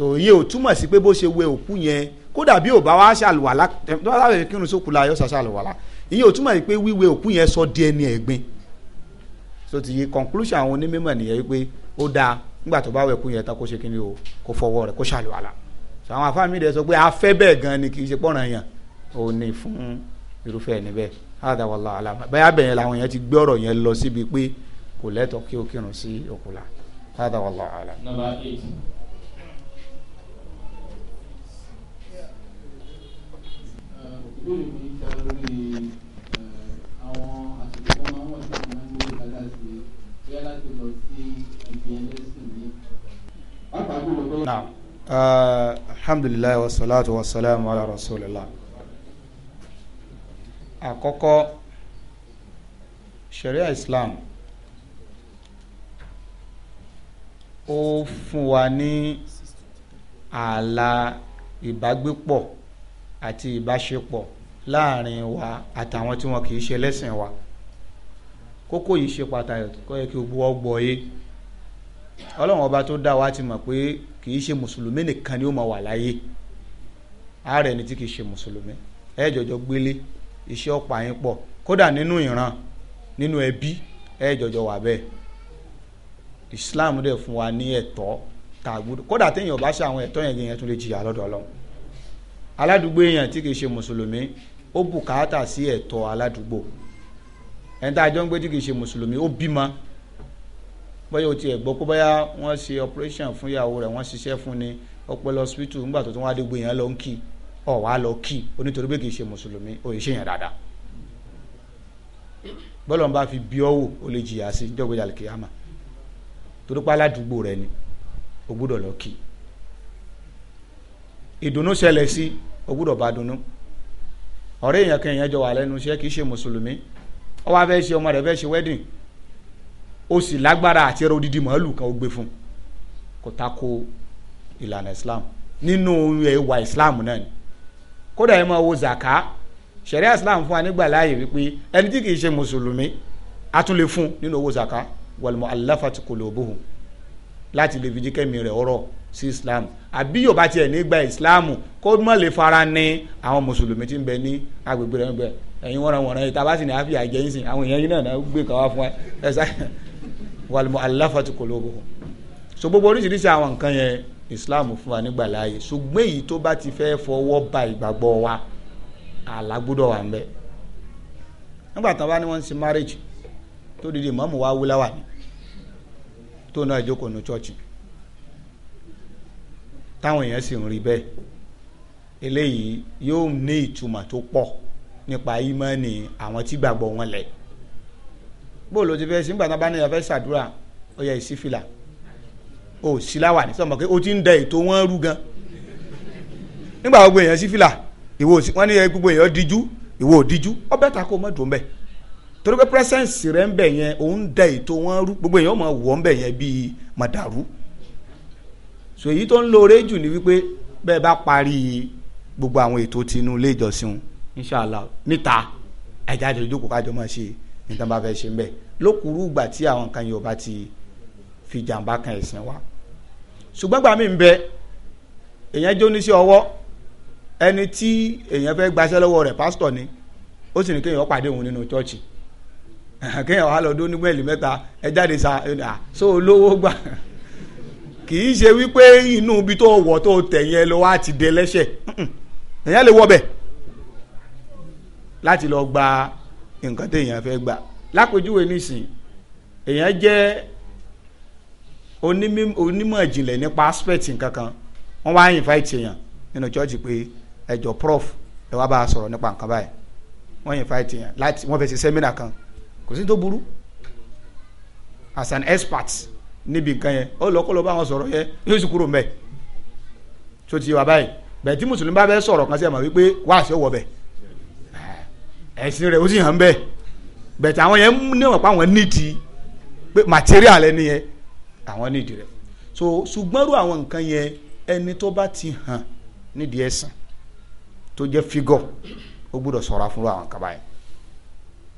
so iye ò túmọ̀ sí pé bó ṣe wẹ òkú yẹn kódà bí ò bá wá ṣàlùwàlá tó bá ṣàlùwàlá kírun sókù la yọ ṣàṣàlùwàlá iye ò túmọ̀ sí pé wíwẹ òkú yẹn sọ di ẹni ẹ̀gbin so ti yé conclusion àwọn onímọ̀ nìyẹn wípé ó dáa nígbà tó bá wẹ òkú yẹn tán kó ṣe kí ni o kó fọwọ́ rẹ̀ kó ṣàlùwàlá so àwọn afáàmì rẹ̀ sọ pé afẹ́ bẹ́ẹ̀ gan ni kì í ṣe pọ̀ràn yàn ò ní fún irúfẹ́ ẹni bẹ́ẹ̀ hádà wàllá àlàmà báyà bẹ̀yẹn làwọn yẹn ti gbé ọ̀rọ̀ yẹn lọ síbi pé kò lẹ́tọ̀ọ́ kí ó kírun sí òkúla hádà wàllá àlàmà. number eight. ìbéèrè mi dá lórí eh, àwọn àṣìkò kan máa ń wọ̀ tí wọ́n máa ń gbé alhamdulilayi wa salatu wa salamu ala rasulillah àkọ́kọ́ sharia islam ó fún wa ní ààlà ìbágbépọ̀ àti ìbáṣepọ̀ láàrin wa àtàwọn tí wọn kì í ṣe lẹ́sìn wa kókó yìí ṣe pàtàkì kó yẹ kí gbogbo wa gbọ́ yé ọlọ́run ọba tó dá wa ti mọ̀ pé kì í ṣe mùsùlùmí nìkan ni ó máa wà láyé ààrẹ ni tí kì í ṣe mùsùlùmí ẹ jọjọ gbélé iṣẹ́ ọ̀pá yín pọ̀ kódà nínú ìran nínú ẹbí ẹ jọjọ wà bẹ́ẹ̀ Islam dẹ̀ fún wa ní ẹ̀tọ́ tá a gbọ́dọ̀ kódà téèyàn bá ṣe àwọn ẹ̀tọ́ yẹn yẹn tún lè jìyà lọ́dọ̀ aládùúgbò èèyàn tí kìí ṣe mùsùlùmí ó bùkátà sí ẹ̀tọ́ aládùúgbò ẹni tá a jọ ń gbé tí kìí ṣe mùsùlùmí ó bímọ bóyá o tiẹ̀ gbọ́ pé bóyá wọ́n ṣe operation fún ìyàwó rẹ̀ wọ́n ṣiṣẹ́ fún ni ó pẹ́ lọ hospital nígbà tó tún wá dégbò èèyàn lọ ń kí ọ̀ wá lọ kí onítorí pé kìí ṣe mùsùlùmí ó yẹ ṣe yẹn dáadáa bọ́lọ̀ ń bá fi bí ọ́ ó lè jìyà sí níjọ́ ìjà kìyàmà torí pé aládùúgbò rẹ ni o gbọ́dọ̀ lọ kí ìdùnnú ṣẹlẹ̀ sí o gbúdọ̀ bá dunnú ọ̀rẹ́ èèyàn kan èèyàn jọ wà lẹ́nu iṣẹ́ kì í ṣe mùsùlùmí ó wá fẹ́ ṣe ọmọ rẹ̀ fẹ́ ṣe wedding ó sì lágbára àti ẹrọ odidi màálù kan ó gbé fún kò tako ìlànà Islam nínú ẹwà Islam náà ni kódà ẹ máa wo zaka ṣẹ̀ríà Islam fún wa nígbà láàyè wípé ẹni tí kì í ṣe mùsùlùmí a tún lè fún nínú owó zaka wal mu'allafati qulubuhum láti lè fi jí rẹ̀ ọ̀rọ̀ sí islam àbí yóò bá tiẹ̀ nígbà islam kó mọ̀ lè fara ní àwọn mùsùlùmí tí ń bẹ ní agbègbè rẹ̀ ń bẹ ẹ̀yin wọ́n ra wọ̀n ra yìí tábà sì ní àfi àjẹ́ yín sìn àwọn èèyàn yín náà gbé kàwá fún ẹ ṣá wàlùmọ̀ aláfàtú kòlóbò so gbogbo oríṣiríṣi àwọn nǹkan yẹn islam fún wa nígbà láàyè ṣùgbọ́n èyí tó bá ti fẹ́ fọwọ́ ba ìgbàgbọ́ wa àlá gbọ́dọ̀ wà ń bẹ nígbà tán bá ní wọ́n ń ṣe marriage tó dìde mọ́mù wa wúláwà ni tó náà ìjókòó ní chọ́ọ̀chì táwọn èèyàn sì ń rí bẹ́ẹ̀ eléyìí yóò ní ìtumọ̀ tó pọ̀ nípa ìmánì àwọn tí gbàgbọ́ wọn lẹ̀ bó ló ti fẹ́ sí gbàtà bá ní ìyàfẹ́ ṣàdúrà ó yẹ ìsí fìlà ó sí láwà ní sọmọ pé ó ti ń da ètò wọn rú gan nígbà gbogbo èèyàn sí fìlà ìwọ òsì wọn ní gbogbo èèyàn díjú ìwọ òdíjú ọbẹ̀ ta kó mọ̀ dùn bẹ́ẹ̀ torí pé pírẹsẹ̀nsì rẹ̀ ń bẹ̀ yẹn òun da ètò wọn rú gbogbo èèyàn mọ̀ wọ́n ń bẹ̀ yẹn bíi màdàrú so èyí tó ń lóore jù ni wípé bẹ́ẹ̀ bá parí gbogbo àwọn ètò tinú ilé ìjọsìn inshallah níta ẹ̀já àjọ ìjókòó kájọ máa ṣe níta bá fẹ́ ṣe ń bẹ̀ lókùrú ìgbà tí àwọn kan yóò bá ti fi jàǹbá kan ẹ̀sìn wa ṣùgbọ́n gbà ń bẹ èèyàn jó ní sí ọwọ́ ẹni tí èèyàn fẹ́ gbaṣẹ́ lọ́wọ́ rẹ̀ pásítọ̀ ni ó sì ní kéèyàn pàdé òun nínú chọ́ọ̀chì (laughs) kéèyàn wà lọ́dún nígbẹ̀lì mẹ́ta ẹ jáde sa so olówó gbà kì í ṣe wípé inú ibi tó wọ̀ tó tẹ̀yìn ẹ lọ wá ti dé lẹ́sẹ̀ èèyàn lè wọ̀ bẹ̀ láti lọ gba nǹkan téèyàn fẹ́ gbà lápèjúwe nísìnyí èèyàn jẹ́ onímọ̀ ìjìnlẹ̀ nípa aspect nǹkan kan wọ́n wá invite èèyàn nínú church pé ẹjọ́ prof ẹ wá bá a sọ̀rọ̀ nípa nǹkan báyìí wọ́n invite èèyàn láti wọ́n fẹ́ ṣe seminar kan kò sí tó burú as an expert níbi nǹkan yẹn ó lọ kó lọ bá wọn sọ̀rọ̀ yẹn yóò sì kúrò mbẹ tó ti wà báyìí bẹ́ẹ̀ tí mùsùlùmí bá fẹ́ sọ̀rọ̀ kan sí ẹ̀ mọ̀ wípé wá sí ọwọ́ bẹ̀ ẹ̀sìn rẹ̀ ó sì hàn bẹ́ẹ̀ bẹ́ẹ̀ tí àwọn yẹn níwọ̀n pa àwọn nídìí pé material ẹni yẹn àwọn nídìí rẹ̀ so ṣùgbọ́n rú àwọn nǹkan yẹn ẹni tó bá ti hàn nídìí ẹ̀sìn tó jẹ́ figure ó gbọ́dọ̀ ṣọ́ra fún àwọn kaba yẹn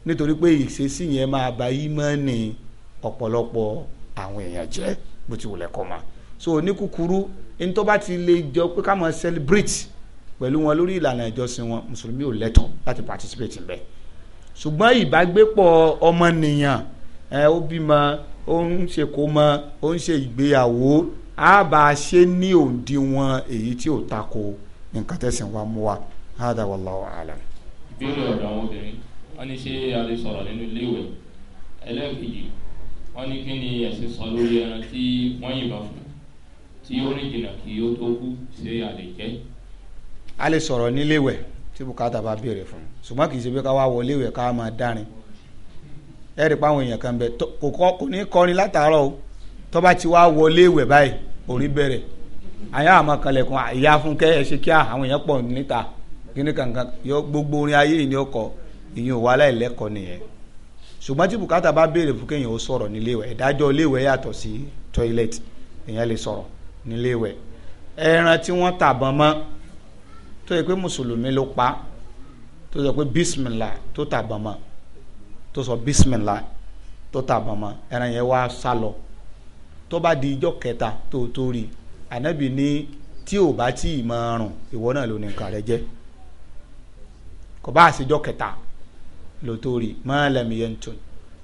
nítorí pé ìṣesí yẹn máa ba ìmánì ọ̀pọ̀lọpọ̀ àwọn èèyàn jẹ́ bó ti wùlẹ̀ kọ́ ma so ní kúkúrú ní tó bá ti lè jọ pé ká máa celebrate pẹ̀lú wọn lórí ìlànà ìjọsìn wọn mùsùlùmí ò lẹ́tọ̀ọ́ láti participate ń bẹ̀ ṣùgbọ́n ìbágbépọ̀ ọmọnìyàn ẹ ó bímọ ó ń ṣe kó mọ ó ń ṣe ìgbéyàwó á bá a ṣe ní òǹdíwọ̀n èyí tí ò tako nǹkan tẹ̀sìn wa mú wa hádà wallahu alam. ìbéèrè ọ̀dọ̀ àwọn obìnrin wọ́n ní ṣé a lè sọ̀rọ̀ nínú ilé ẹlẹ́ẹ̀kejì wọ́n ní kí ni ẹ̀sìn sọ lórí ẹran tí wọ́n yìnbọn fún tí ó rìn jìnnà kí ó tó kú ṣé a lè jẹ́. a lè sọ̀rọ̀ níléèwẹ̀ tí bùkátà bá béèrè fún ṣùgbọ́n kì í ṣe pé ká wá wọlé ìwẹ̀ ká máa dárin ẹ rí i pé àwọn èèyàn kan bẹ kò ní kọrin látàárọ̀ o tó bá ti wá wọlé báyìí orin bẹ̀rẹ̀ àyà àmọ́ kanlẹ̀kùn ìyá fúnkẹ́ ẹ ṣe kíá àwọn èèyàn pọ̀ níta kíní kankan gbogbo orin ayé ìní ọkọ̀ ìyẹn ò wá láìlẹ́kọ̀ọ́ nìyẹn ṣùgbọ́n tí bùkátà bá béèrè fún kéèyàn ó sọ̀rọ̀ níléèwẹ̀ ìdájọ́ iléèwẹ̀ yàtọ̀ sí toilet èèyàn lè sọ̀rọ̀ níléèwẹ̀ ẹran tí wọ́n tàbọn mọ́ tó yẹ pé mùsùlùmí ló pa tó sọ pé bísímìlà tó tàbọn mọ́ tó sọ bísímìlà tó tàbọn mọ́ ẹran yẹn wá sá lọ tó bá di ijọ́ kẹta tó tó rí ànábì ní tí ò bá tí ì máa rùn ìwọ náà ló ní nǹkan rẹ jẹ kò bá àṣejọ kẹta ló tó rí máa lẹ́mi yẹn tó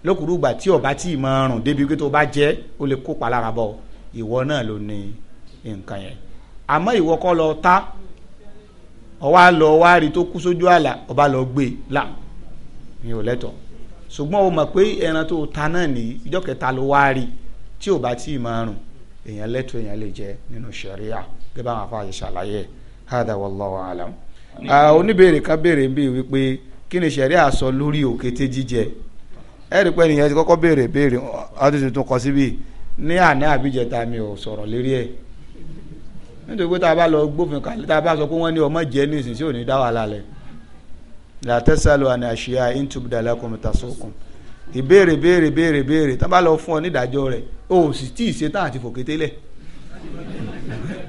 lókùrú gbà tí ọba tí ì máa rùn débi pé tó bá jẹ́ ó lè kópa lára bọ̀ ìwọ náà ló ní nǹkan yẹn àmọ́ ìwọ kọ́ lọ ta ọwọ́ lọ wá rí tó kú sójú àlà ọba lọ gbé la mi ò lẹ́tọ̀ ṣùgbọ́n o mọ̀ pé ẹran tó ta náà ní ìjọ kẹta ló wá rí tí ọba tí ì máa rùn èèyàn lẹ́tọ̀ èèyàn lè jẹ nínú sẹ̀ríà gẹ́gẹ́ bá wọn fà ṣàlàyé hádà wallahu alam. oníbèrè ká béèrè ń bí wípé kí ni sẹ̀rí àsọ lórí òkété jíjẹ ẹ rí pé ènìyàn ti kọ́kọ́ béèrè béèrè ọdún tuntun kọ síbi ní àná àbíjẹta mi ò sọ̀rọ̀ lérí ẹ̀ nítorí pé tá a bá lọ gbófin kalẹ̀ tá a bá sọ pé wọ́n ní ọmọ jẹ́ ní ìsinsìnyí ò ní dá wàhálà lẹ̀ làtẹ́sàlù àni àṣìyà intubdala kọmọta sókun ìbéèrè béèrè béèrè béèrè tá a bá lọ fún ọ nídàájọ́ rẹ̀ o ò sì tí ì ṣe tá àti fòkété lẹ̀. (laughs)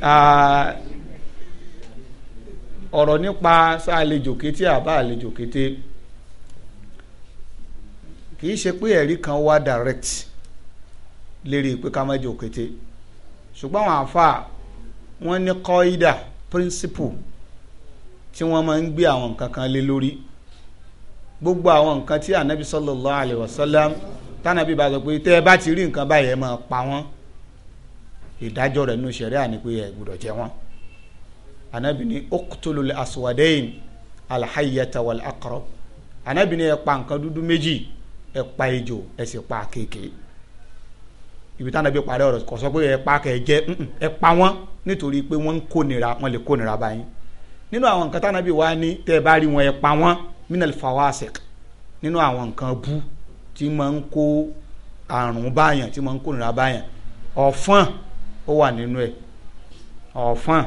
Ah, ọ̀rọ̀ nípa sá àlejò kété àbá àlejò kété kì í ṣe pé ẹ̀rí kan wá direct lérí pé ká mẹ́jọ kété ṣùgbọ́n àwọn àáfàá wọ́n ní kọ́ídà principle tí wọ́n máa ń gbé àwọn nǹkan kan lé lórí gbogbo àwọn nǹkan tí anabi sallallahu alayhi wa sallam tánàbí bá sọ pé tẹ́ ẹ bá ti rí nǹkan báyìí ẹ máa pa wọ́n ìdájọ́ rẹ̀ nínú ṣẹ̀ríà ni pé ẹ gbọ́dọ̀ jẹ wọ́n anabi ni uqtulul aswadain alhayyata wal aqrab anabi ni ẹ pa nǹkan dúdú méjì ẹ pa ejò ẹ sì pa kéèké ibi táwọn ẹbí parí ọ̀rọ̀ kò sọ pé ẹ pa kẹ jẹ ẹ pa wọn nítorí pé wọn ń kónira wọn lè kónira báyìí nínú àwọn nǹkan táwọn ẹbí ní tẹ ẹ bá rí wọn ẹ wọn minal fawasik nínú àwọn nǹkan bú tí máa ń kó àrùn báyàn tí máa ń kónira báyàn ọ̀fọ́n ó wà nínú ẹ̀ ọ̀fọ́n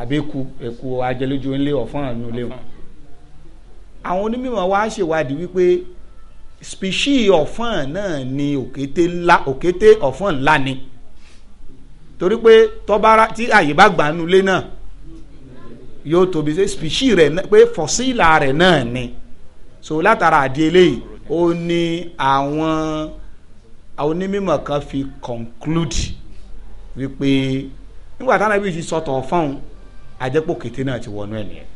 àbí ku eku ajẹlójú ńlẹ̀ ọ̀fọ́n àánú lé o àwọn onímọ̀ wa ṣèwádìí wípé species ọ̀fọ́n náà ni òkété ńlá òkété ọ̀fọ́n ńlá ni torí pé tọ́bára tí àyè bá gbà nínú ilé náà yóò tóbi ṣe species rẹ̀ pé fọ̀síìlà rẹ̀ náà ni so látara àdí eléyìí ní àwọn onímọ̀ kan fi conclude wípé nígbà táwọn ẹbí ti sọ̀tọ̀ fáwọn ajẹ́pò kété náà ti wọnú ẹ̀ nìyẹn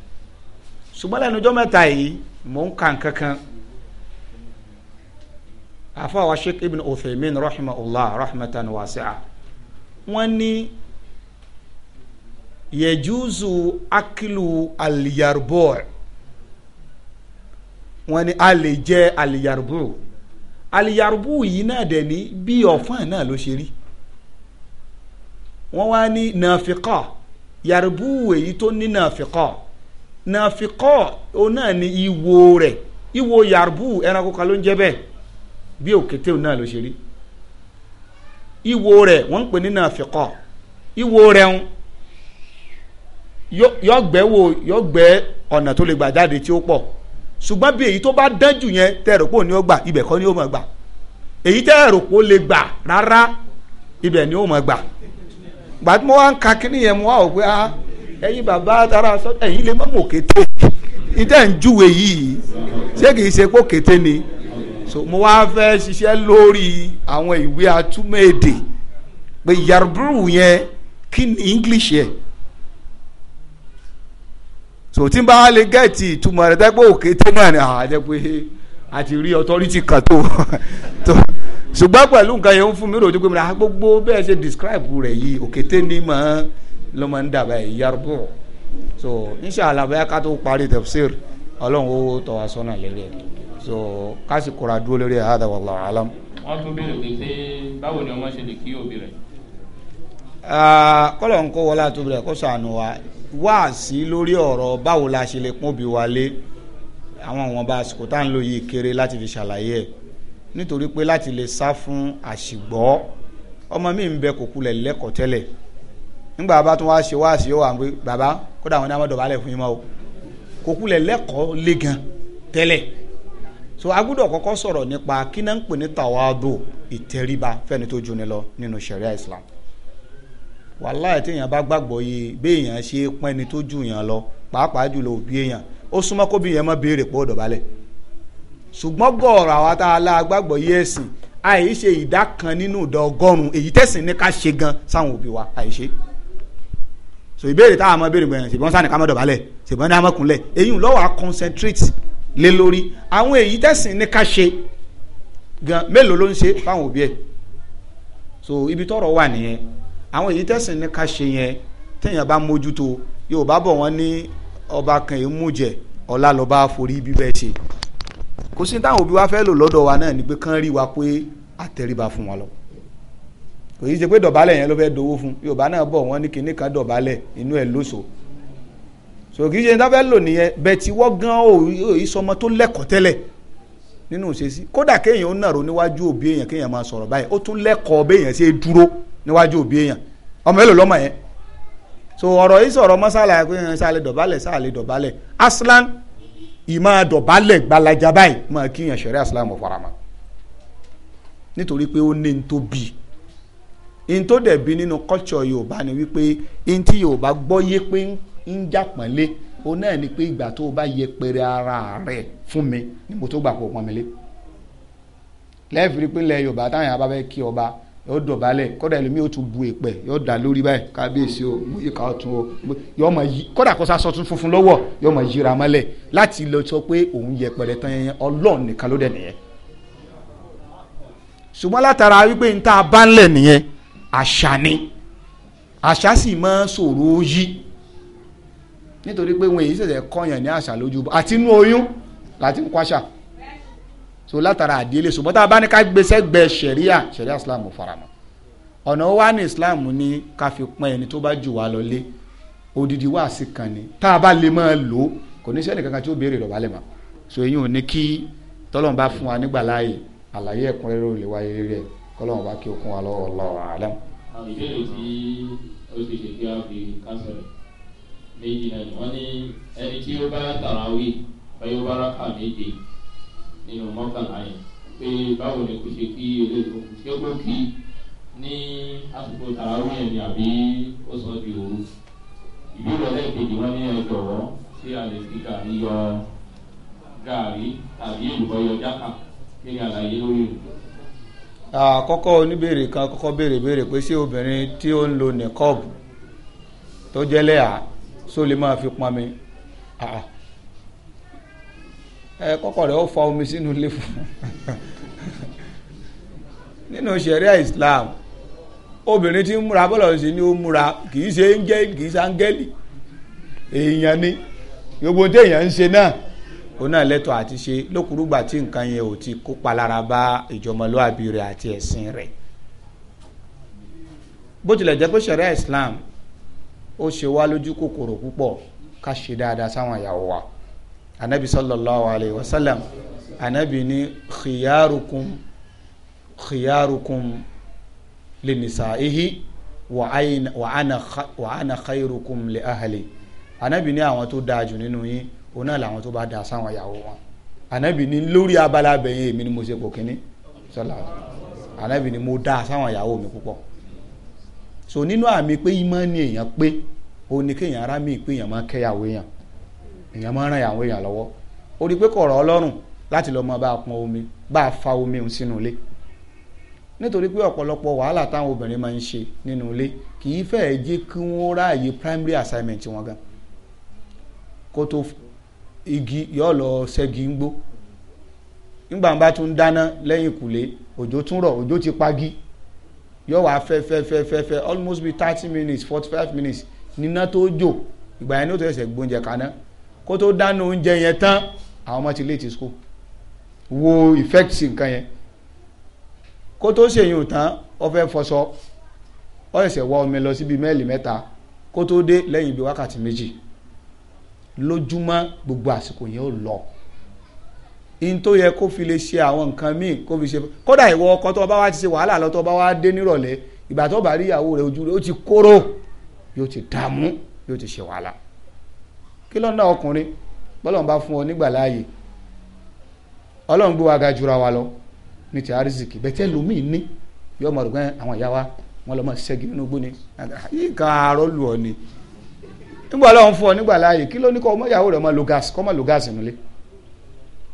ṣùgbọ́n lẹ́nu ọjọ́ mẹ́ta yìí mò ń ka nǹkan kan àfa wa sheikh ibn uthaymin rahimahullah rahmatan wasi'a wọ́n ní yẹjúzù akilu aliyarbo wọ́n ní a lè jẹ aliyarbo yìí náà dẹ̀ ní bí ọ̀fọ́n náà ló ṣe rí wọ́n wá ní nàfikọ́ yàrùbù èyí tó ní náà ni ìwo rẹ̀ ìwo yàrùbù ẹranko kan ló ń bí òkété òun náà ló ṣe rí rẹ̀ wọ́n ń pè ní nàfikọ́ ń wo ọ̀nà tó lè gbà jáde tí ó pọ̀ ṣùgbọ́n bí èyí tó bá yẹn ó gbà ibẹ̀ kọ́ ni gbàtí mo wá ń ka kíní yẹn mo wá wò pé ah ẹ̀yin bàbá tara sọ ẹ̀yin lè má mọ kété ìtẹ̀ ń júwe yìí ṣé kìí ṣe pé kété ni so mo wá fẹ́ ṣiṣẹ́ lórí àwọn ìwé atúmọ̀ èdè pé yarbru yẹn kí ni english yẹn so tí n bá lè gẹ̀ẹ́tì ìtumọ̀ rẹ̀ dẹ́gbẹ́ òkété náà ni àá àti rí authority kan tó tó ṣùgbọ́n pẹ̀lú nǹkan yẹn ń fún mi ròjú pé mìíràn ah, gbogbo bẹ́ẹ̀ ṣe describe rẹ̀ yìí òkété ní mọ̀ ló máa ń dàbà yìí yarbu so inṣàlá bẹ́ẹ̀ ká tó parí tafsir ọlọ́run ó tọ́ wa sọ́nà lérí ẹ̀ so ká sì kóra dúró lérí ẹ̀ hádà wallahu alam. wọ́n tún béèrè pé ṣé báwo ni ọmọ ṣe lè kí òbí rẹ̀. kọ́lọ̀ ń kó wọlé àtúbí rẹ̀ kó sànù wa wá sí lórí ọ̀rọ̀ báwo la ṣe lè pọ́n òbí wa lé àwọn ìwọ̀nba àsìkò tá à ń lò yìí kéré láti fi ṣàlàyé ẹ̀ nítorí pé láti lè sá fún àṣìgbọ́ ọmọ mi ń bẹ kò kulẹ̀ lẹ́kọ̀ọ́ tẹ́lẹ̀ nígbà bá tún wá ṣe wá sí ó wà pé bàbá kódà àwọn dáhùn dọ̀bálẹ̀ fún yín mọ́ o kò lẹ́kọ̀ọ́ lé gan tẹ́lẹ̀ so agbọ́dọ̀ kọ́kọ́ sọ̀rọ̀ nípa kí náà ń pè ní tàwádò ìtẹríba fẹ́ni tó jù ni lọ nínú ṣẹ̀ríà Islam wàláì téèyàn bá gbàgbọ́ yé béèyàn ṣe pẹ́ni tó jù yàn lọ pàápàá jùlọ òbí èèyàn ó súnmọ́ kóbi yẹn mọ́ béèrè pé ṣùgbọ́n gọ̀ọ̀rọ̀ àwa tá a la gbàgbọ́ yé ẹ̀sìn àì ṣe ìdá kan nínú ìdá ọgọ́rùn-ún èyí tẹ̀sìn ní ká ṣe gan sáwọn òbí wa àì ṣe. so ìbéèrè táwọn ọmọ béèrè gbẹ̀yìn ṣèbọn sani ká má dọ̀bálẹ̀ ṣèbọn ní amọ̀kúnlẹ̀ èyí ń lọ́wọ́ à concentrate lé lórí àwọn èyí tẹ̀sìn ní ká ṣe gan mélòó ló ń ṣe fáwọn òbí ẹ̀ so ibi tọ́rọ̀ wà nìyẹn àwọn èyí tẹ̀sìn ní ká ṣe yẹn téèyàn bá mójútó Yorùbá bọ̀ wọ́n ní ọba kò sí táwọn òbí wa fẹ́ lò lọ́dọ̀ wa náà ni pé kán rí wa pé àtẹríba fún wa lọ kò yí ṣe pé dọ̀bálẹ̀ yẹn ló fẹ́ dowó fún yorùbá náà bọ̀ wọ́n ní kinní kan dọ̀bálẹ̀ inú ẹ̀ lóṣò so kì í ṣe ní táfẹ́ lò nìyẹn bẹ́ẹ̀ tí wọ́n gan òyì sọmọ tó lẹ́kọ̀ọ́ tẹ́lẹ̀ nínú òṣèṣì kódà kéèyàn ó nàró níwájú òbí èèyàn kéèyàn máa sọ̀rọ̀ báyìí ó tún lẹ́kọ̀ọ́ béèyàn ṣe dúró níwájú òbí èèyàn ọmọ èlò lọ́mọ yẹn so ọ̀rọ̀ yìí sọ̀rọ̀ mọ́sálà pé sálẹ̀ dọ̀bálẹ̀ sálẹ̀ dọ̀bálẹ̀ aslan ìmọ̀ àdọ̀bálẹ̀ gbalaja báyìí máa kíyàn ṣẹ̀rí àsìlámù farama nítorí pé ó ní n tó bí n tó dẹ̀ bí nínú culture yorùbá ni wípé n tí yorùbá gbọ́ yé pé ń jàpọ̀nlé o náà ni pé ìgbà tó o bá yẹpẹrẹ ara rẹ fún mi ni mo tó gbà pọ̀ pọ́n mi lé lẹ́ẹ̀fì rí pé ilẹ̀ yorùbá táwọn yàrá bá fẹ́ kí ọba yóò dọ̀bálẹ̀ kódà ẹlòmíì yóò tún bu èpẹ̀ yóò dà lórí báyìí kábíyèsí o mú ìka ọ̀tún o yóò mọ̀ yí kódà kó sá sọtún funfun lọ́wọ́ yóò mọ̀ yíra mọ́lẹ̀ láti lọ sọ pé òun yẹ pẹ̀lẹ́ tán yẹn ọlọ́run nìkan ló dẹ̀ nìyẹn. ṣùgbọ́n látara wípé n ta bá ń lẹ̀ nìyẹn àṣà ni àṣà sì máa ń ṣòro yí nítorí pé wọn èyí ṣẹ̀ṣẹ̀ kọ́yàn ní àṣà lójú àtinú oyún láti ń kọ́ àṣà so látara àdíyelé ṣùgbọ́n tá a bá ní ká gbèsè gbẹ sẹ̀ríà sẹ̀ríà islam ò faramọ́ ọ̀nà wa ní islam ní ká fi pọ́n ẹni tó bá jù wá lọ lé odidi wá sí kan ni tá a bá lè máa lò kò ní sẹ́ni kankan tí ó béèrè rẹ̀ wálé so èyí ò ní kí tọ́lọ́n bá fún wa nígbà láàyè àlàyé ẹ̀kúnrẹ́rẹ́ ò lè wáyé rẹ̀ kọ́lọ́n bá kí o wa lọ́wọ́ ọlọ́wọ́ àlẹ́ ìbéèrè tí ó ti ṣe nínú mọ́kànlá yẹn pé báwo ni kò ṣe kí eléyìí kò ṣe kó kí ní àsìkò tààrà yẹn ni àbí ó sọ di òru ìbílẹ̀ lẹ́ẹ̀kejì wọn ní ẹjọ́ wọ́n ṣé a lè fi gàrí yọ gàrí tàbí èlùbọ́ yọ jákà kí ni àlàyé lórí rẹ̀ àkọ́kọ́ oníbèrè kan kọ́kọ́ béèrè béèrè pé ṣé obìnrin tí ó ń lo nìkọ́ọ̀bù tó jẹ́lẹ́à só lè máa fi pọnmi ẹ kọ́kọ́ rẹ̀ ó fa omi sínú ilé fún un nínú ṣẹ̀ríà Islam obìnrin tí ń múra bọ́lọ̀ sí ni ó múra kì í ṣe áńgẹ́lì kì í ṣe áńgẹ́lì èèyàn ni gbogbo téèyàn ń ṣe náà òun náà lẹ́tọ̀ọ́ àti ṣe lókùrúgbà tí nǹkan yẹn ò ti kópa lára bá ìjọmọlúàbí rẹ̀ àti ẹ̀sìn rẹ̀ bó tilẹ̀ jẹ́ pé ṣẹ̀ríà Islam ó ṣe wá lójú kòkòrò púpọ̀ ká ṣe dáadáa sáwọn ìyàwó wa anabi sallallahu alayhi wa sallam anabi ni khiyarukum khiyarukum li nisaihi wa ana wa ana khayrukum li ahli anabi ni àwọn tó dáa jù nínú yín òun náà làwọn tó bá dáa sáwọn ìyàwó wọn anabi ni lórí abala bẹ̀yẹn èmi ni mo ṣe kò kínní sọlá anabi ni mo dáa sáwọn ìyàwó mi púpọ̀ so nínú àmì pé ìmọ̀ ni èèyàn pé òun ni kéèyàn ará mi pé èèyàn máa kẹ́yàwó èèyàn èèyàn máa ń ràn àwọn èèyàn lọ́wọ́ ó rí i pé kọ̀rọ̀ ọlọ́run láti lọ́ọ́ máa bá a pọn omi bá a fa omi òun sínú ilé nítorí pé ọ̀pọ̀lọpọ̀ wàhálà táwọn obìnrin máa ń ṣe nínú ilé kì í fẹ́ẹ̀ jẹ́ kí wọ́n ráàyè primary assignment wọn gan kó tó igi yóò lọ ṣẹ́gi ń gbó nígbà bá tún dáná lẹ́yìn kùlé òjò tún rọ̀ òjò ti pagi yóò wá fẹ́ fẹ́ fẹ́ fẹ́ fẹ́ almost be thirty minutes forty five minutes níná tó jò ìgbà yẹn ní ó tó gbóúnjẹ kaná kó tó dáná oúnjẹ yẹn tán àwọn ọmọ ti léètì school wo effect nǹkan yẹn kó tó ṣèyìn òtán ó fẹ́ fọṣọ ó ṣẹ̀ṣẹ̀ wọ ọmọ lọ síbi mẹ́ẹ̀lì mẹ́ta kó tó dé lẹ́yìn ibi wákàtí méjì lójúmọ́ gbogbo àsìkò yẹn ó lọ in tó yẹ kó fi lè ṣe àwọn nǹkan míì kó fi ṣe kódà ìwọ ọkọ tó bá wá ti ṣe wàhálà lọ tó bá wá dé nírọ̀lẹ́ ìgbà tó bá rí ìyàwó rẹ̀ ojú rẹ̀ ó ti kóró yóò ti dààmú yóò ti ṣe wàhálà kí lọ́nà ọkùnrin bọ́lọ̀ bá fún ọ nígbà láàyè ọlọ́run gbé wa ga jura wa lọ ní ti arizikì bẹ́tẹ́ lómìn ní yóò mọ̀ rògbọ́n àwọn ìyá wa wọn lọ́mọ ṣẹ́gi nínú gbó ni yíká àárọ̀ lù ọ ni nígbà ọlọ́run fún ọ nígbà láàyè kí ló ní kọ́ ọmọ ìyàwó rẹ̀ ọmọ logas kọ́ ọmọ logas nílé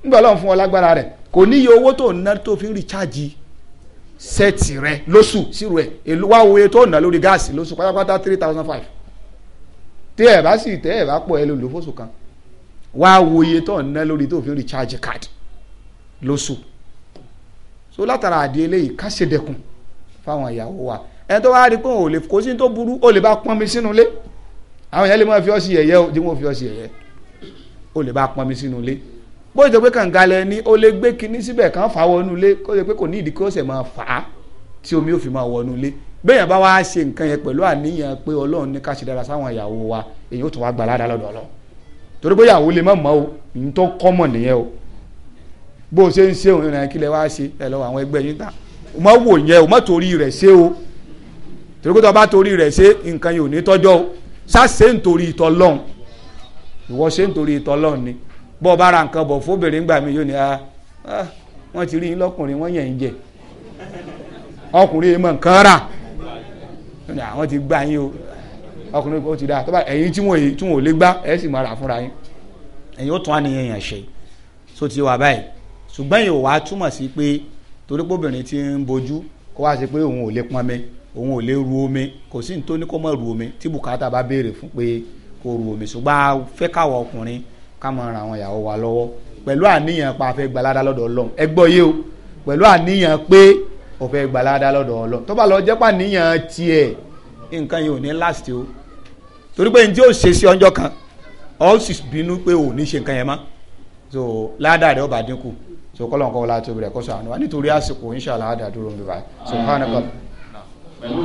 nígbà ọlọ́run fún ọ lágbára rẹ̀ kò níye owó tó ná tó fi ń sẹ́ẹ̀tì rẹ̀ lóṣù sírò ẹ̀ èlò wá oye tó ná lórí gáàsì lóṣù pátápátá three thousand five tẹ́ ẹ̀ bá sì tẹ́ ẹ̀ bá pọ̀ ẹ lò lò fóṣù kan wá wo iye tó ń ná lórí tó fi ń recharge card lóṣù so látara àdé eléyìí ká ṣe dẹkùn fáwọn ìyàwó wa ẹni tó wá rí pé òun ò lè kó sí tó burú ó lè bá pọn mi sínú ilé àwọn èèyàn lè máa fi ọ́ sí yẹ̀yẹ́ o díwọ́n fi ọ́ sí yẹ̀yẹ́ ó lè bá pọn mi sínú ilé bó ṣe pé kànga lẹ ní ó lè gbé kinní síbẹ̀ kàn fà wọnú ilé kó ṣe pé kò ní ìdí kó ṣe máa fà á tí omi ò fi máa wọnú ilé bẹ́ẹ̀yàn bá wá ṣe nǹkan yẹn pẹ̀lú àníyàn pé ọlọ́run ní ká ṣe dára sáwọn ìyàwó wa èyàn ó tún wá gbà ládàá lọ́dọ̀ ọlọ́run torí pé ìyàwó lè má mọ́ o ní tó kọ́mọ̀ nìyẹn o bó o ṣe ń ṣe òun ìrìn kílẹ̀ wá ṣe ẹ lọ́wọ́ àwọn ẹgbẹ́ yín tán o má wò yẹn o má torí rẹ̀ ṣe o torí pé tó o bá torí rẹ̀ ṣe nǹkan yìí ò ní tọ́jọ́ o sá ṣe nítorí ìtọ́lọ́run ìwọ ni bọ́ ọ bá ra nǹkan bọ̀ fóbìnrin gbà mí yóò ní ah, ah, wọ́n ti rí yín lọ́kùnrin ọkùnrin yìí mọ̀ nǹkan rà àwọn ti gbá yín o ọkùnrin ó ti dá tó bá ẹ̀yin tí wọ́n tí wọ́n ò lè gbá ẹ̀ sì mọ̀ra fúnra yín ẹ̀yin ó tún àníyàn yàn ṣe so ti wà báyìí ṣùgbọ́n yìí ò wá túmọ̀ sí pé torí pé obìnrin ti ń bojú kó wá sí pé òun ò lè pọn mi òun ò lè ru omi kò sí nítorí ní kó mọ̀ ru omi tí bùkátà bá béèrè fún pé kó ru omi ṣùgbọ́n a fẹ́ káwọn ọkùnrin ká máa ran àwọn ìyàwó wa lọ́wọ́ pẹ̀lú àníyàn pa afẹ́ gbalada lọ́dọ̀ ọlọ́run ẹ yé o pẹ̀lú àníyàn pé ó fẹ́ gbalada lọ́dọ̀ ọlọ tó bá lọ jẹ́ pàníyàn tiẹ̀ nǹkan yìí ò ní last o torí pé njẹ́ ò ṣe sí ọjọ́ kan ó sì bínú pé ò ní ṣe nǹkan yẹn mọ́ so ládàá rẹ̀ ó bá dínkù so kọ́lọ̀ nǹkan wọlé àti obìnrin ẹ̀kọ́ sọ àná wa nítorí àsìkò inṣàlá àdàdúró ń bíbá so kánà kọ́lọ̀.